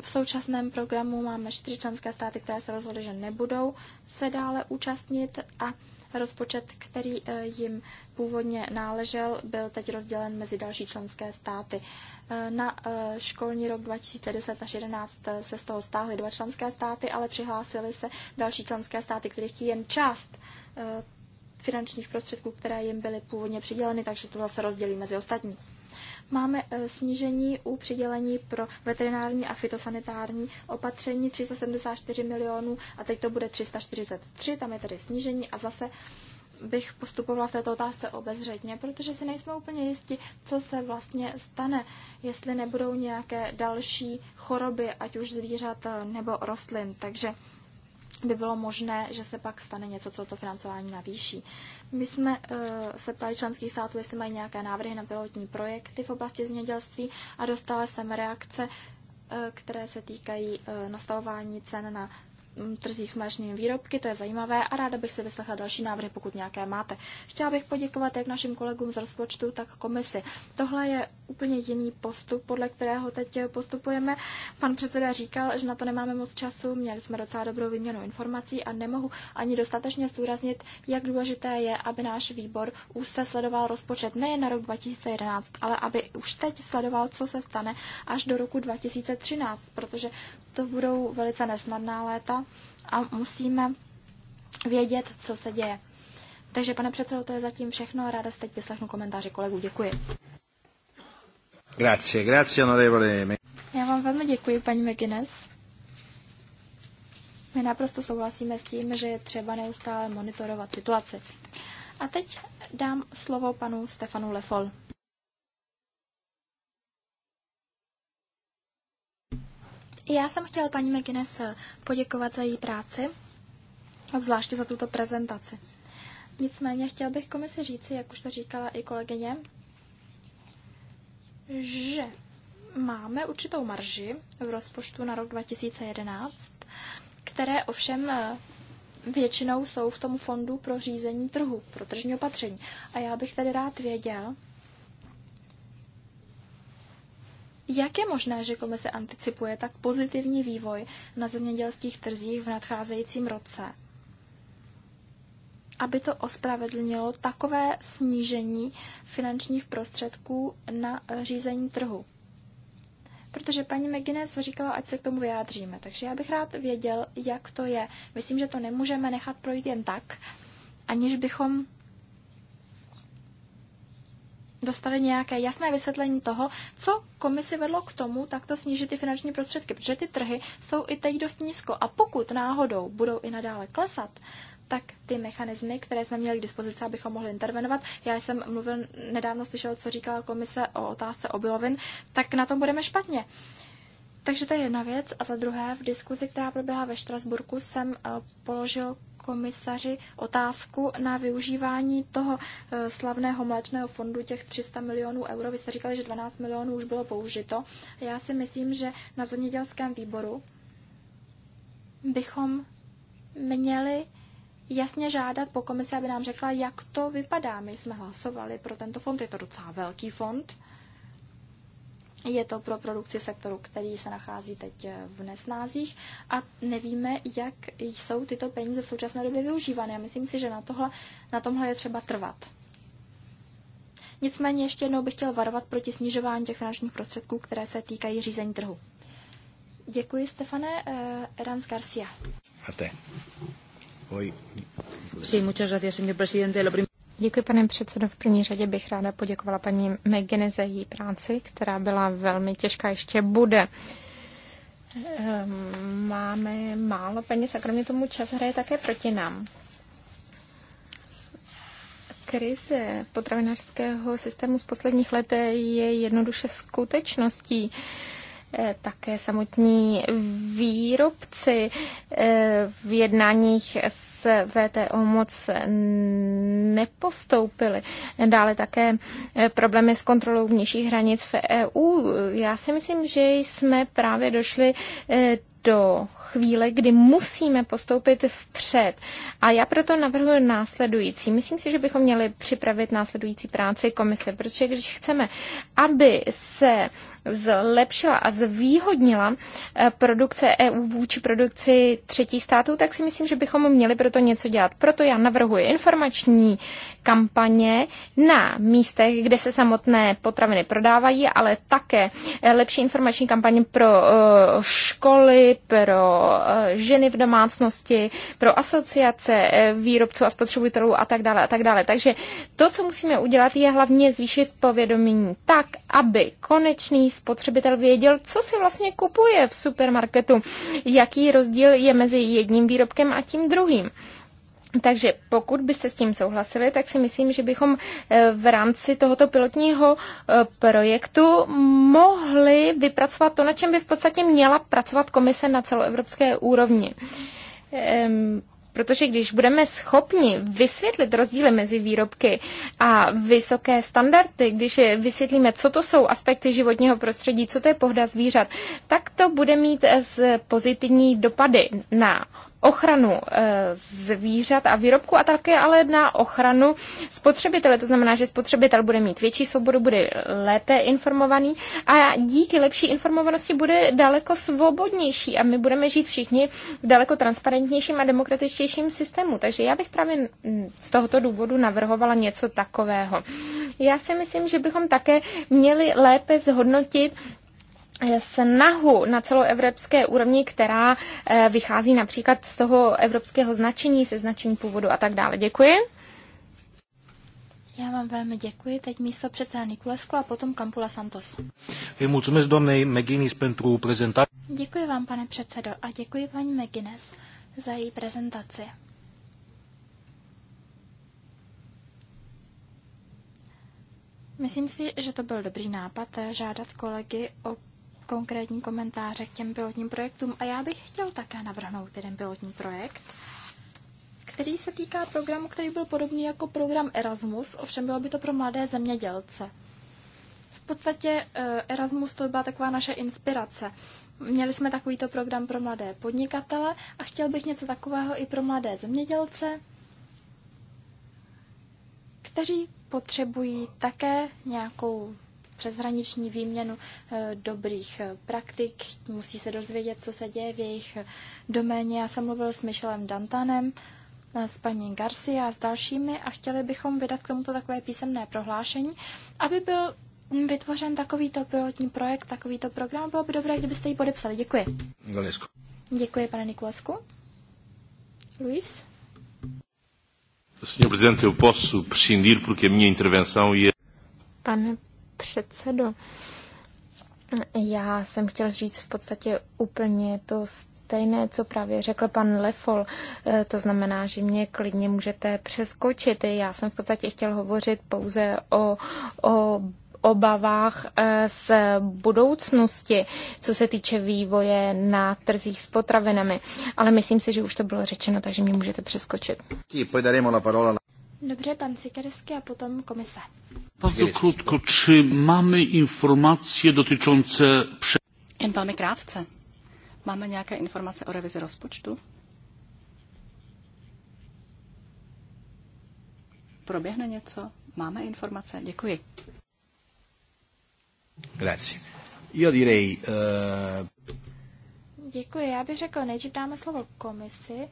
V současném programu máme čtyři členské státy, které se rozhodly, že nebudou se dále účastnit a rozpočet, který eh, jim původně náležel, byl teď rozdělen mezi další členské státy. Eh, na eh, školní rok 2010 až 2011 eh, se z toho stáhly dva členské státy, ale přihlásily se další členské státy, které chtějí jen část finančních prostředků, které jim byly původně přiděleny, takže to zase rozdělí mezi ostatní. Máme snížení u přidělení pro veterinární a fitosanitární opatření 374 milionů a teď to bude 343, tam je tedy snížení a zase bych postupovala v této otázce obezřetně, protože si nejsme úplně jistí, co se vlastně stane, jestli nebudou nějaké další choroby, ať už zvířat nebo rostlin. Takže by bylo možné, že se pak stane něco, co to financování navýší. My jsme uh, se ptali členských států, jestli mají nějaké návrhy na pilotní projekty v oblasti zemědělství a dostala jsem reakce, uh, které se týkají uh, nastavování cen na Mm, trzích s mléčnými výrobky, to je zajímavé a ráda bych si vyslechla další návrhy, pokud nějaké máte. Chtěla bych poděkovat jak našim kolegům z rozpočtu, tak komisi. Tohle je úplně jiný postup, podle kterého teď postupujeme. Pan předseda říkal, že na to nemáme moc času, měli jsme docela dobrou výměnu informací a nemohu ani dostatečně zdůraznit, jak důležité je, aby náš výbor se sledoval rozpočet nejen na rok 2011, ale aby už teď sledoval, co se stane až do roku 2013, protože to budou velice nesnadná léta a musíme vědět, co se děje. Takže, pane předsedo, to je zatím všechno. Ráda se teď vyslechnu komentáře kolegů. Děkuji. Grazie, grazie, onorevole. Já vám velmi děkuji, paní McGuinness. My naprosto souhlasíme s tím, že je třeba neustále monitorovat situaci. A teď dám slovo panu Stefanu Lefol. Já jsem chtěla paní McGuinness poděkovat za její práci a zvláště za tuto prezentaci. Nicméně chtěla bych komisi říci, jak už to říkala i kolegyně, že máme určitou marži v rozpočtu na rok 2011, které ovšem eh, většinou jsou v tom fondu pro řízení trhu, pro tržní opatření. A já bych tady rád věděl, Jak je možné, že komise anticipuje tak pozitivní vývoj na zemědělských trzích v nadcházejícím roce? Aby to ospravedlnilo takové snížení finančních prostředků na řízení trhu. Protože paní McGuinness říkala, ať se k tomu vyjádříme. Takže já bych rád věděl, jak to je. Myslím, že to nemůžeme nechat projít jen tak, aniž bychom dostali nějaké jasné vysvětlení toho, co komisi vedlo k tomu takto snížit ty finanční prostředky, protože ty trhy jsou i teď dost nízko. A pokud náhodou budou i nadále klesat, tak ty mechanismy, které jsme měli k dispozici, abychom mohli intervenovat. Já jsem mluvil, nedávno slyšel, co říkala komise o otázce obilovin, tak na tom budeme špatně. Uh, takže to je jedna věc. A za druhé, v diskuzi, která proběhla ve Štrasburku, jsem eh, položil komisaři otázku na využívání toho eh, slavného mléčného fondu těch 300 milionů euro. Vy jste říkali, že 12 milionů už bylo použito. Já si myslím, že na zemědělském výboru bychom měli jasně žádat po komisi, aby nám řekla, jak to vypadá. My jsme hlasovali pro tento fond, je to docela velký fond. Je to pro produkci v sektoru, který se nachází teď eh, v nesnázích a nevíme, jak jsou tyto peníze v současné době využívány. myslím si, že na, tohle, na tomhle je třeba trvat. Nicméně ještě jednou bych chtěl varovat proti snižování těch finančních prostředků, které se týkají řízení trhu. Děkuji, Stefane. Eh, Erans Garcia. Sí, muchas gracias, señor presidente. Lo Děkuji, pane předsedo. V první řadě bych ráda poděkovala paní McGinnis za její práci, která byla velmi těžká, ještě bude. Ehm, máme málo peněz a kromě tomu čas hraje také proti nám. Krize potravinářského systému z posledních let je jednoduše skutečností. Eh, také samotní výrobci eh, v jednáních s VTO moc nepostoupili. Dále také eh, problémy s kontrolou vnějších hranic v EU. Já si myslím, že jsme právě došli do chvíle, kdy musíme postoupit vpřed. A já proto navrhuji následující. Myslím si, že bychom měli připravit následující práci komise, protože když chceme, aby se zlepšila a zvýhodnila eh, produkce EU vůči produkci třetí států, tak si myslím, že bychom měli proto něco dělat. Proto já navrhuji informační kampaně na místech, kde se samotné potraviny prodávají, ale také eh, lepší informační kampaně pro eh, školy, pro eh, ženy v domácnosti, pro asociace výrobců a spotřebitelů a tak dále a tak dále. Takže to, co musíme udělat, je hlavně zvýšit povědomí tak, aby konečný spotřebitel věděl, co si vlastně kupuje v supermarketu, jaký rozdíl je mezi jedním výrobkem a tím druhým. Takže pokud byste s tím souhlasili, tak si myslím, že bychom eh, v rámci tohoto pilotního eh, projektu mohli vypracovat to, na čem by v podstatě měla pracovat komise na celoevropské úrovni. Ehm, protože když budeme schopni vysvětlit rozdíly mezi výrobky a vysoké standardy, když vysvětlíme, co to jsou aspekty životního prostředí, co to je pohda zvířat, tak to bude mít eh, pozitivní dopady na ochranu eh, zvířat a výrobku a také ale na ochranu spotřebitele. To znamená, že spotřebitel bude mít větší svobodu, bude lépe informovaný a díky lepší informovanosti bude daleko svobodnější a my budeme žít všichni v daleko transparentnějším a demokratičtějším systému. Takže já bych právě z tohoto důvodu navrhovala něco takového. Já si myslím, že bychom také měli lépe zhodnotit Eh, snahu na celoevropské úrovni, která eh, vychází například z toho evropského značení, se značení původu a tak dále. Děkuji. Já vám velmi děkuji. Teď místo předseda Nikulesko a potom Kampula Santos. Děkuji vám, pane předsedo, a děkuji paní Megines za její prezentaci. Myslím si, že to byl dobrý nápad eh, žádat kolegy o konkrétní komentáře k těm pilotním projektům a já bych chtěl také navrhnout jeden pilotní projekt, který se týká programu, který byl podobný jako program Erasmus, ovšem bylo by to pro mladé zemědělce. V podstatě eh, Erasmus to byla taková naše inspirace. Měli jsme takovýto program pro mladé podnikatele a chtěl bych něco takového i pro mladé zemědělce, kteří potřebují také nějakou přeshraniční výměnu eh, dobrých eh, praktik, musí se dozvědět, co se děje v jejich eh, doméně. Já jsem mluvil s Michelem Dantanem, s paní Garcia a s dalšími a chtěli bychom vydat k tomuto takové písemné prohlášení, aby byl mm, vytvořen takovýto pilotní projekt, takovýto program. Bylo by dobré, kdybyste ji podepsali. Děkuji. Nikolesku. Děkuji, pane Nikolasku. Luis? E pane předsedo. Já jsem chtěl říct v podstatě úplně to stejné, co právě řekl pan Lefol. E, to znamená, že mě klidně můžete přeskočit. Já jsem v podstatě chtěl hovořit pouze o, o obavách e, z budoucnosti, co se týče vývoje na trzích s potravinami. Ale myslím si, že už to bylo řečeno, takže mě můžete přeskočit. Dobře, pan Sikersky a potom komise. Bardzo krótko, czy mamy informacje dotyczące... Jen velmi krátce. Máme nějaké informace o revizi rozpočtu? Proběhne něco? Máme informace? Děkuji. Grazie. Io direi, uh... Děkuji. Já bych řekl, nejdřív dáme slovo komisi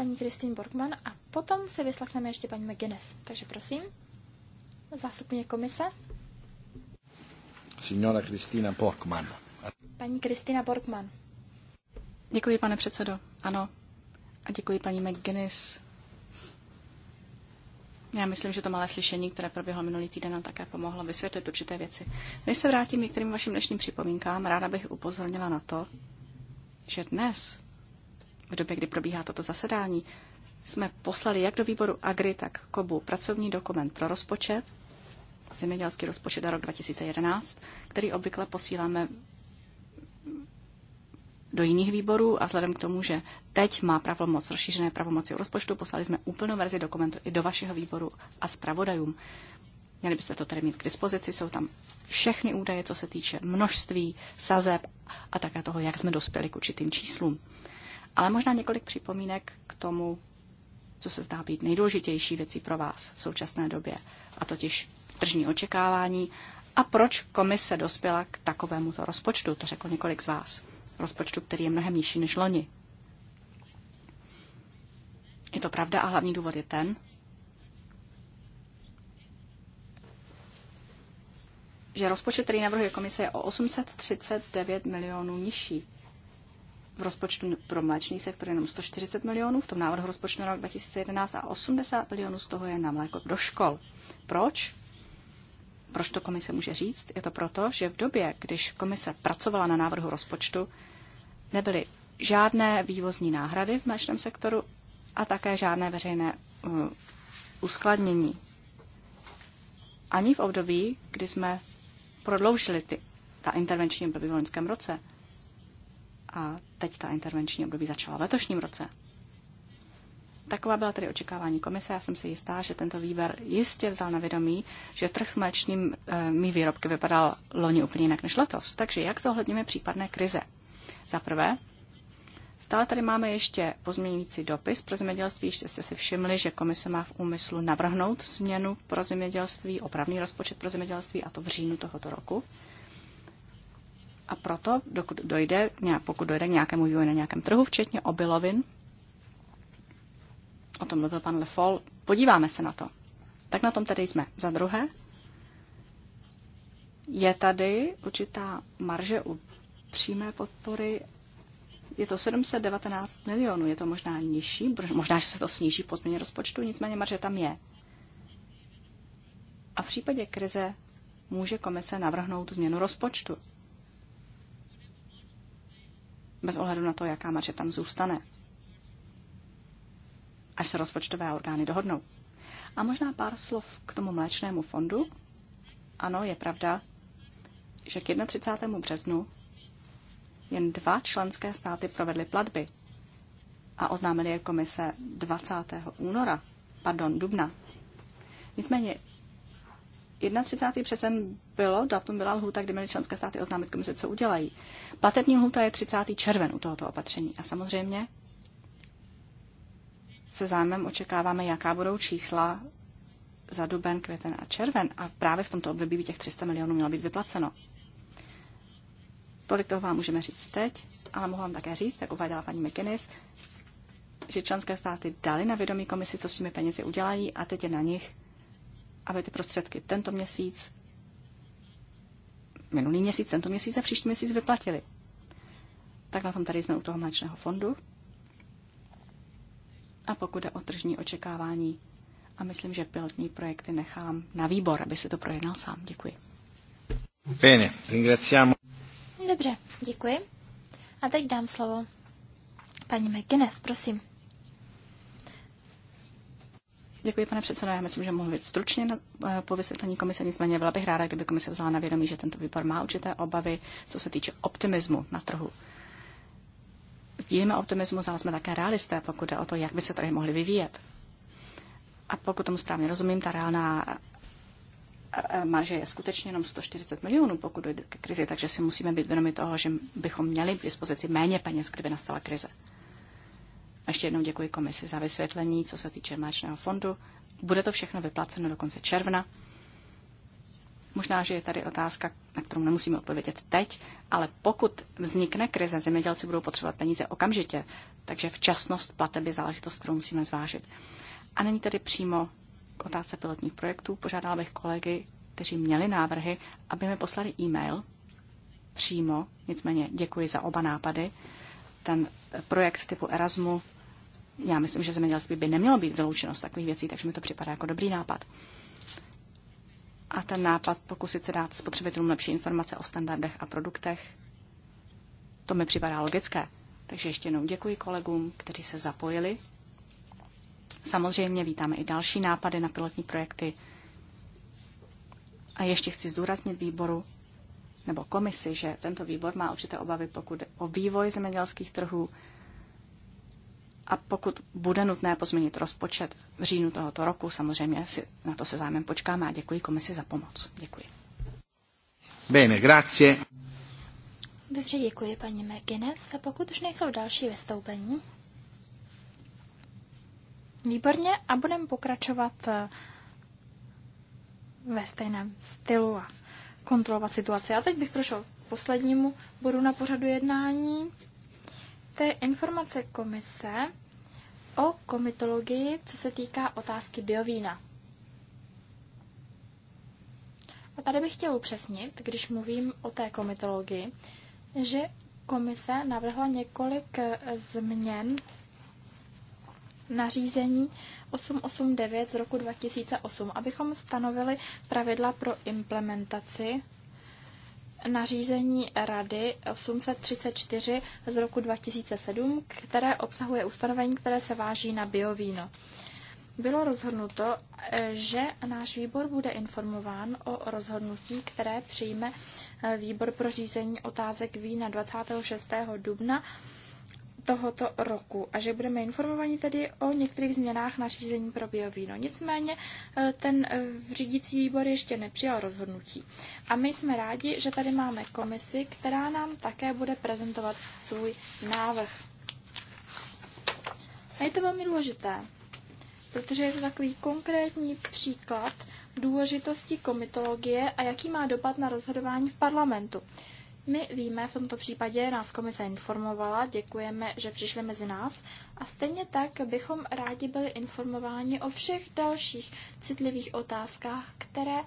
paní Kristýn Borgman a potom se vyslechneme ještě paní McGuinness. Takže prosím, zástupně komise. Signora Kristýna Borgman. Paní Kristýna Borgman. Děkuji, pane předsedo. Ano. A děkuji paní McGuinness. Já myslím, že to malé slyšení, které proběhlo minulý týden, nám také pomohlo vysvětlit určité věci. Než se vrátím k některým vašim dnešním připomínkám, ráda bych upozornila na to, že dnes v době, kdy probíhá toto zasedání, jsme poslali jak do výboru Agri, tak KOBu pracovní dokument pro rozpočet, zemědělský rozpočet na rok 2011, který obvykle posíláme do jiných výborů a vzhledem k tomu, že teď má pravomoc rozšířené pravomoci u rozpočtu, poslali jsme úplnou verzi dokumentu i do vašeho výboru a zpravodajům. Měli byste to tady mít k dispozici, jsou tam všechny údaje, co se týče množství, sazeb a také toho, jak jsme dospěli k určitým číslům ale možná několik připomínek k tomu, co se zdá být nejdůležitější věcí pro vás v současné době, a totiž tržní očekávání a proč komise dospěla k takovémuto rozpočtu, to řekl několik z vás. Rozpočtu, který je mnohem nižší než loni. Je to pravda a hlavní důvod je ten, že rozpočet, který navrhuje komise, je o 839 milionů nižší v rozpočtu pro mléčný sektor jenom 140 milionů, v tom návrhu rozpočtu na rok 2011 a 80 milionů z toho je na mléko do škol. Proč? Proč to komise může říct? Je to proto, že v době, když komise pracovala na návrhu rozpočtu, nebyly žádné vývozní náhrady v mléčném sektoru a také žádné veřejné uh, uskladnění. Ani v období, kdy jsme prodloužili ty, ta intervenční období v loňském roce. A Teď ta intervenční období začala v letošním roce. Taková byla tedy očekávání komise. Já jsem si jistá, že tento výběr jistě vzal na vědomí, že trh s mléčním e, eh, výrobky vypadal loni úplně jinak než letos. Takže jak zohledníme případné krize? Za prvé, stále tady máme ještě pozměňující dopis pro zemědělství. Ještě jste si všimli, že komise má v úmyslu navrhnout změnu pro zemědělství, opravný rozpočet pro zemědělství a to v říjnu tohoto roku. A proto, dokud dojde, pokud dojde k nějakému vývoji na nějakém trhu, včetně obilovin, o tom mluvil pan Lefol, podíváme se na to. Tak na tom tedy jsme. Za druhé, je tady určitá marže u přímé podpory. Je to 719 milionů, je to možná nižší, možná, že se to sníží po změně rozpočtu, nicméně marže tam je. A v případě krize může komise navrhnout změnu rozpočtu bez ohledu na to, jaká marže tam zůstane, až se rozpočtové orgány dohodnou. A možná pár slov k tomu mléčnému fondu. Ano, je pravda, že k 31. březnu jen dva členské státy provedly platby a oznámili je komise 20. února, pardon, dubna. Nicméně 31. březen bylo, datum byla lhůta, kdy měly členské státy oznámit komise, co udělají. Platební lhůta je 30. červen u tohoto opatření. A samozřejmě se zájmem očekáváme, jaká budou čísla za duben, květen a červen. A právě v tomto období by těch 300 milionů mělo být vyplaceno. Tolik toho vám můžeme říct teď, ale mohu vám také říct, jak uváděla paní McInnes, že členské státy dali na vědomí komisi, co s těmi penězi udělají a teď je na nich, aby ty prostředky tento měsíc minulý měsíc, tento měsíc a příští měsíc vyplatili. Tak na tom tady jsme u toho mléčného fondu. A pokud je o tržní očekávání, a myslím, že pilotní projekty nechám na výbor, aby si to projednal sám. Děkuji. Bene, ringraziamo. Dobře, děkuji. A teď dám slovo paní McGuinness, prosím. Děkuji, pane předsedo. Já myslím, že mohu být stručně eh, po vysvětlení komise, nicméně byla bych ráda, kdyby komise vzala na vědomí, že tento výbor má určité obavy, co se týče optimismu na trhu. Sdílíme optimismus, ale jsme také realisté, pokud jde o to, jak by se trhy mohly vyvíjet. A pokud tomu správně rozumím, ta reálná eh, eh, marže je skutečně jenom 140 milionů, pokud dojde k krizi, takže si musíme být vědomi toho, že bychom měli k dispozici méně peněz, kdyby nastala krize. Ještě jednou děkuji komisi za vysvětlení, co se týče mléčného fondu. Bude to všechno vyplaceno do konce června. Možná, že je tady otázka, na kterou nemusíme odpovědět teď, ale pokud vznikne krize, zemědělci budou potřebovat peníze okamžitě, takže včasnost plateb je záležitost, kterou musíme zvážit. A není tedy přímo k otázce pilotních projektů. Požádala bych kolegy, kteří měli návrhy, aby mi poslali e-mail přímo. Nicméně děkuji za oba nápady ten projekt typu Erasmu, já myslím, že zemědělství by nemělo být vyloučeno z takových věcí, takže mi to připadá jako dobrý nápad. A ten nápad pokusit se dát spotřebitelům lepší informace o standardech a produktech, to mi připadá logické. Takže ještě jednou děkuji kolegům, kteří se zapojili. Samozřejmě vítáme i další nápady na pilotní projekty. A ještě chci zdůraznit výboru, nebo komisi, že tento výbor má určité obavy, pokud o vývoj zemědělských trhů a pokud bude nutné pozměnit rozpočet v říjnu tohoto roku, samozřejmě si na to se zájmem počkáme a děkuji komisi za pomoc. Děkuji. Bene, grazie. Dobře, děkuji paní McGuinness. A pokud už nejsou další vystoupení, výborně a budeme pokračovat eh, ve stejném stylu a kontrolovat situaci. A teď bych prošel k poslednímu bodu na pořadu jednání. To je informace komise o komitologii, co se týká otázky biovína. A tady bych chtěl upřesnit, když mluvím o té komitologii, že komise navrhla několik změn nařízení 889 z roku 2008, abychom stanovili pravidla pro implementaci nařízení Rady 834 z roku 2007, které obsahuje ustanovení, které se váží na biovíno. Bylo rozhodnuto, eh, že náš výbor bude informován o rozhodnutí, které přijme eh, výbor pro řízení otázek vína 26. dubna tohoto roku a že budeme informovaní tedy o některých změnách řízení pro biovíno. Nicméně eh, ten eh, řídící výbor ještě nepřijal rozhodnutí. A my jsme rádi, že tady máme komisi, která nám také bude prezentovat svůj návrh. A je to velmi důležité, protože je to takový konkrétní příklad důležitosti komitologie a jaký má dopad na rozhodování v parlamentu. My víme, v tomto případě nás komise informovala, děkujeme, že přišli mezi nás a stejně tak bychom rádi byli informováni o všech dalších citlivých otázkách, které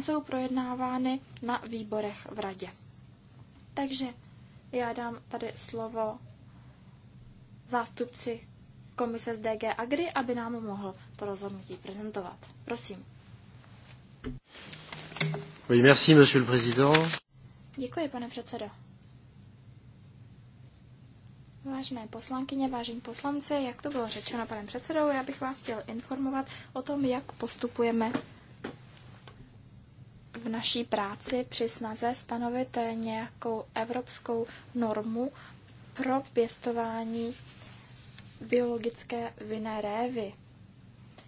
jsou projednávány na výborech v radě. Takže já dám tady slovo zástupci komise z DG Agri, aby nám mohl to rozhodnutí prezentovat. Prosím. Oui, merci, monsieur le président. Děkuji, pane předsedo. Vážené poslankyně, vážení poslanci, jak to bylo řečeno panem předsedou, já bych vás chtěl informovat o tom, jak postupujeme v naší práci při snaze stanovit nějakou evropskou normu pro pěstování biologické vinné révy,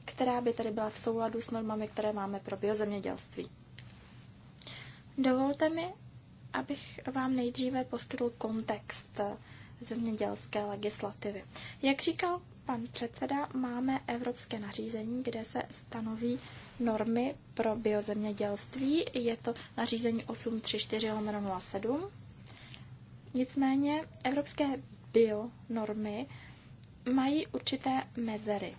která by tedy byla v souladu s normami, které máme pro biozemědělství. Dovolte mi, abych vám nejdříve poskytl kontext zemědělské legislativy. Jak říkal pan předseda, máme evropské nařízení, kde se stanoví normy pro biozemědělství. Je to nařízení 834 07. Nicméně evropské bionormy mají určité mezery.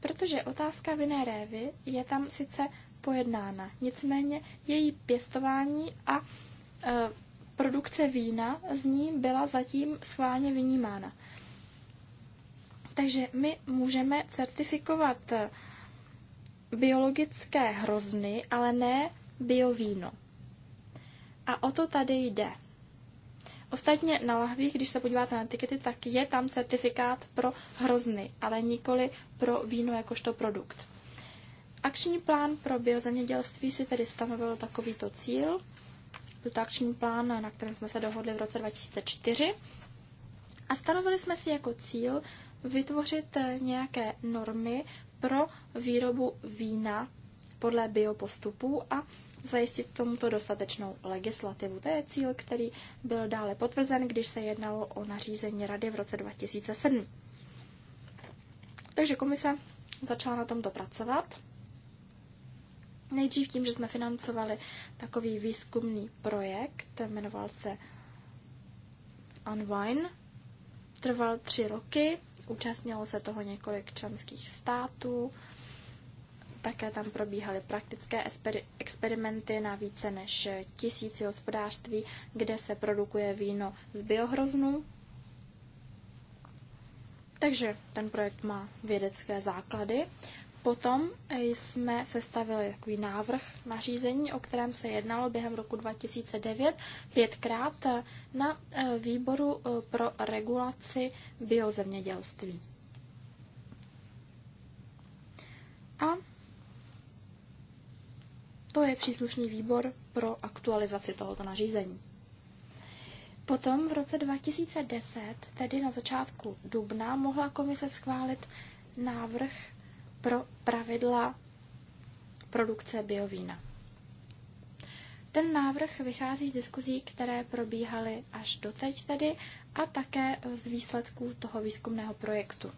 Protože otázka vinné révy je tam sice pojednána. Nicméně její pěstování a e, produkce vína z ní byla zatím schválně vynímána. Takže my můžeme certifikovat e, biologické hrozny, ale ne biovíno. A o to tady jde. Ostatně na lahvích, když se podíváte na etikety, tak je tam certifikát pro hrozny, ale nikoli pro víno jakožto produkt. Akční plán pro biozemědělství si tedy stanovil takovýto cíl. Byl to akční plán, na kterém jsme se dohodli v roce 2004. A stanovili jsme si jako cíl vytvořit eh, nějaké normy pro výrobu vína podle biopostupů a zajistit tomuto dostatečnou legislativu. To je cíl, který byl dále potvrzen, když se jednalo o nařízení Rady v roce 2007. Takže komise začala na tomto pracovat Nejdřív tím, že jsme financovali takový výzkumný projekt, jmenoval se Unwine. Trval tři roky, účastnilo se toho několik členských států, také tam probíhaly praktické experimenty na více než tisíci hospodářství, kde se produkuje víno z biohroznů. Takže ten projekt má vědecké základy. Potom eh, jsme sestavili takový návrh nařízení, o kterém se jednalo během roku 2009 pětkrát eh, na eh, výboru pro regulaci biozemědělství. A to je příslušný výbor pro aktualizaci tohoto nařízení. Potom v roce 2010, tedy na začátku dubna, mohla komise schválit návrh pro pravidla produkce biovína. Ten návrh vychází z diskuzí, které probíhaly až doteď tedy a také z výsledků toho výzkumného projektu.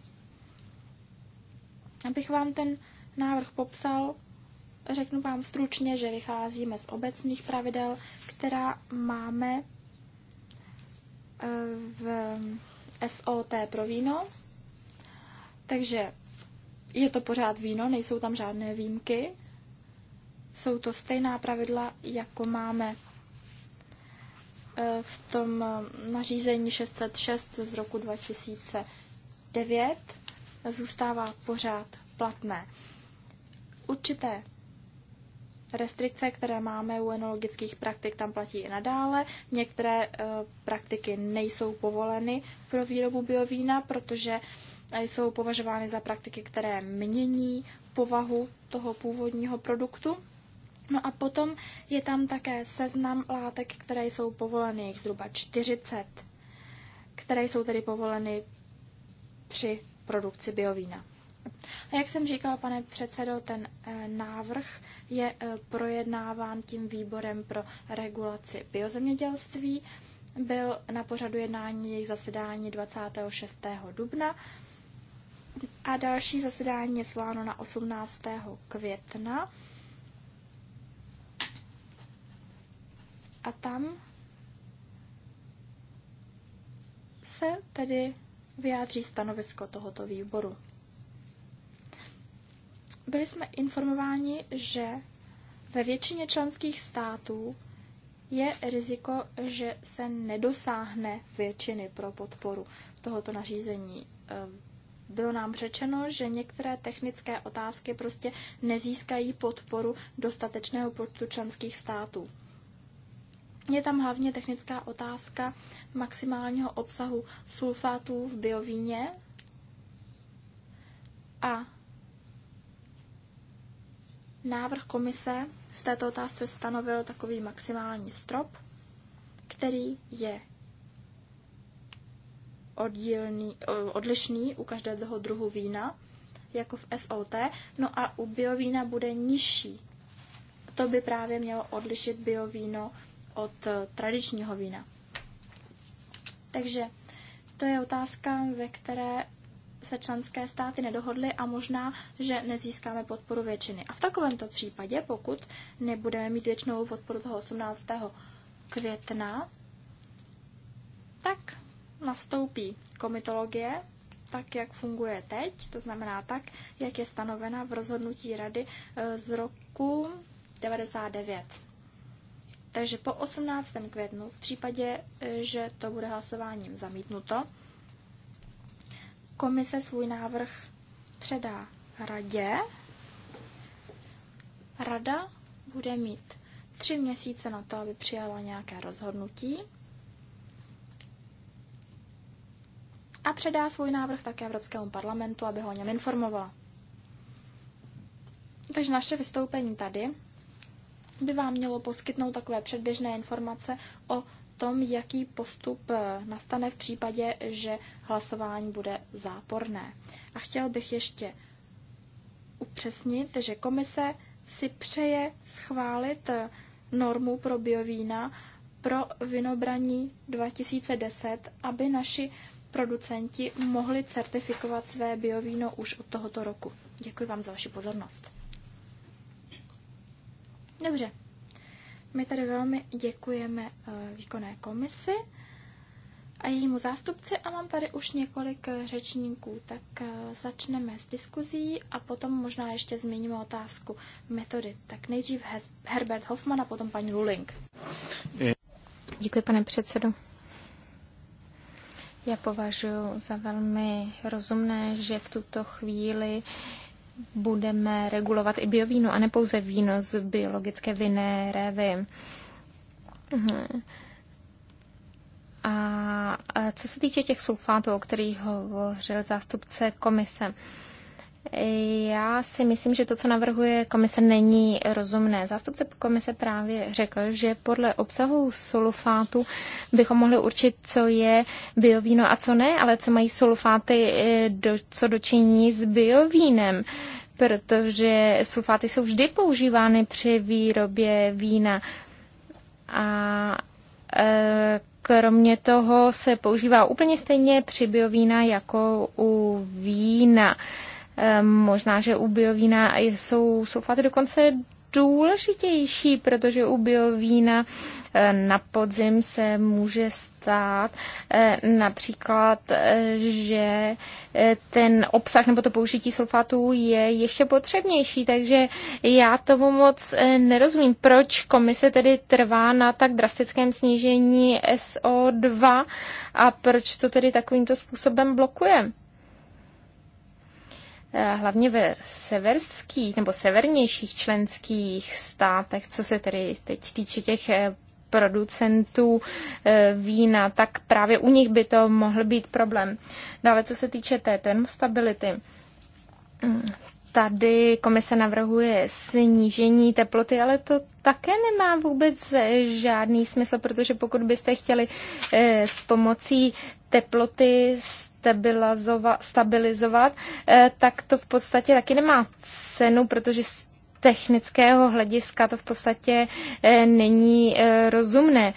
Abych vám ten návrh popsal, řeknu vám stručně, že vycházíme z obecných pravidel, která máme eh, v SOT pro víno. Takže je to pořád víno, nejsou tam žádné výjimky. Jsou to stejná pravidla, jako máme eh, v tom eh, nařízení 606 z roku 2009. Zůstává pořád platné. Určité restrikce, které máme u enologických praktik, tam platí i nadále. Některé eh, praktiky nejsou povoleny pro výrobu biovína, protože a jsou považovány za praktiky, které mění povahu toho původního produktu. No a potom je tam také seznam látek, které jsou povoleny, jich zhruba 40, které jsou tedy povoleny při produkci biovína. A jak jsem říkala, pane předsedo, ten eh, návrh je eh, projednáván tím výborem pro regulaci biozemědělství. Byl na pořadu jednání jejich zasedání 26. dubna a další zasedání je sláno na 18. května. A tam se tedy vyjádří stanovisko tohoto výboru. Byli jsme informováni, že ve většině členských států je riziko, že se nedosáhne většiny pro podporu tohoto nařízení eh, bylo nám řečeno, že některé technické otázky prostě nezískají podporu dostatečného počtu členských států. Je tam hlavně technická otázka maximálního obsahu sulfátů v biovíně a návrh komise v této otázce stanovil takový maximální strop, který je oddílný, odlišný u každého druhu vína, jako v SOT, no a u biovína bude nižší. To by právě mělo odlišit biovíno od e, tradičního vína. Takže to je otázka, ve které se členské státy nedohodly a možná, že nezískáme podporu většiny. A v takovémto případě, pokud nebudeme mít většinou podporu toho 18. května, tak nastoupí komitologie, tak, jak funguje teď, to znamená tak, jak je stanovena v rozhodnutí rady eh, z roku 99. Takže po 18. květnu, v případě, eh, že to bude hlasováním zamítnuto, komise svůj návrh předá radě. Rada bude mít tři měsíce na to, aby přijala nějaké rozhodnutí. a předá svůj návrh také Evropskému parlamentu, aby ho o něm informovala. Takže naše vystoupení tady by vám mělo poskytnout takové předběžné informace o tom, jaký postup eh, nastane v případě, že hlasování bude záporné. A chtěl bych ještě upřesnit, že komise si přeje schválit eh, normu pro biovína pro vinobraní 2010, aby naši producenti mohli certifikovat své biovíno už od tohoto roku. Děkuji vám za vaši pozornost. Dobře. My tady velmi děkujeme eh, výkonné komisi a jejímu zástupci a mám tady už několik eh, řečníků, tak eh, začneme s diskuzí a potom možná ještě zmíníme otázku metody. Tak nejdřív Herbert Hoffman a potom paní Luling. Děkuji, pane předsedo. Já považuji za velmi rozumné, že v tuto chvíli budeme regulovat i biovínu a ne pouze víno z biologické vinné révy. A co se týče těch sulfátů, o kterých hovořil zástupce komise, já si myslím, že to, co navrhuje komise, není rozumné. Zástupce komise právě řekl, že podle obsahu sulfátu bychom mohli určit, co je biovíno a co ne, ale co mají sulfáty, eh, do, co dočiní s biovínem protože sulfáty jsou vždy používány při výrobě vína. A e, kromě toho se používá úplně stejně při biovína jako u vína. E, Ehm, možná, že u biovína jsou sulfáty dokonce důležitější, protože u biovína eh, na podzim se může stát eh, například, eh, že ten obsah nebo to použití sulfátů je ještě potřebnější, takže já tomu moc nerozumím, proč komise tedy trvá na tak drastickém snížení SO2 a proč to tedy takovýmto způsobem blokuje. Eh, hlavně ve severských nebo severnějších členských státech, co se tedy teď týče těch eh, producentů eh, vína, tak právě u nich by to mohl být problém. Dále, no, co se týče té termostability, mm, tady komise navrhuje snížení teploty, ale to také nemá vůbec žádný smysl, protože pokud byste chtěli s pomocí teploty stabilizovat, eh, tak to v podstatě taky nemá cenu, protože z technického hlediska to v podstatě eh, není eh, rozumné.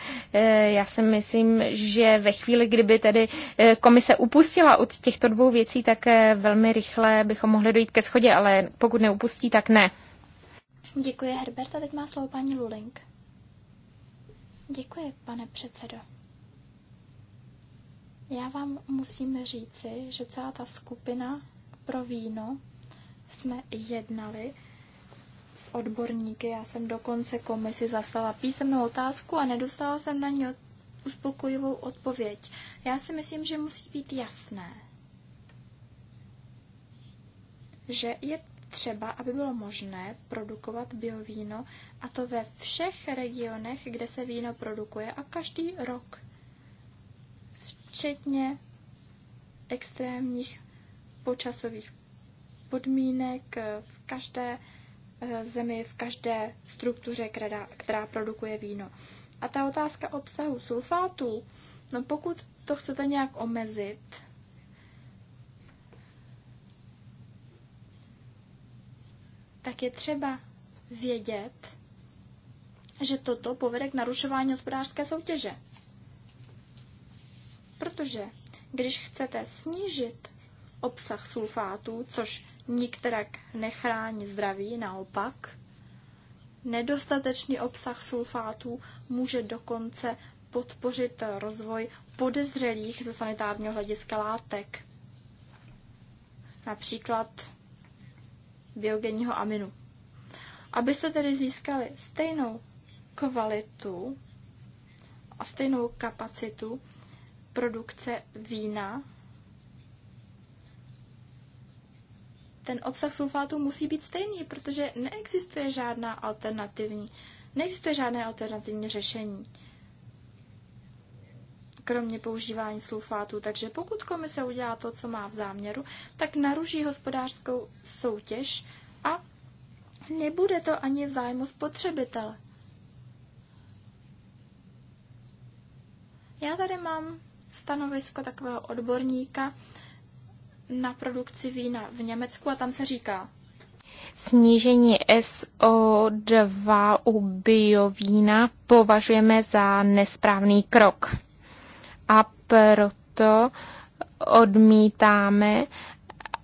Já si myslím, že ve chvíli, kdyby tedy komise upustila od těchto dvou věcí, tak velmi rychle bychom mohli dojít ke schodě, ale pokud neupustí, tak ne. Děkuji, Herberta. Teď má slovo paní Luling. Děkuji, pane předsedo. Já vám musím říci, že celá ta skupina pro víno jsme jednali s odborníky. Já jsem dokonce komisi zaslala písemnou otázku a nedostala jsem na ní uspokojivou odpověď. Já si myslím, že musí být jasné, že je třeba, aby bylo možné produkovat biovíno, a to ve všech regionech, kde se víno produkuje, a každý rok včetně extrémních počasových podmínek v každé eh, zemi, v každé struktuře, která, která produkuje víno. A ta otázka obsahu sulfátů, no pokud to chcete nějak omezit, tak je třeba vědět, že toto povede k narušování hospodářské soutěže protože když chcete snížit obsah sulfátů, což nikterak nechrání zdraví, naopak, nedostatečný obsah sulfátů může dokonce podpořit rozvoj podezřelých ze sanitárního hlediska látek, například biogenního aminu. Abyste tedy získali stejnou kvalitu a stejnou kapacitu produkce vína, ten obsah sulfátu musí být stejný, protože neexistuje žádná alternativní, neexistuje žádné alternativní řešení kromě používání sulfátů. Takže pokud komise udělá to, co má v záměru, tak naruší hospodářskou soutěž a nebude to ani v zájmu spotřebitele. Já tady mám stanovisko takového odborníka na produkci vína v Německu a tam se říká, Snížení SO2 u biovína považujeme za nesprávný krok. A proto odmítáme,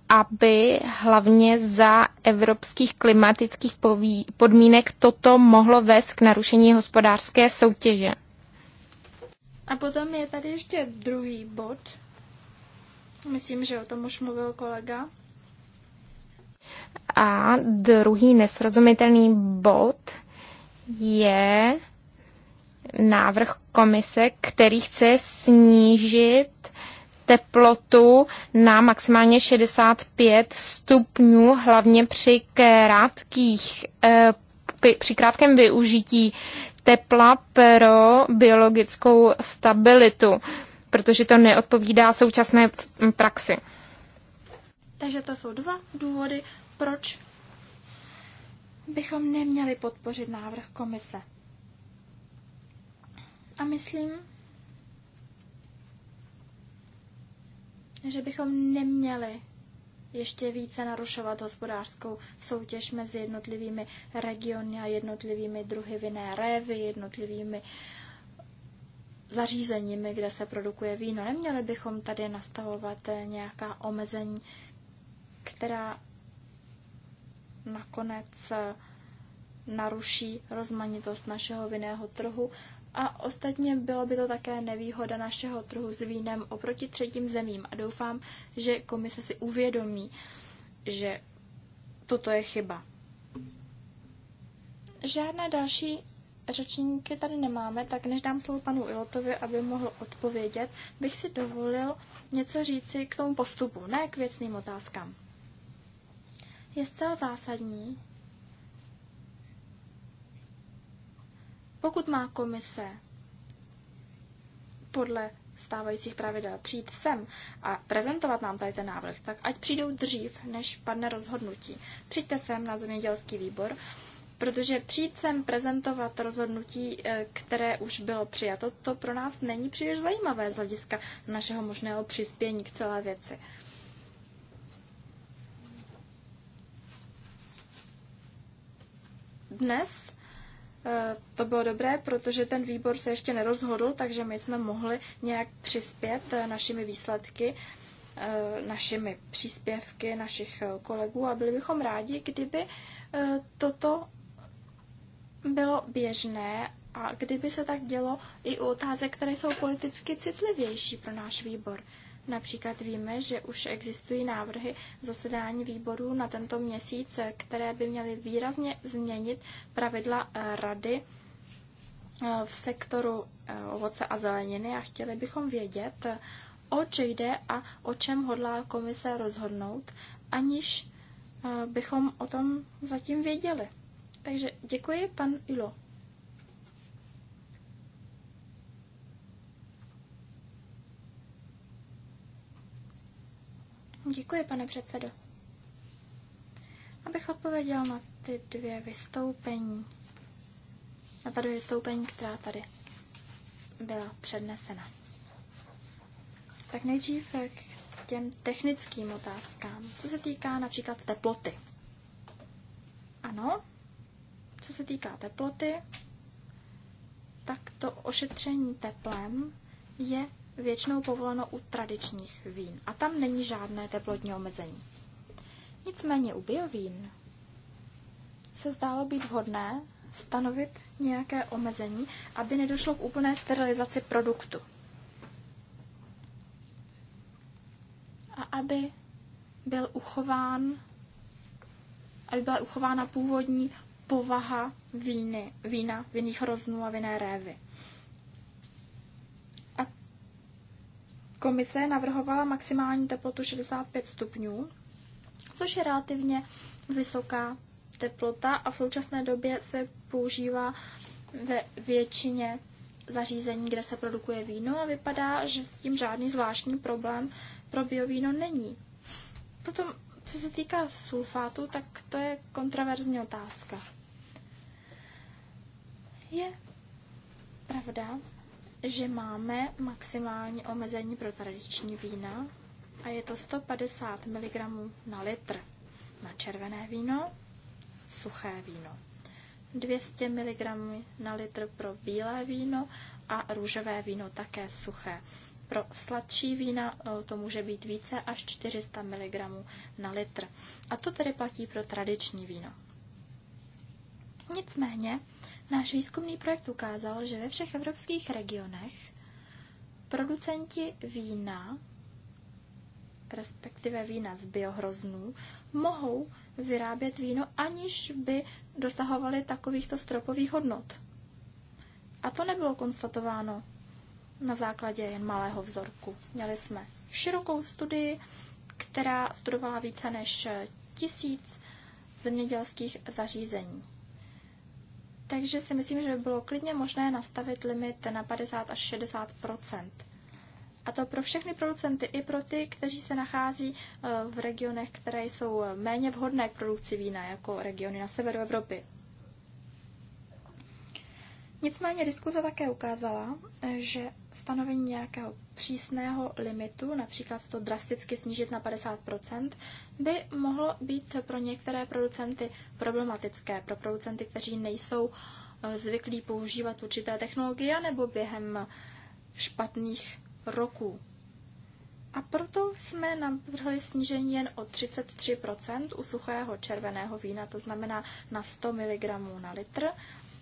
aby hlavně za evropských klimatických podmínek toto mohlo vést k narušení hospodářské soutěže. A potom je tady ještě druhý bod. Myslím, že o tom už mluvil kolega. A druhý nesrozumitelný bod je návrh komise, který chce snížit teplotu na maximálně 65 stupňů, hlavně při krátkých eh, při krátkém využití tepla pro biologickou stabilitu, protože to neodpovídá současné praxi. Takže to jsou dva důvody, proč bychom neměli podpořit návrh komise. A myslím, že bychom neměli ještě více narušovat hospodářskou soutěž mezi jednotlivými regiony a jednotlivými druhy vinné révy, jednotlivými zařízeními, kde se produkuje víno. Neměli bychom tady nastavovat nějaká omezení, která nakonec naruší rozmanitost našeho vinného trhu a ostatně bylo by to také nevýhoda našeho trhu s vínem oproti třetím zemím a doufám, že komise si uvědomí, že toto je chyba. Žádné další řečníky tady nemáme, tak než dám slovo panu Ilotovi, aby mohl odpovědět, bych si dovolil něco říci k tomu postupu, ne k věcným otázkám. Je zcela zásadní, Pokud má komise podle stávajících pravidel přijít sem a prezentovat nám tady ten návrh, tak ať přijdou dřív, než padne rozhodnutí. Přijďte sem na zemědělský výbor, protože přijít sem prezentovat rozhodnutí, eh, které už bylo přijato, to pro nás není příliš zajímavé z hlediska našeho možného přispění k celé věci. Dnes Eh, to bylo dobré, protože ten výbor se ještě nerozhodl, takže my jsme mohli nějak přispět eh, našimi výsledky, eh, našimi příspěvky našich kolegů a byli bychom rádi, kdyby toto bylo běžné a kdyby se tak dělo i u otázek, které jsou politicky citlivější pro náš výbor. Například víme, že už existují návrhy zasedání výborů na tento měsíc, které by měly výrazně změnit pravidla eh, rady eh, v sektoru eh, ovoce a zeleniny a chtěli bychom vědět, o oč jde a o čem hodlá komise rozhodnout, aniž bychom o tom zatím věděli. Takže děkuji, pan Ilo. Děkuji, pane předsedo. Abych odpověděl na ty dvě vystoupení, na ta dvě vystoupení, která tady byla přednesena. Tak nejdřív k těm technickým otázkám. Co se týká například teploty. Ano, co se týká teploty, tak to ošetření teplem je většinou povoleno u tradičních vín a tam není žádné teplotní omezení. Nicméně u biovín se zdálo být vhodné stanovit nějaké omezení, aby nedošlo k úplné sterilizaci produktu. A aby byl uchován, aby byla uchována původní povaha víny, vína, vinných hroznů a vinné révy. Komise navrhovala maximální teplotu 65 stupňů, což je relativně vysoká teplota a v současné době se používá ve většině zařízení, kde se produkuje víno a vypadá, že s tím žádný zvláštní problém pro biovíno není. Potom, co se týká sulfátu, tak to je kontroverzní otázka. Je pravda, že máme maximální omezení pro tradiční vína a je to 150 mg na litr na červené víno, suché víno. 200 mg na litr pro bílé víno a růžové víno také suché. Pro sladší vína eh, to může být více až 400 mg na litr. A to tedy platí pro tradiční víno. Nicméně náš výzkumný projekt ukázal, že ve všech evropských regionech producenti vína, respektive vína z biohroznů, mohou vyrábět víno, aniž by dosahovali takovýchto stropových hodnot. A to nebylo konstatováno na základě jen malého vzorku. Měli jsme širokou studii, která studovala více než tisíc zemědělských zařízení. Takže si myslím, že by bylo klidně možné nastavit limit na 50 až 60 a to pro všechny producenty, i pro ty, kteří se nachází eh, v regionech, které jsou méně vhodné k produkci vína, jako regiony na severu Evropy. Nicméně diskuze také ukázala, že stanovení nějakého přísného limitu, například to drasticky snížit na 50 by mohlo být pro některé producenty problematické, pro producenty, kteří nejsou eh, zvyklí používat určité technologie nebo během špatných roků. A proto jsme navrhli snížení jen o 33 u suchého červeného vína, to znamená na 100 mg na litr,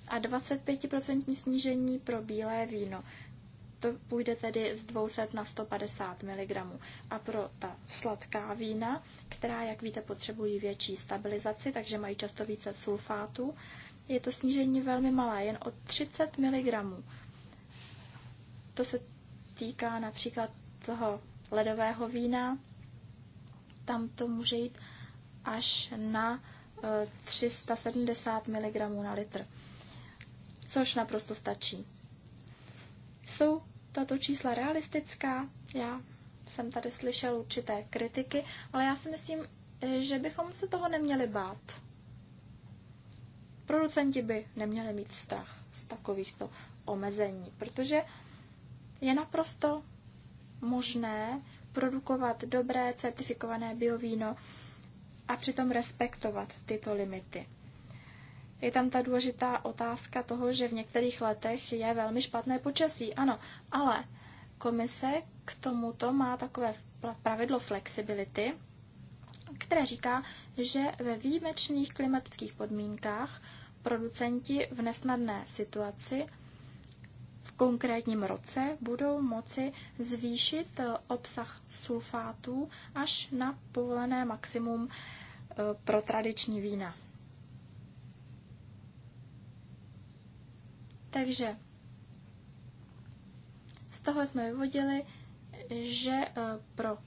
a 25% snížení pro bílé víno. To půjde tedy z 200 na 150 mg. A pro ta sladká vína, která, jak víte, potřebují větší stabilizaci, takže mají často více sulfátů, je to snížení velmi malé, jen o 30 mg. To se týká například toho ledového vína, tam to může jít až na 370 eh, mg na litr což naprosto stačí. Jsou tato čísla realistická? Já jsem tady slyšel určité kritiky, ale já si myslím, že bychom se toho neměli bát. Producenti by neměli mít strach z takovýchto omezení, protože je naprosto možné produkovat dobré certifikované biovíno a přitom respektovat tyto limity je tam ta důležitá otázka toho, že v některých letech je velmi špatné počasí. Ano, ale komise k tomuto má takové pravidlo flexibility, které říká, že ve výjimečných klimatických podmínkách producenti v nesnadné situaci v konkrétním roce budou moci zvýšit eh, obsah sulfátů až na povolené maximum eh, pro tradiční vína. Takže z toho jsme vyvodili, že eh, pro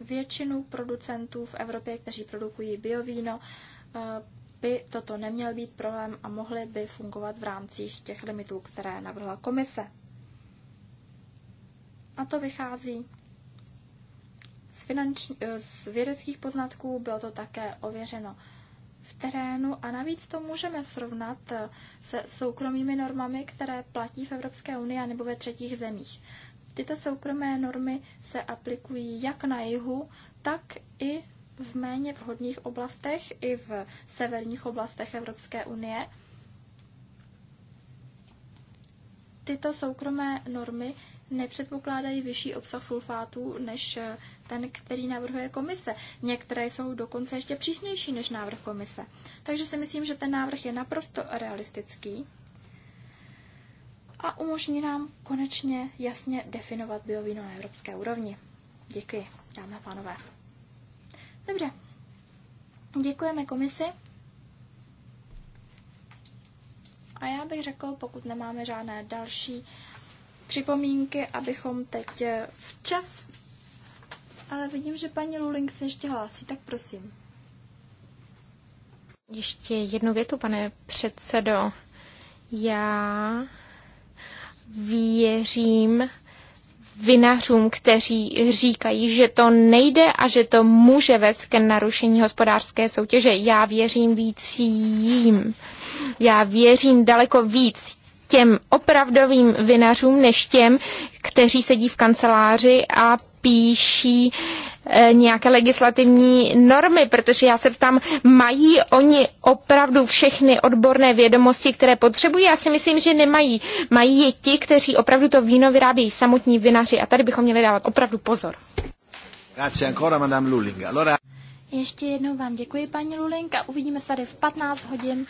většinu producentů v Evropě, kteří produkují biovíno, eh, by toto neměl být problém a mohly by fungovat v rámcích těch limitů, které navrhla komise. A to vychází z, finanční, eh, z vědeckých poznatků, bylo to také ověřeno v terénu a navíc to můžeme srovnat eh, se soukromými normami, které platí v Evropské unii nebo ve třetích zemích. Tyto soukromé normy se aplikují jak na jihu, tak i v méně vhodných oblastech, i v severních oblastech Evropské unie. Tyto soukromé normy nepředpokládají vyšší obsah sulfátů než eh, ten, který navrhuje komise. Některé jsou dokonce ještě přísnější než návrh komise. Takže si myslím, že ten návrh je naprosto realistický a umožní nám konečně jasně definovat biovíno na evropské úrovni. Děkuji, dámy a pánové. Dobře. Děkujeme komisi. A já bych řekl, pokud nemáme žádné další připomínky, abychom teď eh, včas. Ale vidím, že paní Luling se ještě hlásí, tak prosím. Ještě jednu větu, pane předsedo. Já věřím vinařům, kteří říkají, že to nejde a že to může vést k narušení hospodářské soutěže. Já věřím víc jim. Já věřím daleko víc těm opravdovým vinařům, než těm, kteří sedí v kanceláři a píší eh, nějaké legislativní normy, protože já se ptám, mají oni opravdu všechny odborné vědomosti, které potřebují? Já si myslím, že nemají. Mají je ti, kteří opravdu to víno vyrábějí samotní vinaři a tady bychom měli dávat opravdu pozor. Grazie ancora, madame Allora... Ještě jednou vám děkuji, paní Lulinka. Uvidíme se tady v 15 hodin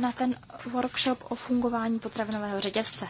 na ten workshop o fungování potravinového řetězce.